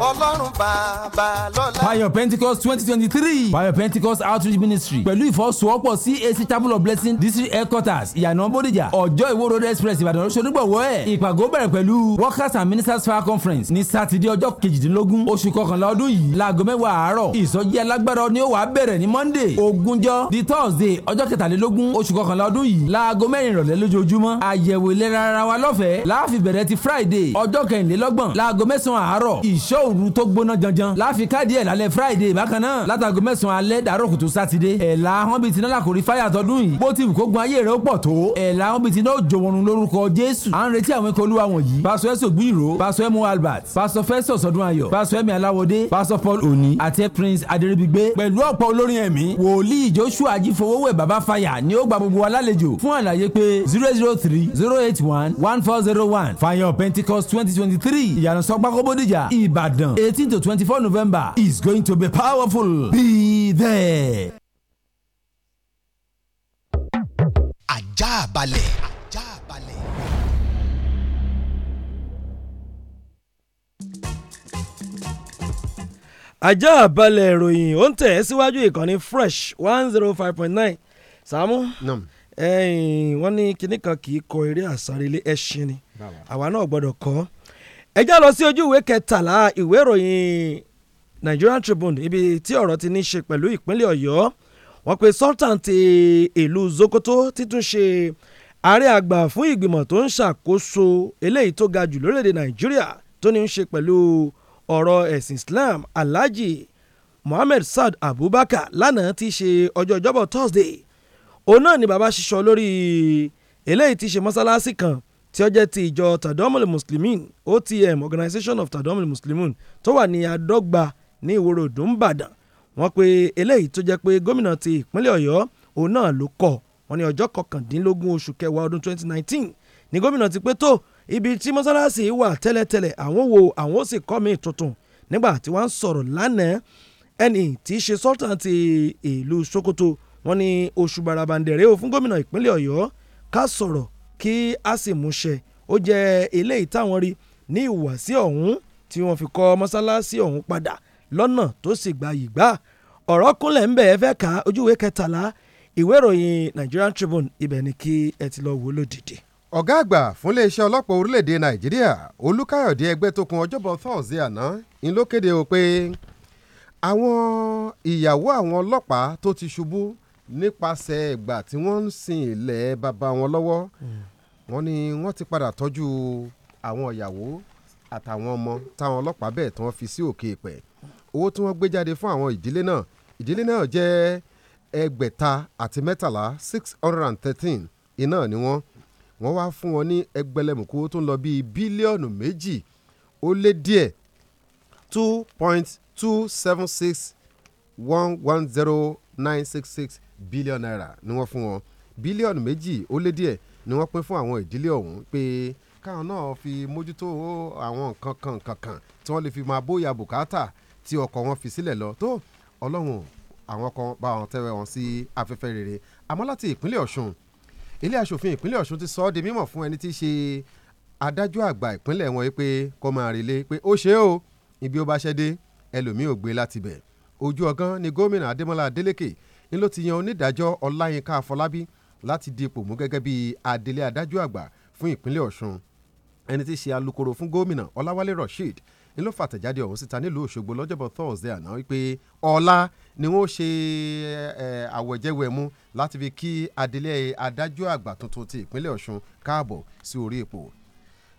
ọlọ́run bàbá lọ́la. fire pentecost twenty twenty three fire pentecost outreach ministry pẹ̀lú ìfọwọ́sowọ́pọ̀ cac chapel of blessing district headquarters ìyànà bódìjà ọjọ́ ìwó road express ìbàdàn lọ́sọdúngbọ̀wọ́ ẹ̀ ìpàgọ́ bẹ̀rẹ̀ pẹ̀lú workers and ministers fire conference ní sátidé ọjọ́ kejìdínlógún oṣù kọkànlá ọdún yìí láago mẹ́wàá àárọ̀ ìsọjí alágbára ni ó wà bẹ̀rẹ̀ ní monday ogúnjọ́ di thursday ọjọ́ kẹtàlélógún oṣù kọkànlá ọdún yìí láago mẹ́rin ìrọ̀lẹ́ lójoojúmọ́ àyẹ̀wò ìlera ara wa lọ́fẹ̀ẹ́ láàfin bẹ̀rẹ̀ ti friday ọjọ́ kẹrìnlélọ́gbọ̀n láago mẹ́sàn-án àárọ̀ ìṣó òru tó gbóná janjan láfi káàdì ẹ̀ lálẹ́ friday bákan náà látago mẹ́sàn-án alẹ́ dàárọ̀ kùtù sátidé ẹ̀la wọn bíi tiná làkòrí fáyà tọdún yìí bó ti wù kó gun ayé rẹ̀ ó pọ̀ tó ẹ̀la wọn bíi tiná òjò wọnú lórúkọ jésù à ń retí àwọn ikọ̀ olúwa wọ̀nyí pásọ ẹ̀sọ̀ gbìrò pásọ ẹ̀mú albert pásọ fẹ́sọ̀ sọdún ayọ̀ pásọ ẹ̀mí aláwọ̀dé pásọ paul oni àti prince adéríbigbé pẹ̀lú ọ̀pọ̀ olórin ẹ̀mí wòlíì joshua ajífowówẹ̀ baba fàyà ni ó gba gbogbo wa lálejò fún àlàyé pé zero zero three zero eight one one four zero one fire pentecost twenty twenty three ìyànà sọgbàkọ́bódìjà ìbàd Ibadan, 18 to 24 November is going to be powerful. Be there. Ajá balẹ̀. Ajá balẹ̀. ajá balẹ̀ ìròyìn ó ń tẹ̀ ẹ́ síwájú ìkànnì fresh one zero five point nine Sàámú wọ́n ní kinní kan kì í kọ eré àsárelé ẹṣin ni àwa náà gbọ́dọ̀ kọ́ ẹ já lọ sí ojú ìwé kẹtàlá ìwé ìròyìn Nigerian Tribune ibi tí ọ̀rọ̀ ti ní ṣe pẹ̀lú ìpínlẹ̀ Ọ̀yọ́ wọ́n pe Sultan ti ìlú Sokoto títún ṣe ààrẹ àgbà fún ìgbìmọ̀ tó ń ṣàkóso eléyìí tó ga jù lórílẹ̀‐èdè Nàìjíríà tó ní í ṣe pẹ̀lú ọ̀rọ̀ ẹ̀sìn Islam Alhaji Mohammed Saad Abubakar lánàá ti ṣe ọjọ́ Ọjọ́bọ̀ Thursday òun náà ni bàbá ṣiṣọ lórí eléyìí ti ṣe mọ́sálásí kan tí ó jẹ́ ti ìjọ tàdọ́mọ̀lì muslimin otm organization of tàdọ́mọ̀lì muslimin tó wà ní àdọ́gba ní ìwòrò òdùnbàdàn wọ́n pe eléyìí tó jẹ́ pé gómìnà ti ìpínlẹ̀ ọ̀yọ́ òun náà ló kọ̀ wọ́n ní ọjọ́ kọkàndínlógún oṣù kẹwàá ọdún 2019 ní gómìnà ti pé tó ibi tí mọ́sálásí wà tẹ́lẹ̀tẹ́lẹ̀ àwọn wo àwọn ó sì kọ́ mi tuntun nígbà tí wọ́n ń sọ̀rọ̀ lánàá ẹni tí í ṣe sọ́tàn ti ìlú sokoto wọ́n ní oṣù barabandẹ̀rẹ́ o fún gómìnà ìpínlẹ̀ ọ̀yọ́ ká sọ̀rọ̀ kí a sì mú ṣẹ ó jẹ́ eléyìí táwọn rí ní ìwàsí ọ̀hún tí wọ́n fi kọ́ mọ́sálásí ọ̀hún padà lọ́nà tó sì gbayì gbà ọ̀rọ̀ kúnlẹ̀ ń bẹ̀ ẹ fẹ́ ka ojúwe kẹtàlá ìwé ìròyìn Nigerian Tribune ibẹ̀ ni kí ẹ ti lọ wò lódìdí. ọ̀gá àgbà fún iléeṣẹ́ ọlọ́pàá orílẹ̀‐èdè Nàìjíríà Olúkáyọ̀dé Ẹgbẹ́tókun ọjọ́bọ̀ Thursday àná ń ló kéde o pé àwọn ìyàwó àwọn ọlọ́pàá tó ti ṣubú nípasẹ̀ ìgbà tí wọ́n ń sin ilẹ̀ bàbá wọn lọ́wọ́ hmm. wọ́n ní wọ́n ti padà tọ́jú àwọn ìyàwó àtàwọn ọmọ táwọn ọlọ́pàá bẹ́ẹ̀ tí wọ́n fi sí òkè ìpẹ́ owó tí wọ́n gbé jáde fún àwọn ìdílé náà ìdílé náà jẹ́ ẹgbẹ̀ta àti mẹ́tàlá six hundred and thirteen iná ni wọ́n wọ́n wá fún wọn ní ẹgbẹ̀lẹ́mùkú tó ń lọ bíi bílíọ̀nù méjì ó lé díẹ̀ two point two seven six one one zero nine six six bílíọ̀nù náírà ni wọ́n fún wọn bílíọ̀nù méjì ó lé díẹ̀ ni wọ́n pín fún àwọn ìdílé ọ̀hún pé káwọn náà fi mójútó àwọn nǹkan kan kankan tí wọ́n lè fi máa bóyá bùkátà tí ọkọ̀ wọn fi sílẹ̀ lọ tó ọlọ́run àwọn kan bá wọn tẹ́wẹ́ wọn sí afẹ́fẹ́ rere àmọ́ láti ìpínlẹ̀ ọ̀ṣun ilé aṣòfin ìpínlẹ̀ ọ̀ṣun ti sọ ọ́ di mímọ̀ fún ẹni tí í ṣe adájọ́ àgbà ìpínlẹ̀ wọn pé kó máa relé pé ó ṣe o ibi ó bá ṣẹ́ dé ẹlòmíì ò gbé láti bẹ̀ ojú ọgán ni gómìnà adémọlá adélékè ni ló ti yan onídàájọ́ ọláyínká afọlábí láti di ipò mú gẹ́gẹ́ bí adelé adájọ́ àgbà fún ìpínlẹ̀ ọ̀ṣun ẹni tí í ṣe alukoro fún gómìnà ọláwálé rasheed ni ló fàtẹ̀jáde ọ̀hún síta nílùú òṣogbo lọ́jọ́bọ̀ thursday àná wípé ọ̀la ni wọ́n ṣe àwẹ̀jẹwẹ̀mu láti fi kí adelé adájọ́ àgbà tuntun ti ìpínlẹ̀ ọ̀ṣun káàbọ̀ sí orí ipò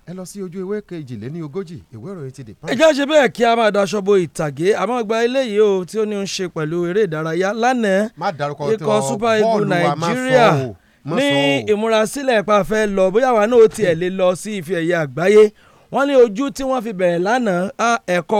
ẹ lọ sí ojú ewé kejìléní ogójì ìwé ìròyìn ti The Punch. ẹjẹ́ ṣe bẹ́ẹ̀ kí a máa daṣọ bo ìtàgé àmọ́ gba eléyìí o tí ó ní í ṣe pẹ̀lú eré ìdárayá lánàá ikọ̀ Super Eagles Nàìjíríà ní ìmúrasílẹ̀ pàfẹ́ lọ bóyá wà náà ó tiẹ̀ lè lọ sí ife ẹ̀yẹ àgbáyé wọ́n ní ojú tí wọ́n fi bẹ̀rẹ̀ lánàá ẹ̀kọ́